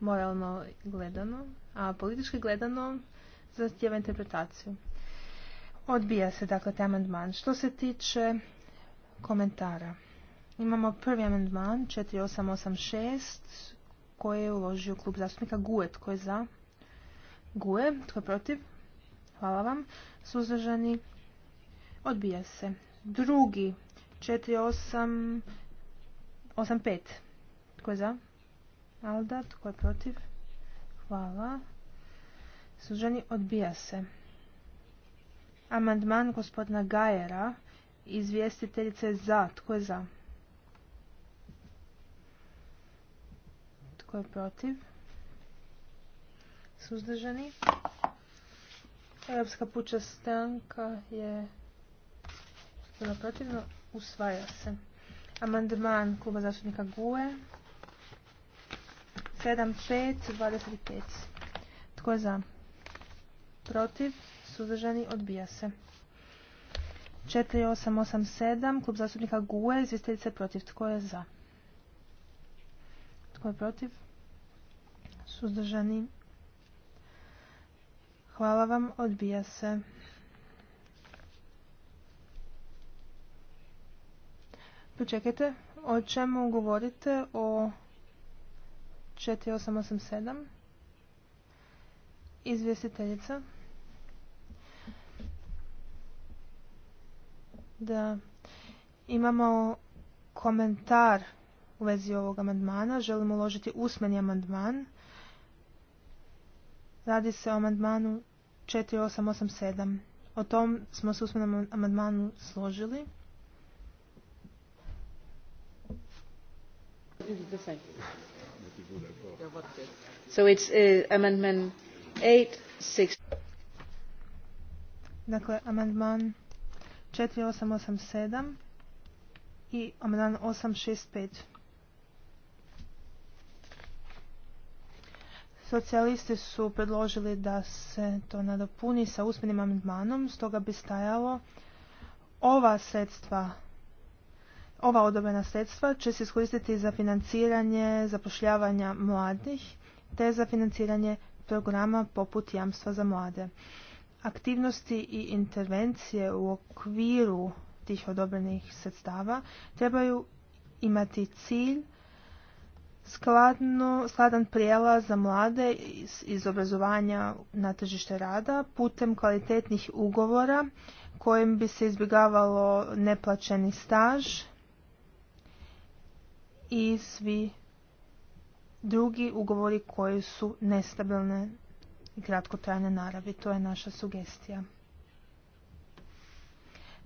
S2: moralno gledano, a politički gledano zahtjeva interpretaciju. Odbija se dakle taj amandman. Što se tiče komentara. Imamo prvi amandman 4886 koje je uložio klub zastupnika GUE. Tko je za? GUE. Tko je protiv? Hvala vam. Suzdržani? Odbija se. Drugi. 4, 8, Tko je za? Alda. Tko je protiv? Hvala. Suzdržani? Odbija se. Amandman gospodina Gajera. Izvjestiteljice za. Tko je za? Tko je protiv? Suzdržani? Europska puća stranka je bila protivno. Usvaja se. Amandman kluba zastupnika GUE. 7.5. 25. Tko je za? Protiv? Suzdržani? Odbija se. 4887. Klub zastupnika GUE. Izvjestiteljice protiv. Tko je za? Tko je protiv? Suzdržani. Hvala vam, odbija se. Počekajte, o čemu govorite? O 4887? Izvjestiteljica. Da, imamo komentar u vezi ovog amandmana. Želim uložiti usmeni amandman. Radi se o amandmanu 4887. O tom smo se usmenom amandmanu složili. So it's uh, amendment 8, Dakle, amandman 4887 i amandman 865. Socijalisti su predložili da se to nadopuni sa usmenim amandmanom, stoga bi stajalo ova sredstva ova odobrena sredstva će se iskoristiti za financiranje zapošljavanja mladih te za financiranje programa poput jamstva za mlade. Aktivnosti i intervencije u okviru tih odobrenih sredstava trebaju imati cilj skladno, skladan prijela za mlade iz, obrazovanja na tržište rada putem kvalitetnih ugovora kojim bi se izbjegavalo neplaćeni staž i svi drugi ugovori koji su nestabilne i kratkotrajne naravi. To je naša sugestija.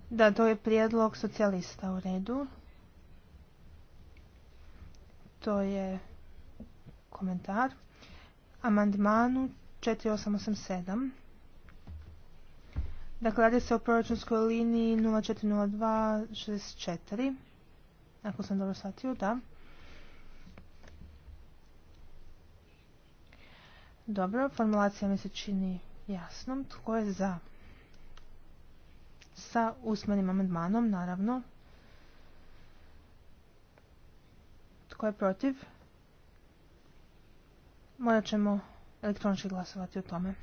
S2: Da, to je prijedlog socijalista u redu. To je komentar. Amandmanu 4887. Dakle, radi se o proračunskoj liniji 040264. Ako sam dobro shvatio, da. Dobro, formulacija mi se čini jasnom. Tko je za? Sa usmenim amandmanom, naravno. Tko je protiv? Morat ćemo elektronički glasovati o tome.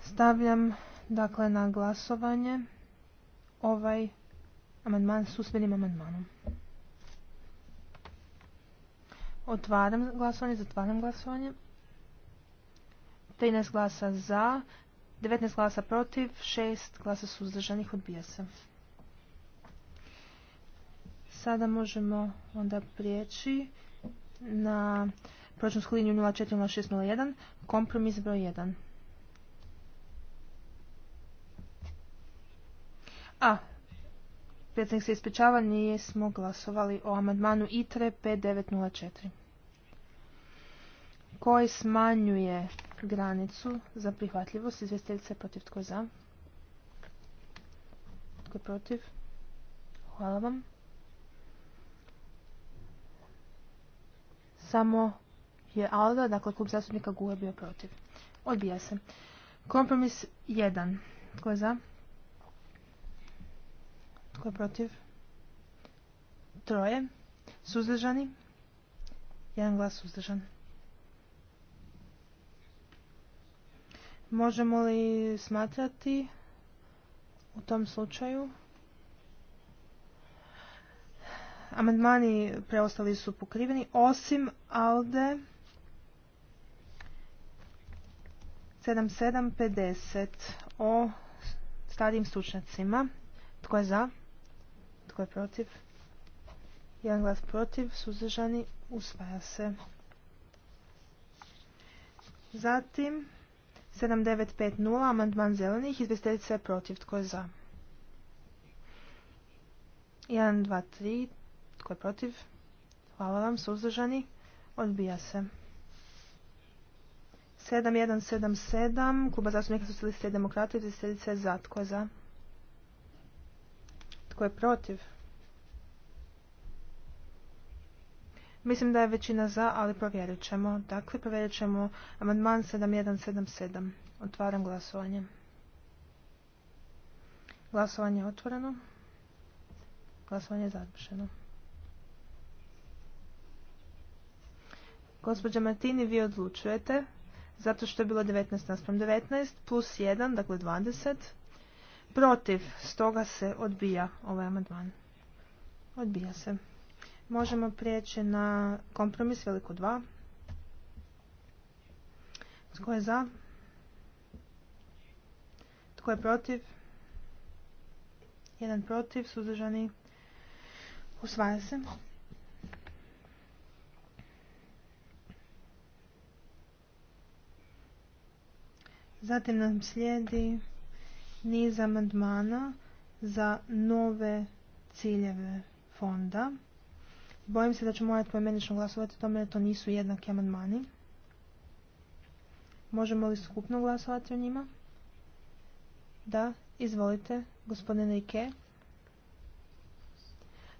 S2: Stavljam dakle na glasovanje ovaj amandman s usmenim amandmanom. Otvaram glasovanje, zatvaram glasovanje. 13 glasa za, 19 glasa protiv, 6 glasa suzdržanih odbija se. Sada možemo onda prijeći na prošlu liniju 040601, kompromis broj 1. A, predsjednik se ispričava, nije smo glasovali o amandmanu ITRE 5904 koji smanjuje granicu za prihvatljivost. izvjestiteljice protiv tko je za? Tko je protiv? Hvala vam. Samo je Alda, dakle klub zastupnika Gula e bio protiv. Odbija se. Kompromis 1. Tko je za? Tko je protiv? Troje. Suzdržani. Jedan glas suzdržan. Možemo li smatrati u tom slučaju Amandmani preostali su pokriveni, osim ALDE 7750 o starijim stručnjacima. Tko je za? Tko je protiv? Jedan glas protiv, suzdržani, usvaja se. Zatim 7950, amandman zelenih, izvjestiteljica je protiv, tko je za? 1, 2, 3, tko je protiv? Hvala vam, suzdržani. Odbija se. 7177, Kluba zastupnika socijalista i demokrata i izvjestiteljica za. Tko je za? Tko je protiv? Mislim da je većina za, ali provjerit ćemo. Dakle, provjerit ćemo amandman 7177. Otvaram glasovanje. Glasovanje je otvoreno. Glasovanje je završeno. Gospođa Martini, vi odlučujete, zato što je bilo 19 naspram 19, plus 1, dakle 20. Protiv, stoga se odbija ovaj amandman. Odbija se. Možemo prijeći na kompromis veliko 2. Tko je za? Tko je protiv? Jedan protiv, suzdržani. Usvaja se. Zatim nam slijedi niz amandmana za nove ciljeve fonda. Bojim se da ću morati pojmenično glasovati o tome to nisu jednaki amandmani. Možemo li skupno glasovati o njima? Da, izvolite, gospodine Rike.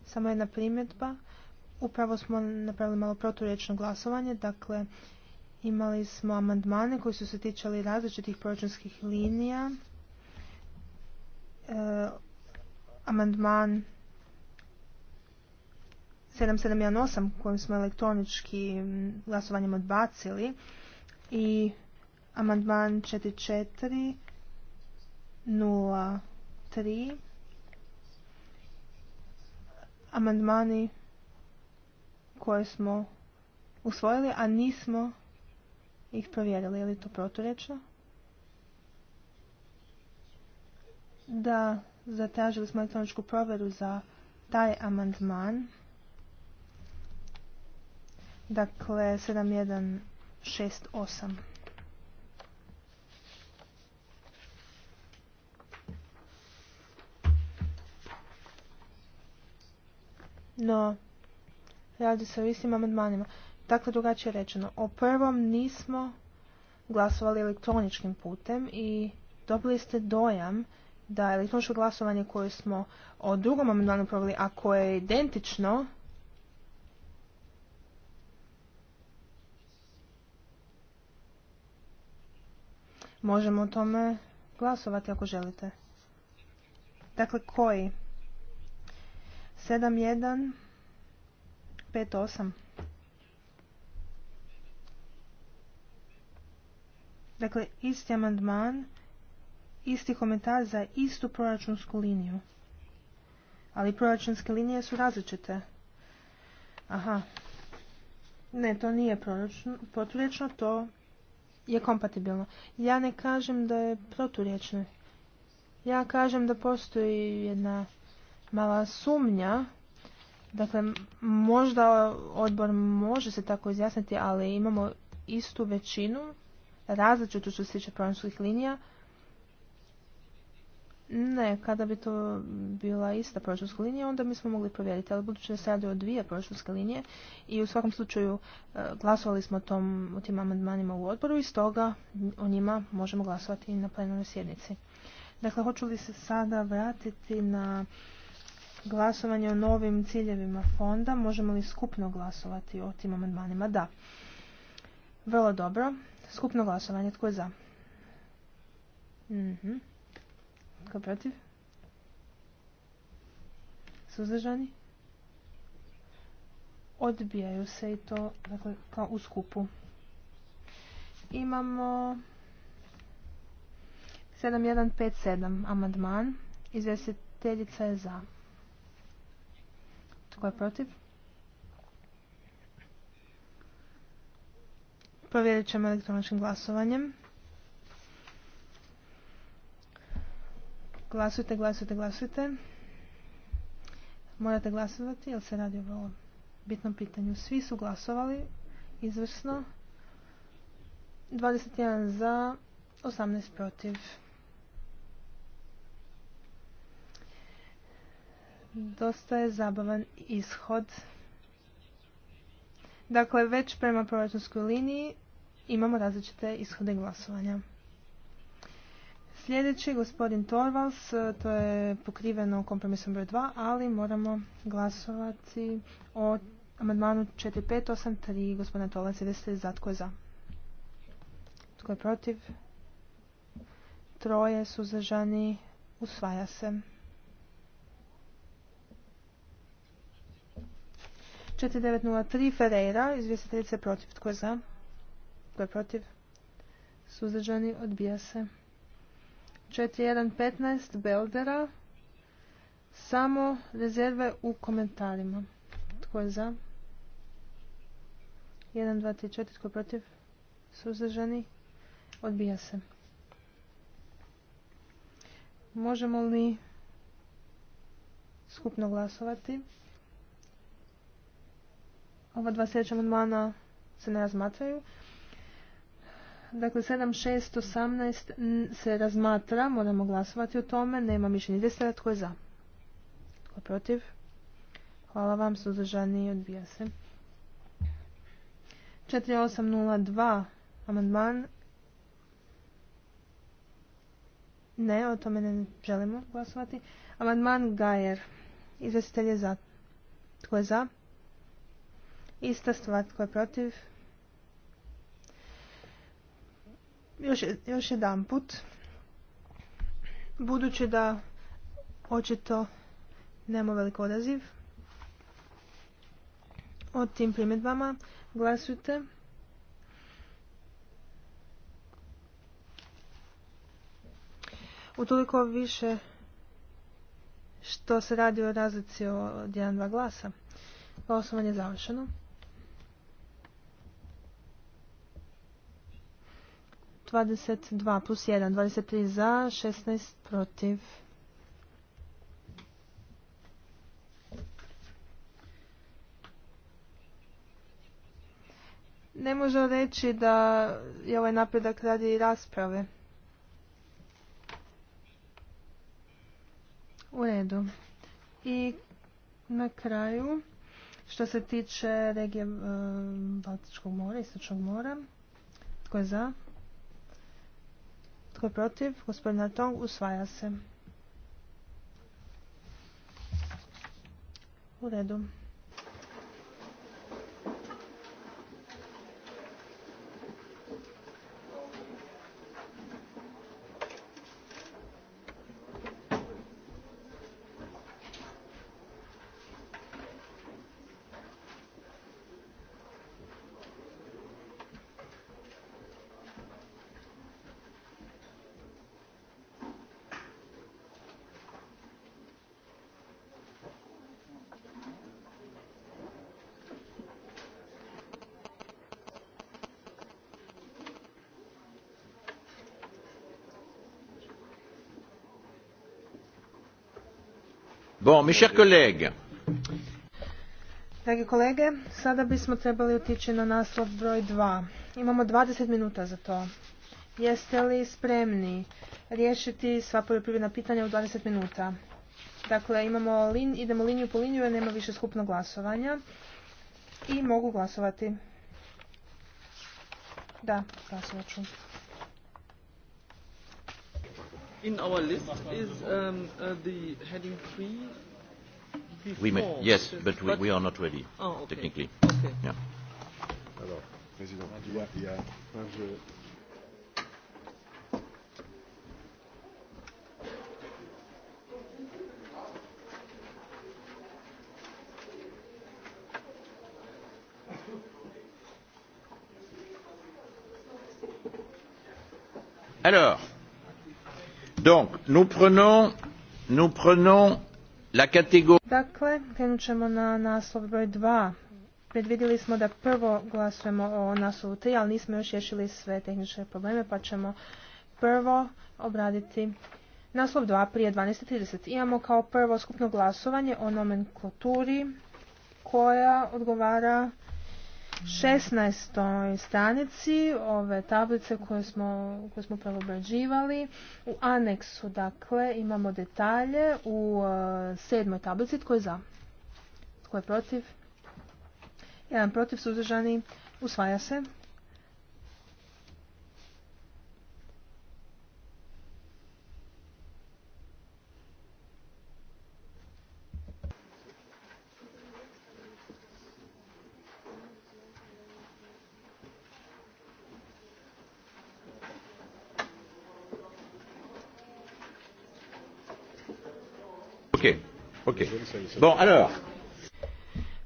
S2: Samo jedna primjedba. Upravo smo napravili malo proturječno glasovanje, dakle Imali smo amandmane koji su se tičali različitih proračunskih linija. E, amandman 7718 kojim smo elektronički glasovanjem odbacili i amandman 4403 amandmani koje smo usvojili, a nismo ih provjerili. Je li to proturečno? Da, zatražili smo elektroničku provjeru za taj amandman. Dakle, 7168. No, radi se o istim amandmanima. Dakle, drugačije rečeno, o prvom nismo glasovali elektroničkim putem i dobili ste dojam da elektroničko glasovanje koje smo o drugom amandmanu proveli, a koje je identično, možemo o tome glasovati ako želite. Dakle, koji? 7-1-5-8 Dakle, isti amandman, isti komentar za istu proračunsku liniju. Ali proračunske linije su različite. Aha. Ne, to nije proturječno, to je kompatibilno. Ja ne kažem da je proturječno. Ja kažem da postoji jedna mala sumnja. Dakle, možda odbor može se tako izjasniti, ali imamo istu većinu Različito što se tiče proračunskih linija. Ne, kada bi to bila ista proračunska linija, onda bismo smo mogli provjeriti, ali budući da se radi o dvije proračunske linije i u svakom slučaju e, glasovali smo tom, o tim amandmanima u odboru i stoga o njima možemo glasovati i na plenarnoj sjednici. Dakle, hoću li se sada vratiti na glasovanje o novim ciljevima fonda? Možemo li skupno glasovati o tim amandmanima? Da. Vrlo dobro. Skupno glasovanje. Tko je za? Mhm. Tko je protiv? Suzdržani? Odbijaju se i to dakle, kao u skupu. Imamo 7157 amandman. Izvjestiteljica je za. Tko je protiv? Provjerit ćemo elektroničkim glasovanjem. Glasujte, glasujte, glasujte. Morate glasovati jer se radi o bitnom pitanju. Svi su glasovali izvrsno. 21 za, 18 protiv. Dosta je zabavan ishod. Dakle, već prema proračunskoj liniji imamo različite ishode glasovanja. Sljedeći, gospodin Torvals, e, to je pokriveno kompromisom broj 2, ali moramo glasovati o amandmanu 4583 gospodina Torvalds, jeste za, tko je za? Tko je protiv? Troje su suzdržani, usvaja se. 4903 Ferreira, izvjestiteljice protiv. Tko je za? Tko je protiv? Suzdržani odbija se. 4115 Beldera. Samo rezerve u komentarima. Tko je za? 1234, Tko je protiv? Suzdržani odbija se. Možemo li skupno glasovati? Ova dva sljedeća amandmana se ne razmatraju. Dakle, 7618 se razmatra, moramo glasovati o tome, nema mišljenja. Desera, tko je za? Tko je protiv? Hvala vam, suzdržani, odbija se. 4802 amandman. Ne, o tome ne želimo glasovati. Amandman Gajer. Izvestitelj je za. Tko je za? Ista stvar, tko je protiv? Još, još jedan put. Budući da očito nema velik odaziv o tim primjedbama, glasujte. Utoliko više što se radi o razlici od jedan-dva glasa. Glasovanje je završeno. 22 plus 1, 23 za, 16 protiv. Ne možemo reći da je ovaj napredak radi rasprave. U redu. I na kraju, što se tiče regije e, Baltičkog mora, Istočnog mora, tko je za? Tko je protiv? Gospodina Tong usvaja se. U redu. Dobro, mes chers Dragi kolege, sada bismo trebali otići na naslov broj 2. Imamo 20 minuta za to. Jeste li spremni riješiti sva poljoprivredna pitanja u 20 minuta? Dakle, imamo lin, idemo liniju po liniju jer nema više skupnog glasovanja. I mogu glasovati. Da, glasovat ću
S1: in our list is um, uh, the heading three. Before we may, yes, but we, but we are not ready, oh, okay. technically. Okay.
S2: Yeah. Alors, Président, il y a, il y a un jeu. Alors, Dakle, krenut ćemo na naslov broj 2. Predvidjeli smo da prvo glasujemo o naslovu 3, ali nismo još rješili sve tehničke probleme, pa ćemo prvo obraditi naslov 2 prije 12.30. Imamo kao prvo skupno glasovanje o nomenklaturi koja odgovara 16. stranici ove tablice koje smo, koje smo U aneksu dakle imamo detalje u e, sedmoj tablici. Tko je za? Tko je protiv? Jedan protiv suzdržani usvaja se.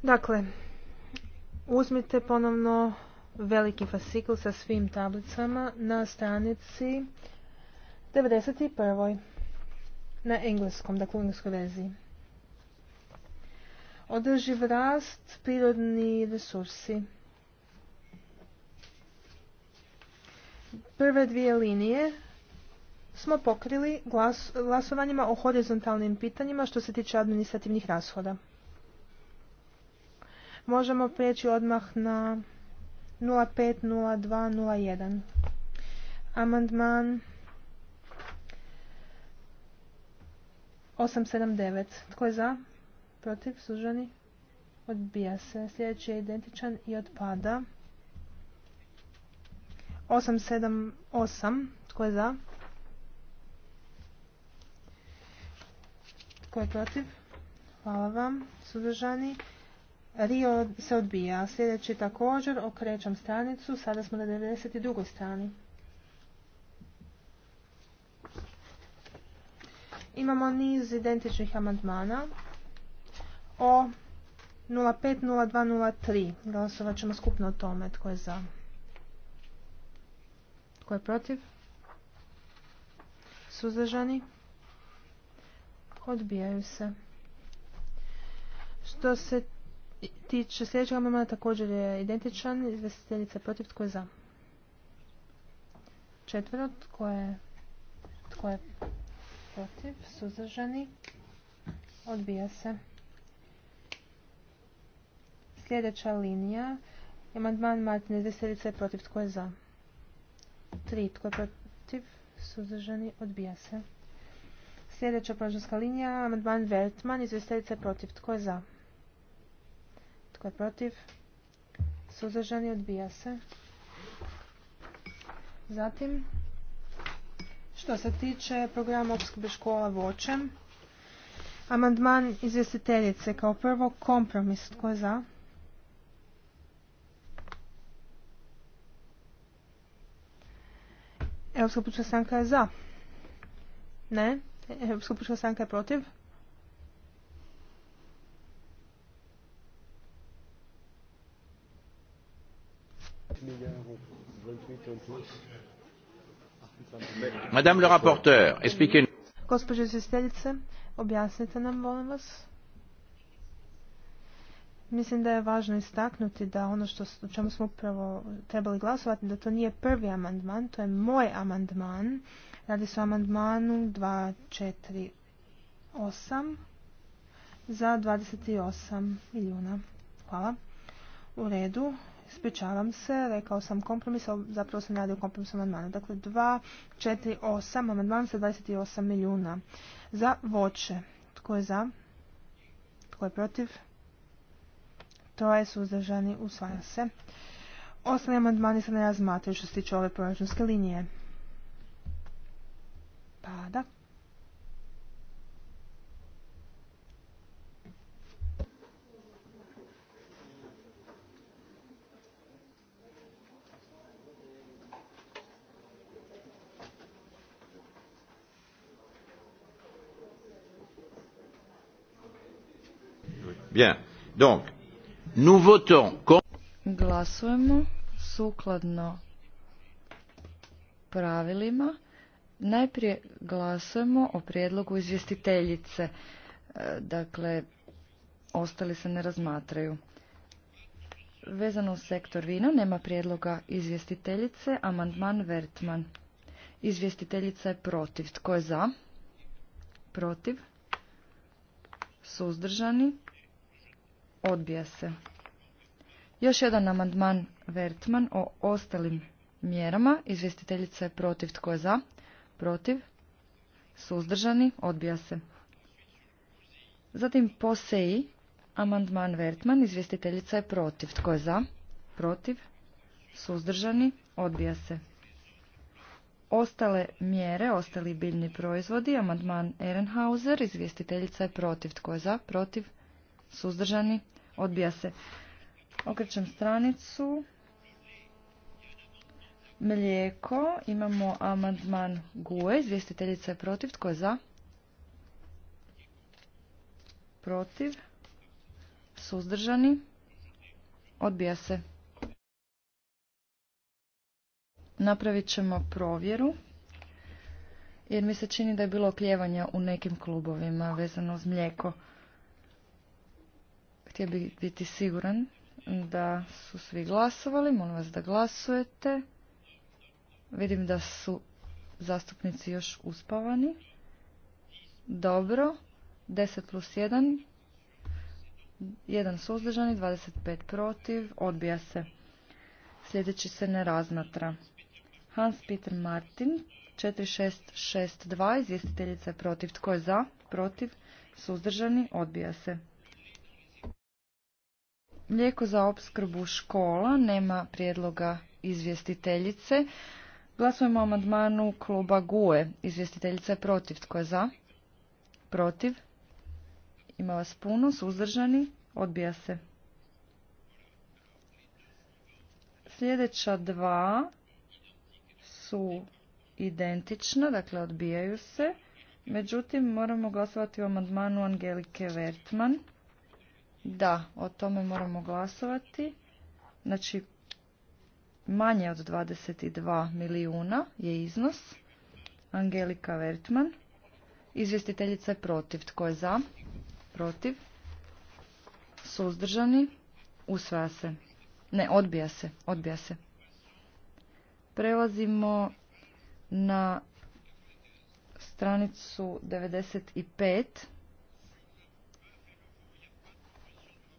S2: Dakle, uzmite ponovno veliki fasikl sa svim tablicama na stranici 91. na engleskom, dakle u engleskoj verziji. Održiv rast, prirodni resursi. Prve dvije linije smo pokrili glasovanjima o horizontalnim pitanjima što se tiče administrativnih rashoda. Možemo prijeći odmah na 050201. Amandman 879. Tko je za? Protiv? Suženi? Odbija se. Sljedeći je identičan i odpada. 878. Tko je za? Tko je protiv? Hvala vam. Suzdržani. Rio se odbija. Sljedeći također. Okrećam stranicu. Sada smo na 92. strani. Imamo niz identičnih amandmana o 050203. Glasovat ćemo skupno o tome. Tko je za? Tko je protiv? Suzdržani? Odbijaju se. Što se tiče sljedećeg amandmana također je identičan. Izvestiteljica protiv tko je za? Četvrlo, tko je, tko je protiv? Suzdržani? Odbija se. Sljedeća linija. Amandman Martina izvestiteljica je protiv. Tko je za? Tri. Tko je protiv? Suzdržani? Odbija se. Sljedeća proračunska linija, amandman Vertman, izvjestiteljica protiv. Tko je za? Tko je protiv? Suzdržani odbija se. Zatim, što se tiče programa opskrbe škola voćem, amandman izvjestiteljice kao prvo kompromis. Tko je za? Europska pučka je za. Ne. Europska pučka stranka je protiv. Madame le rapporteur, expliquez-nous. Gospođo izvjestiteljice, objasnite nam, molim vas. Mislim da je važno istaknuti da ono što, o čemu smo upravo trebali glasovati, da to nije prvi amandman, to je moj amandman. Radi se o amandmanu 248 za 28 milijuna. Hvala. U redu. Ispričavam se, rekao sam kompromis, ali zapravo sam radio kompromis amandmana. Dakle, 248, amandman sa 28 milijuna. Za voće. Tko je za? Tko je protiv? je suzdržani usvaja se. Ostali amandmani se ne razmatraju što se tiče ove proračunske linije. Pada.
S1: Bien. Donc, Nous
S4: Glasujemo sukladno pravilima. Najprije glasujemo o prijedlogu izvjestiteljice. E, dakle, ostali se ne razmatraju. Vezano uz sektor vina nema prijedloga izvjestiteljice, amandman Vertman. Izvjestiteljica je protiv. Tko je za? Protiv? Suzdržani? Odbija se. Još jedan amandman Vertman o ostalim mjerama. Izvjestiteljica je protiv. Tko je za? Protiv. Suzdržani. Odbija se. Zatim Poseji. Amandman Vertman. Izvjestiteljica je protiv. Tko je za? Protiv. Suzdržani. Odbija se. Ostale mjere, ostali biljni proizvodi. Amandman Ehrenhauser. Izvjestiteljica je protiv. Tko je za? Protiv. Suzdržani. Odbija se. Okrećem stranicu. Mlijeko. Imamo amandman GUE. Izvjestiteljica je protiv. Tko je za? Protiv. Suzdržani. Odbija se. Napravit ćemo provjeru. Jer mi se čini da je bilo okljevanja u nekim klubovima vezano uz mlijeko. Htio bih biti siguran da su svi glasovali. Molim vas da glasujete. Vidim da su zastupnici još uspavani. Dobro. 10 plus 1. 1 suzdržani, 25 protiv. Odbija se. Sljedeći se ne razmatra. Hans-Peter Martin, 4662, izvjestiteljica je protiv. Tko je za? Protiv. Suzdržani, odbija se. Mlijeko za opskrbu škola, nema prijedloga izvjestiteljice. Glasujemo o amandmanu kluba GUE. Izvjestiteljica je protiv. Tko je za? Protiv. Ima vas puno. Suzdržani. Odbija se. Sljedeća dva su identična, dakle odbijaju se. Međutim, moramo glasovati o amandmanu Angelike Vertman. Da, o tome moramo glasovati. Znači, manje od 22 milijuna je iznos. Angelika Vertman. Izvjestiteljica je protiv. Tko je za? Protiv. Suzdržani. Usvaja se. Ne, odbija se. Odbija se. Prelazimo na stranicu 95.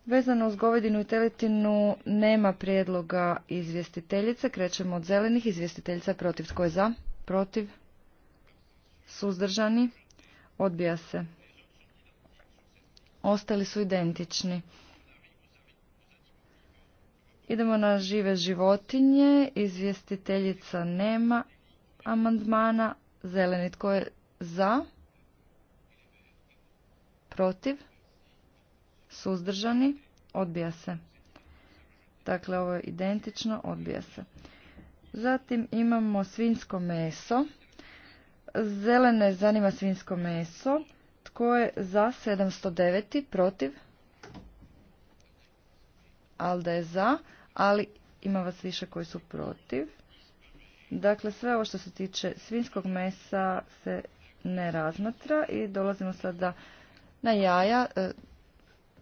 S4: Vezano uz govedinu i teletinu nema prijedloga izvjestiteljice. Krećemo od zelenih. Izvjestiteljica protiv. Tko je za? Protiv? Suzdržani? Odbija se. Ostali su identični. Idemo na žive životinje. Izvjestiteljica nema amandmana. Zeleni tko je za? Protiv? suzdržani, odbija se. Dakle, ovo je identično, odbija se. Zatim imamo svinsko meso. Zelene zanima svinsko meso. Tko je za 709. protiv? Alda je za, ali ima vas više koji su protiv. Dakle, sve ovo što se tiče svinskog mesa se ne razmatra i dolazimo sada na jaja. E,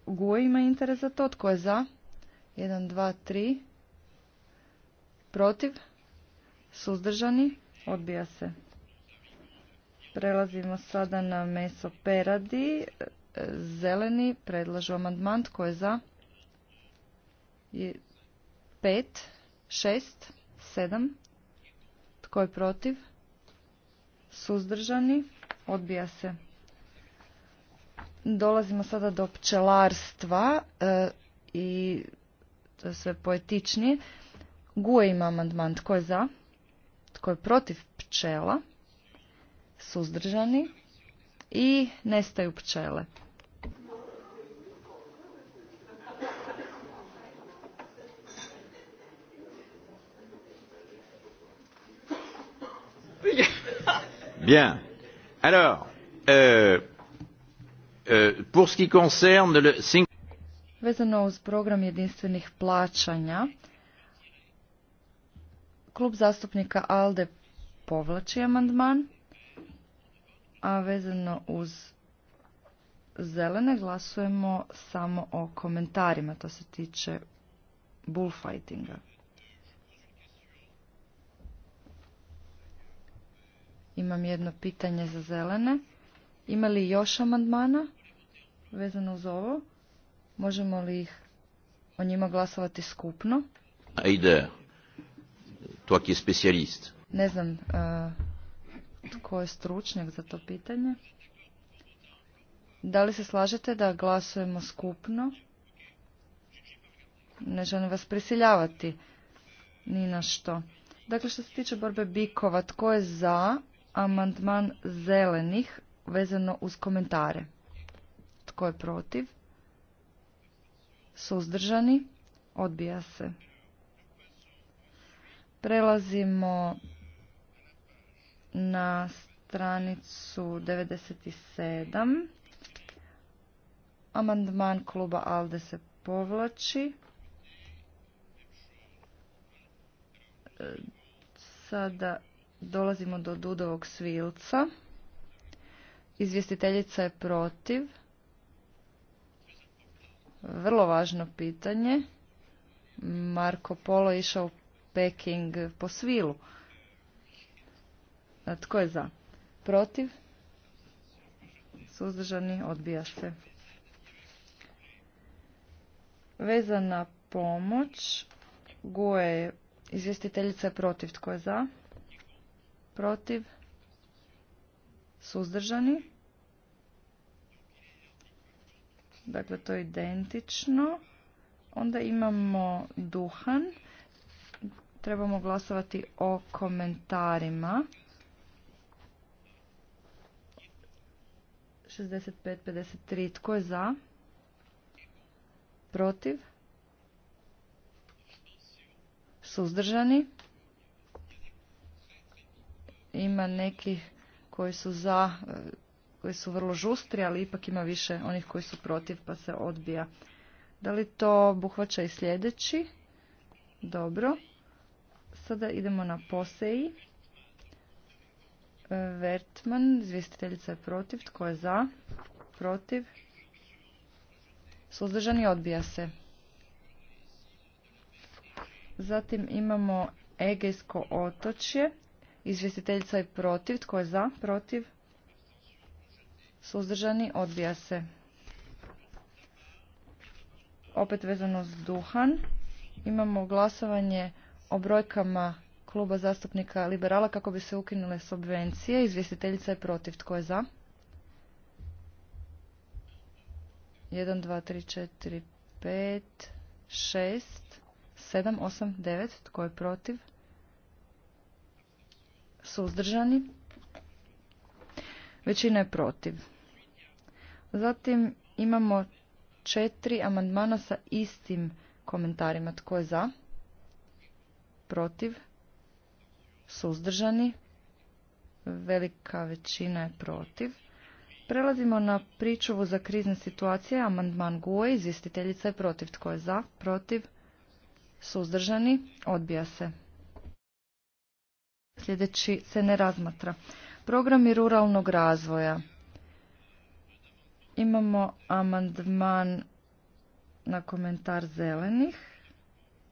S4: Guj ima interes za to. Tko je za? 1, 2, 3. Protiv? Suzdržani? Odbija se. Prelazimo sada na meso peradi. Zeleni predlažu amandman. Tko je za? 5, 6, 7. Tko je protiv? Suzdržani? Odbija se. Dolazimo sada do pčelarstva e, i to je sve poetičnije. Guje ima amandman tko je za, tko je protiv pčela, suzdržani i nestaju pčele.
S1: Bien. Alors, euh, E, pour
S4: Vezano uz program jedinstvenih plaćanja, klub zastupnika ALDE povlači amandman, a vezano uz zelene glasujemo samo o komentarima, to se tiče bullfightinga. Imam jedno pitanje za zelene. Ima li još amandmana vezano uz ovo? Možemo li ih o njima glasovati skupno?
S1: Ajde, to je specijalist.
S4: Ne znam e, tko je stručnjak za to pitanje. Da li se slažete da glasujemo skupno? Ne želim vas prisiljavati ni na što. Dakle, što se tiče borbe bikova, tko je za amandman zelenih vezano uz komentare. Tko je protiv? Suzdržani? Odbija se. Prelazimo na stranicu 97. Amandman kluba ALDE se povlači. Sada dolazimo do Dudovog svilca. Izvjestiteljica je protiv. Vrlo važno pitanje. Marko Polo je išao u Peking po svilu. Tko je za? Protiv? Suzdržani odbija se. Vezana pomoć. Guje izvjestiteljica je protiv. Tko je za? Protiv? suzdržani. Dakle, to je identično. Onda imamo duhan. Trebamo glasovati o komentarima. 65-53. Tko je za? Protiv? Suzdržani? Ima nekih koji su za, e, koji su vrlo žustri, ali ipak ima više onih koji su protiv pa se odbija. Da li to obuhvaća i sljedeći? Dobro. Sada idemo na poseji. E, Vertman, izvjestiteljica je protiv. Tko je za? Protiv. Suzdržani odbija se. Zatim imamo Egejsko otočje. Izvjestiteljica je protiv. Tko je za? Protiv? Suzdržani? Odbija se. Opet vezano s duhan. Imamo glasovanje o brojkama kluba zastupnika liberala kako bi se ukinule subvencije. Izvjestiteljica je protiv. Tko je za? 1, 2, 3, 4, 5, 6, 7, 8, 9. Tko je protiv? suzdržani, većina je protiv. Zatim imamo četiri amandmana sa istim komentarima. Tko je za? Protiv? Suzdržani? Velika većina je protiv. Prelazimo na pričuvu za krizne situacije. Amandman GUE. Izvjestiteljica je protiv. Tko je za? Protiv? Suzdržani? Odbija se sljedeći se ne razmatra. Programi ruralnog razvoja. Imamo amandman na komentar zelenih.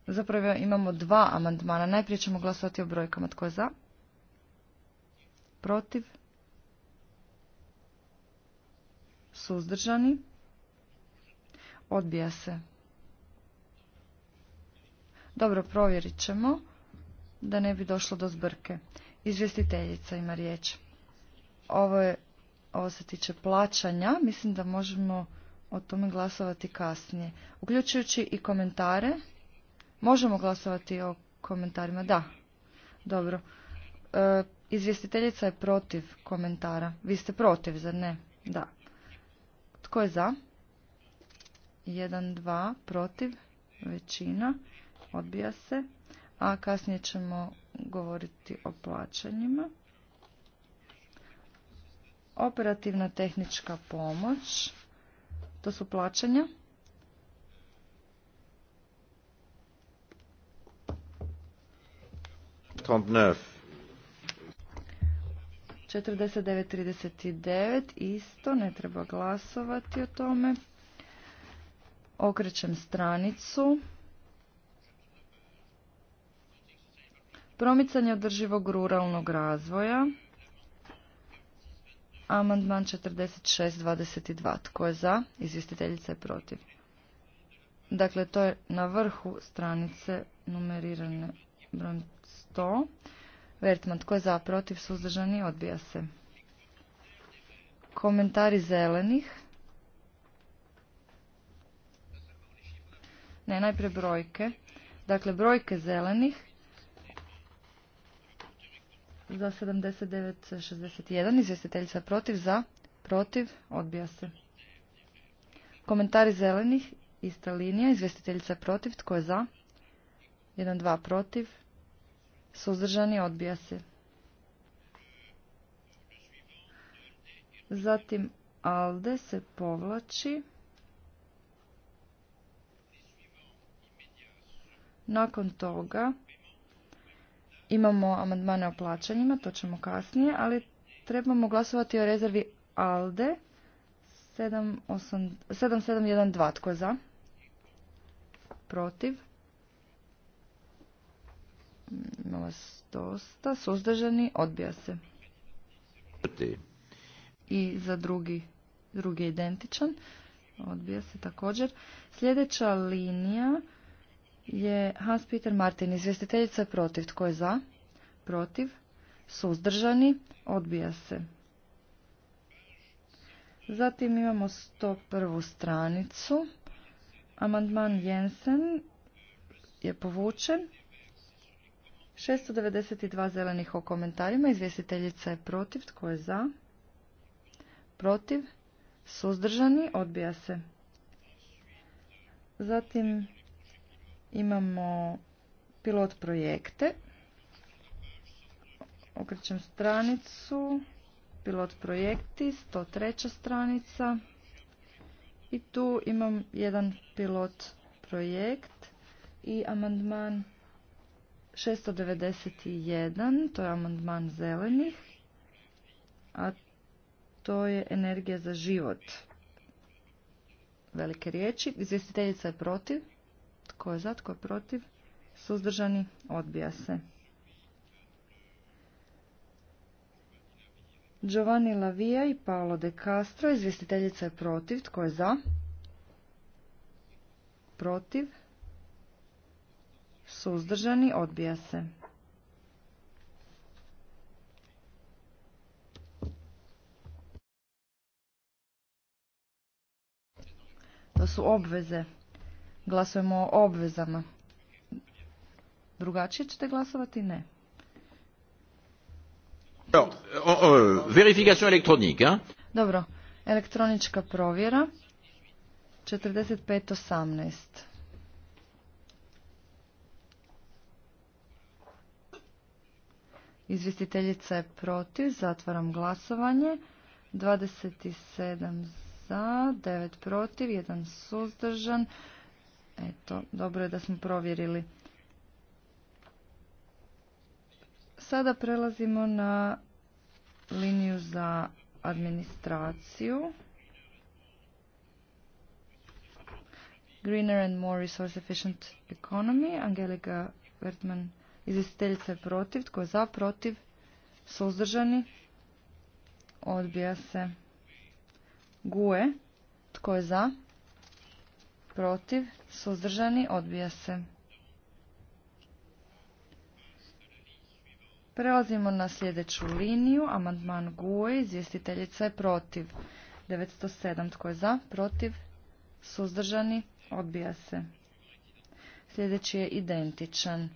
S4: Zapravo imamo dva amandmana. Najprije ćemo glasovati o brojkama. Tko je za? Protiv? Suzdržani? Odbija se. Dobro, provjerit ćemo da ne bi došlo do zbrke. Izvjestiteljica ima riječ. Ovo, je, ovo se tiče plaćanja, mislim da možemo o tome glasovati kasnije. Uključujući i komentare, možemo glasovati o komentarima, da. Dobro. E, izvjestiteljica je protiv komentara. Vi ste protiv, zar ne? Da. Tko je za? 1, 2, protiv, većina, odbija se a kasnije ćemo govoriti o plaćanjima. Operativna tehnička pomoć, to su plaćanja. Četrdeset devet trideset devet isto ne treba glasovati o tome okrećem stranicu Promicanje održivog ruralnog razvoja. Amandman 46.22. Tko je za? Izvjestiteljica je protiv. Dakle, to je na vrhu stranice numerirane broj 100. Vertman, tko je za? Protiv? Suzdržani? Odbija se. Komentari zelenih. Ne, najprije brojke. Dakle, brojke zelenih za 79.61, izvjestiteljica protiv, za, protiv, odbija se. Komentari zelenih, ista linija, izvjestiteljica protiv, tko je za, 1-2 protiv, suzdržani, odbija se. Zatim Alde se povlači. Nakon toga Imamo amandmane o plaćanjima, to ćemo kasnije, ali trebamo glasovati o rezervi ALDE 7712. Tko je za? Protiv? Ima vas dosta. Suzdržani? Odbija se. I za drugi, drugi je identičan. Odbija se također. Sljedeća linija je Hans Peter Martin, izvjestiteljica protiv. Tko je za? Protiv. Suzdržani. Odbija se. Zatim imamo 101. stranicu. Amandman Jensen je povučen. 692 zelenih o komentarima. Izvjestiteljica je protiv. Tko je za? Protiv. Suzdržani. Odbija se. Zatim imamo pilot projekte. Okrećem stranicu, pilot projekti, 103. stranica. I tu imam jedan pilot projekt i amandman 691, to je amandman zelenih, a to je energija za život. Velike riječi. Izvjestiteljica je protiv. Tko je za, tko je protiv? Suzdržani? Odbija se. Giovanni Lavija i Paolo De Castro. Izvjestiteljica je protiv. Tko je za? Protiv? Suzdržani? Odbija se. To su obveze. Glasujemo o obvezama. Drugačije ćete glasovati? Ne. Dobro, elektronička provjera. 45.18. Izvjestiteljica je protiv. Zatvaram glasovanje. 27 za, 9 protiv, 1 suzdržan. Eto, dobro je da smo provjerili. Sada prelazimo na liniju za administraciju. Greener and more resource efficient economy. Angelika Wertman izvjestiteljica je protiv. Tko je za, protiv, suzdržani, odbija se. Gue. Tko je za, protiv, suzdržani, odbija se. Prelazimo na sljedeću liniju, amandman guj, izvjestiteljica je protiv. 907, tko je za, protiv, suzdržani, odbija se. Sljedeći je identičan.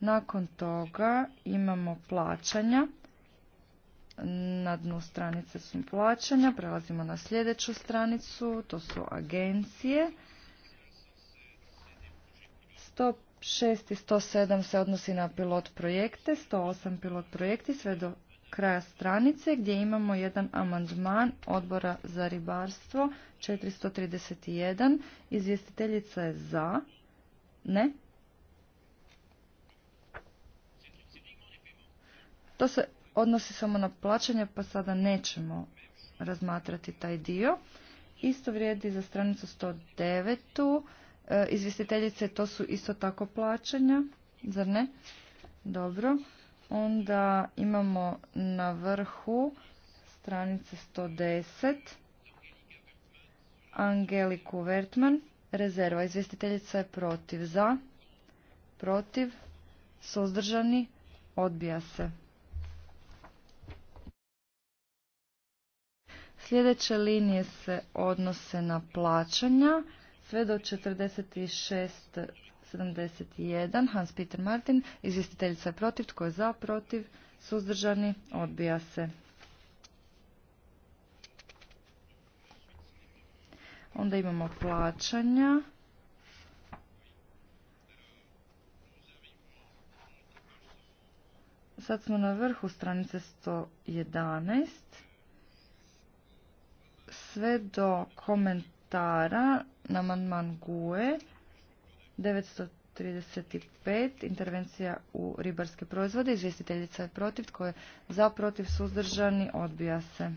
S4: Nakon toga imamo plaćanja. Na dnu stranice su plaćanja. Prelazimo na sljedeću stranicu. To su agencije. 106 i 107 se odnosi na pilot projekte, 108 pilot projekti, sve do kraja stranice gdje imamo jedan amandman odbora za ribarstvo 431. Izvjestiteljica je za. Ne? To se odnosi samo na plaćanje pa sada nećemo razmatrati taj dio. Isto vrijedi za stranicu 109. E, izvjestiteljice, to su isto tako plaćanja, zar ne? Dobro. Onda imamo na vrhu stranice 110 Angeliku Vertman. Rezerva. Izvjestiteljica je protiv. Za. Protiv. Suzdržani. Odbija se. Sljedeće linije se odnose na plaćanja sve do 46.71. Hans-Peter Martin, izvjestiteljica je protiv, tko je za, protiv, suzdržani, odbija se. Onda imamo plaćanja. Sad smo na vrhu stranice 111. Sve do komentara komentara na amandman GUE 935, intervencija u ribarske proizvode. Izvjestiteljica je protiv, tko je za, protiv, suzdržani, odbija se.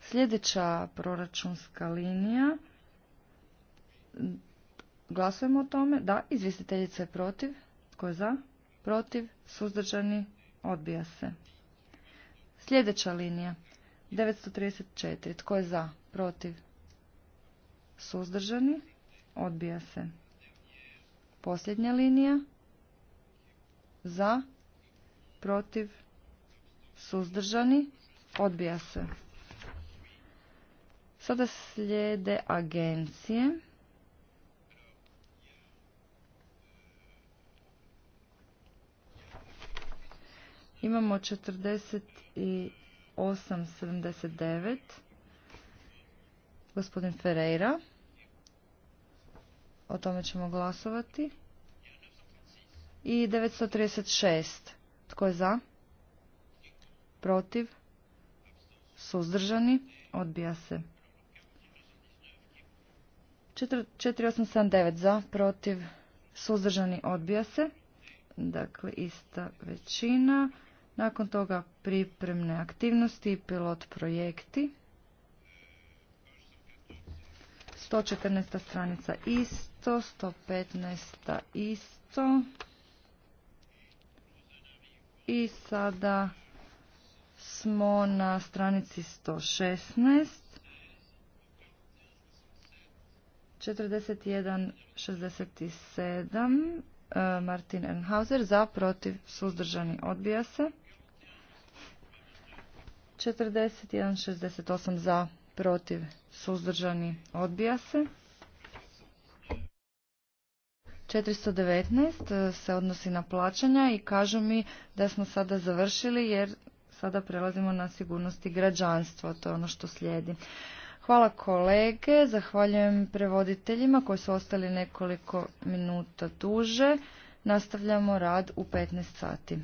S4: Sljedeća proračunska linija. Glasujemo o tome. Da, izvjestiteljica je protiv. Tko je za? Protiv, suzdržani, odbija se. Sljedeća linija. 934. Tko je za? Protiv? Suzdržani? Odbija se. Posljednja linija. Za? Protiv? Suzdržani? Odbija se. Sada slijede agencije. Imamo i 879. Gospodin Ferreira. O tome ćemo glasovati. I 936. Tko je za? Protiv? Suzdržani? Odbija se. 4879 za, protiv, suzdržani, odbija se. Dakle, ista većina. Nakon toga pripremne aktivnosti i pilot projekti. 114. stranica isto, 115. isto. I sada smo na stranici 116. 41.67. E, Martin Enhauser za protiv suzdržani odbija se. 41,68 za, protiv, suzdržani, odbija se. 419 e, se odnosi na plaćanja i kažu mi da smo sada završili jer sada prelazimo na sigurnosti građanstvo, to je ono što slijedi. Hvala kolege, zahvaljujem prevoditeljima koji su ostali nekoliko minuta duže. Nastavljamo rad u 15 sati.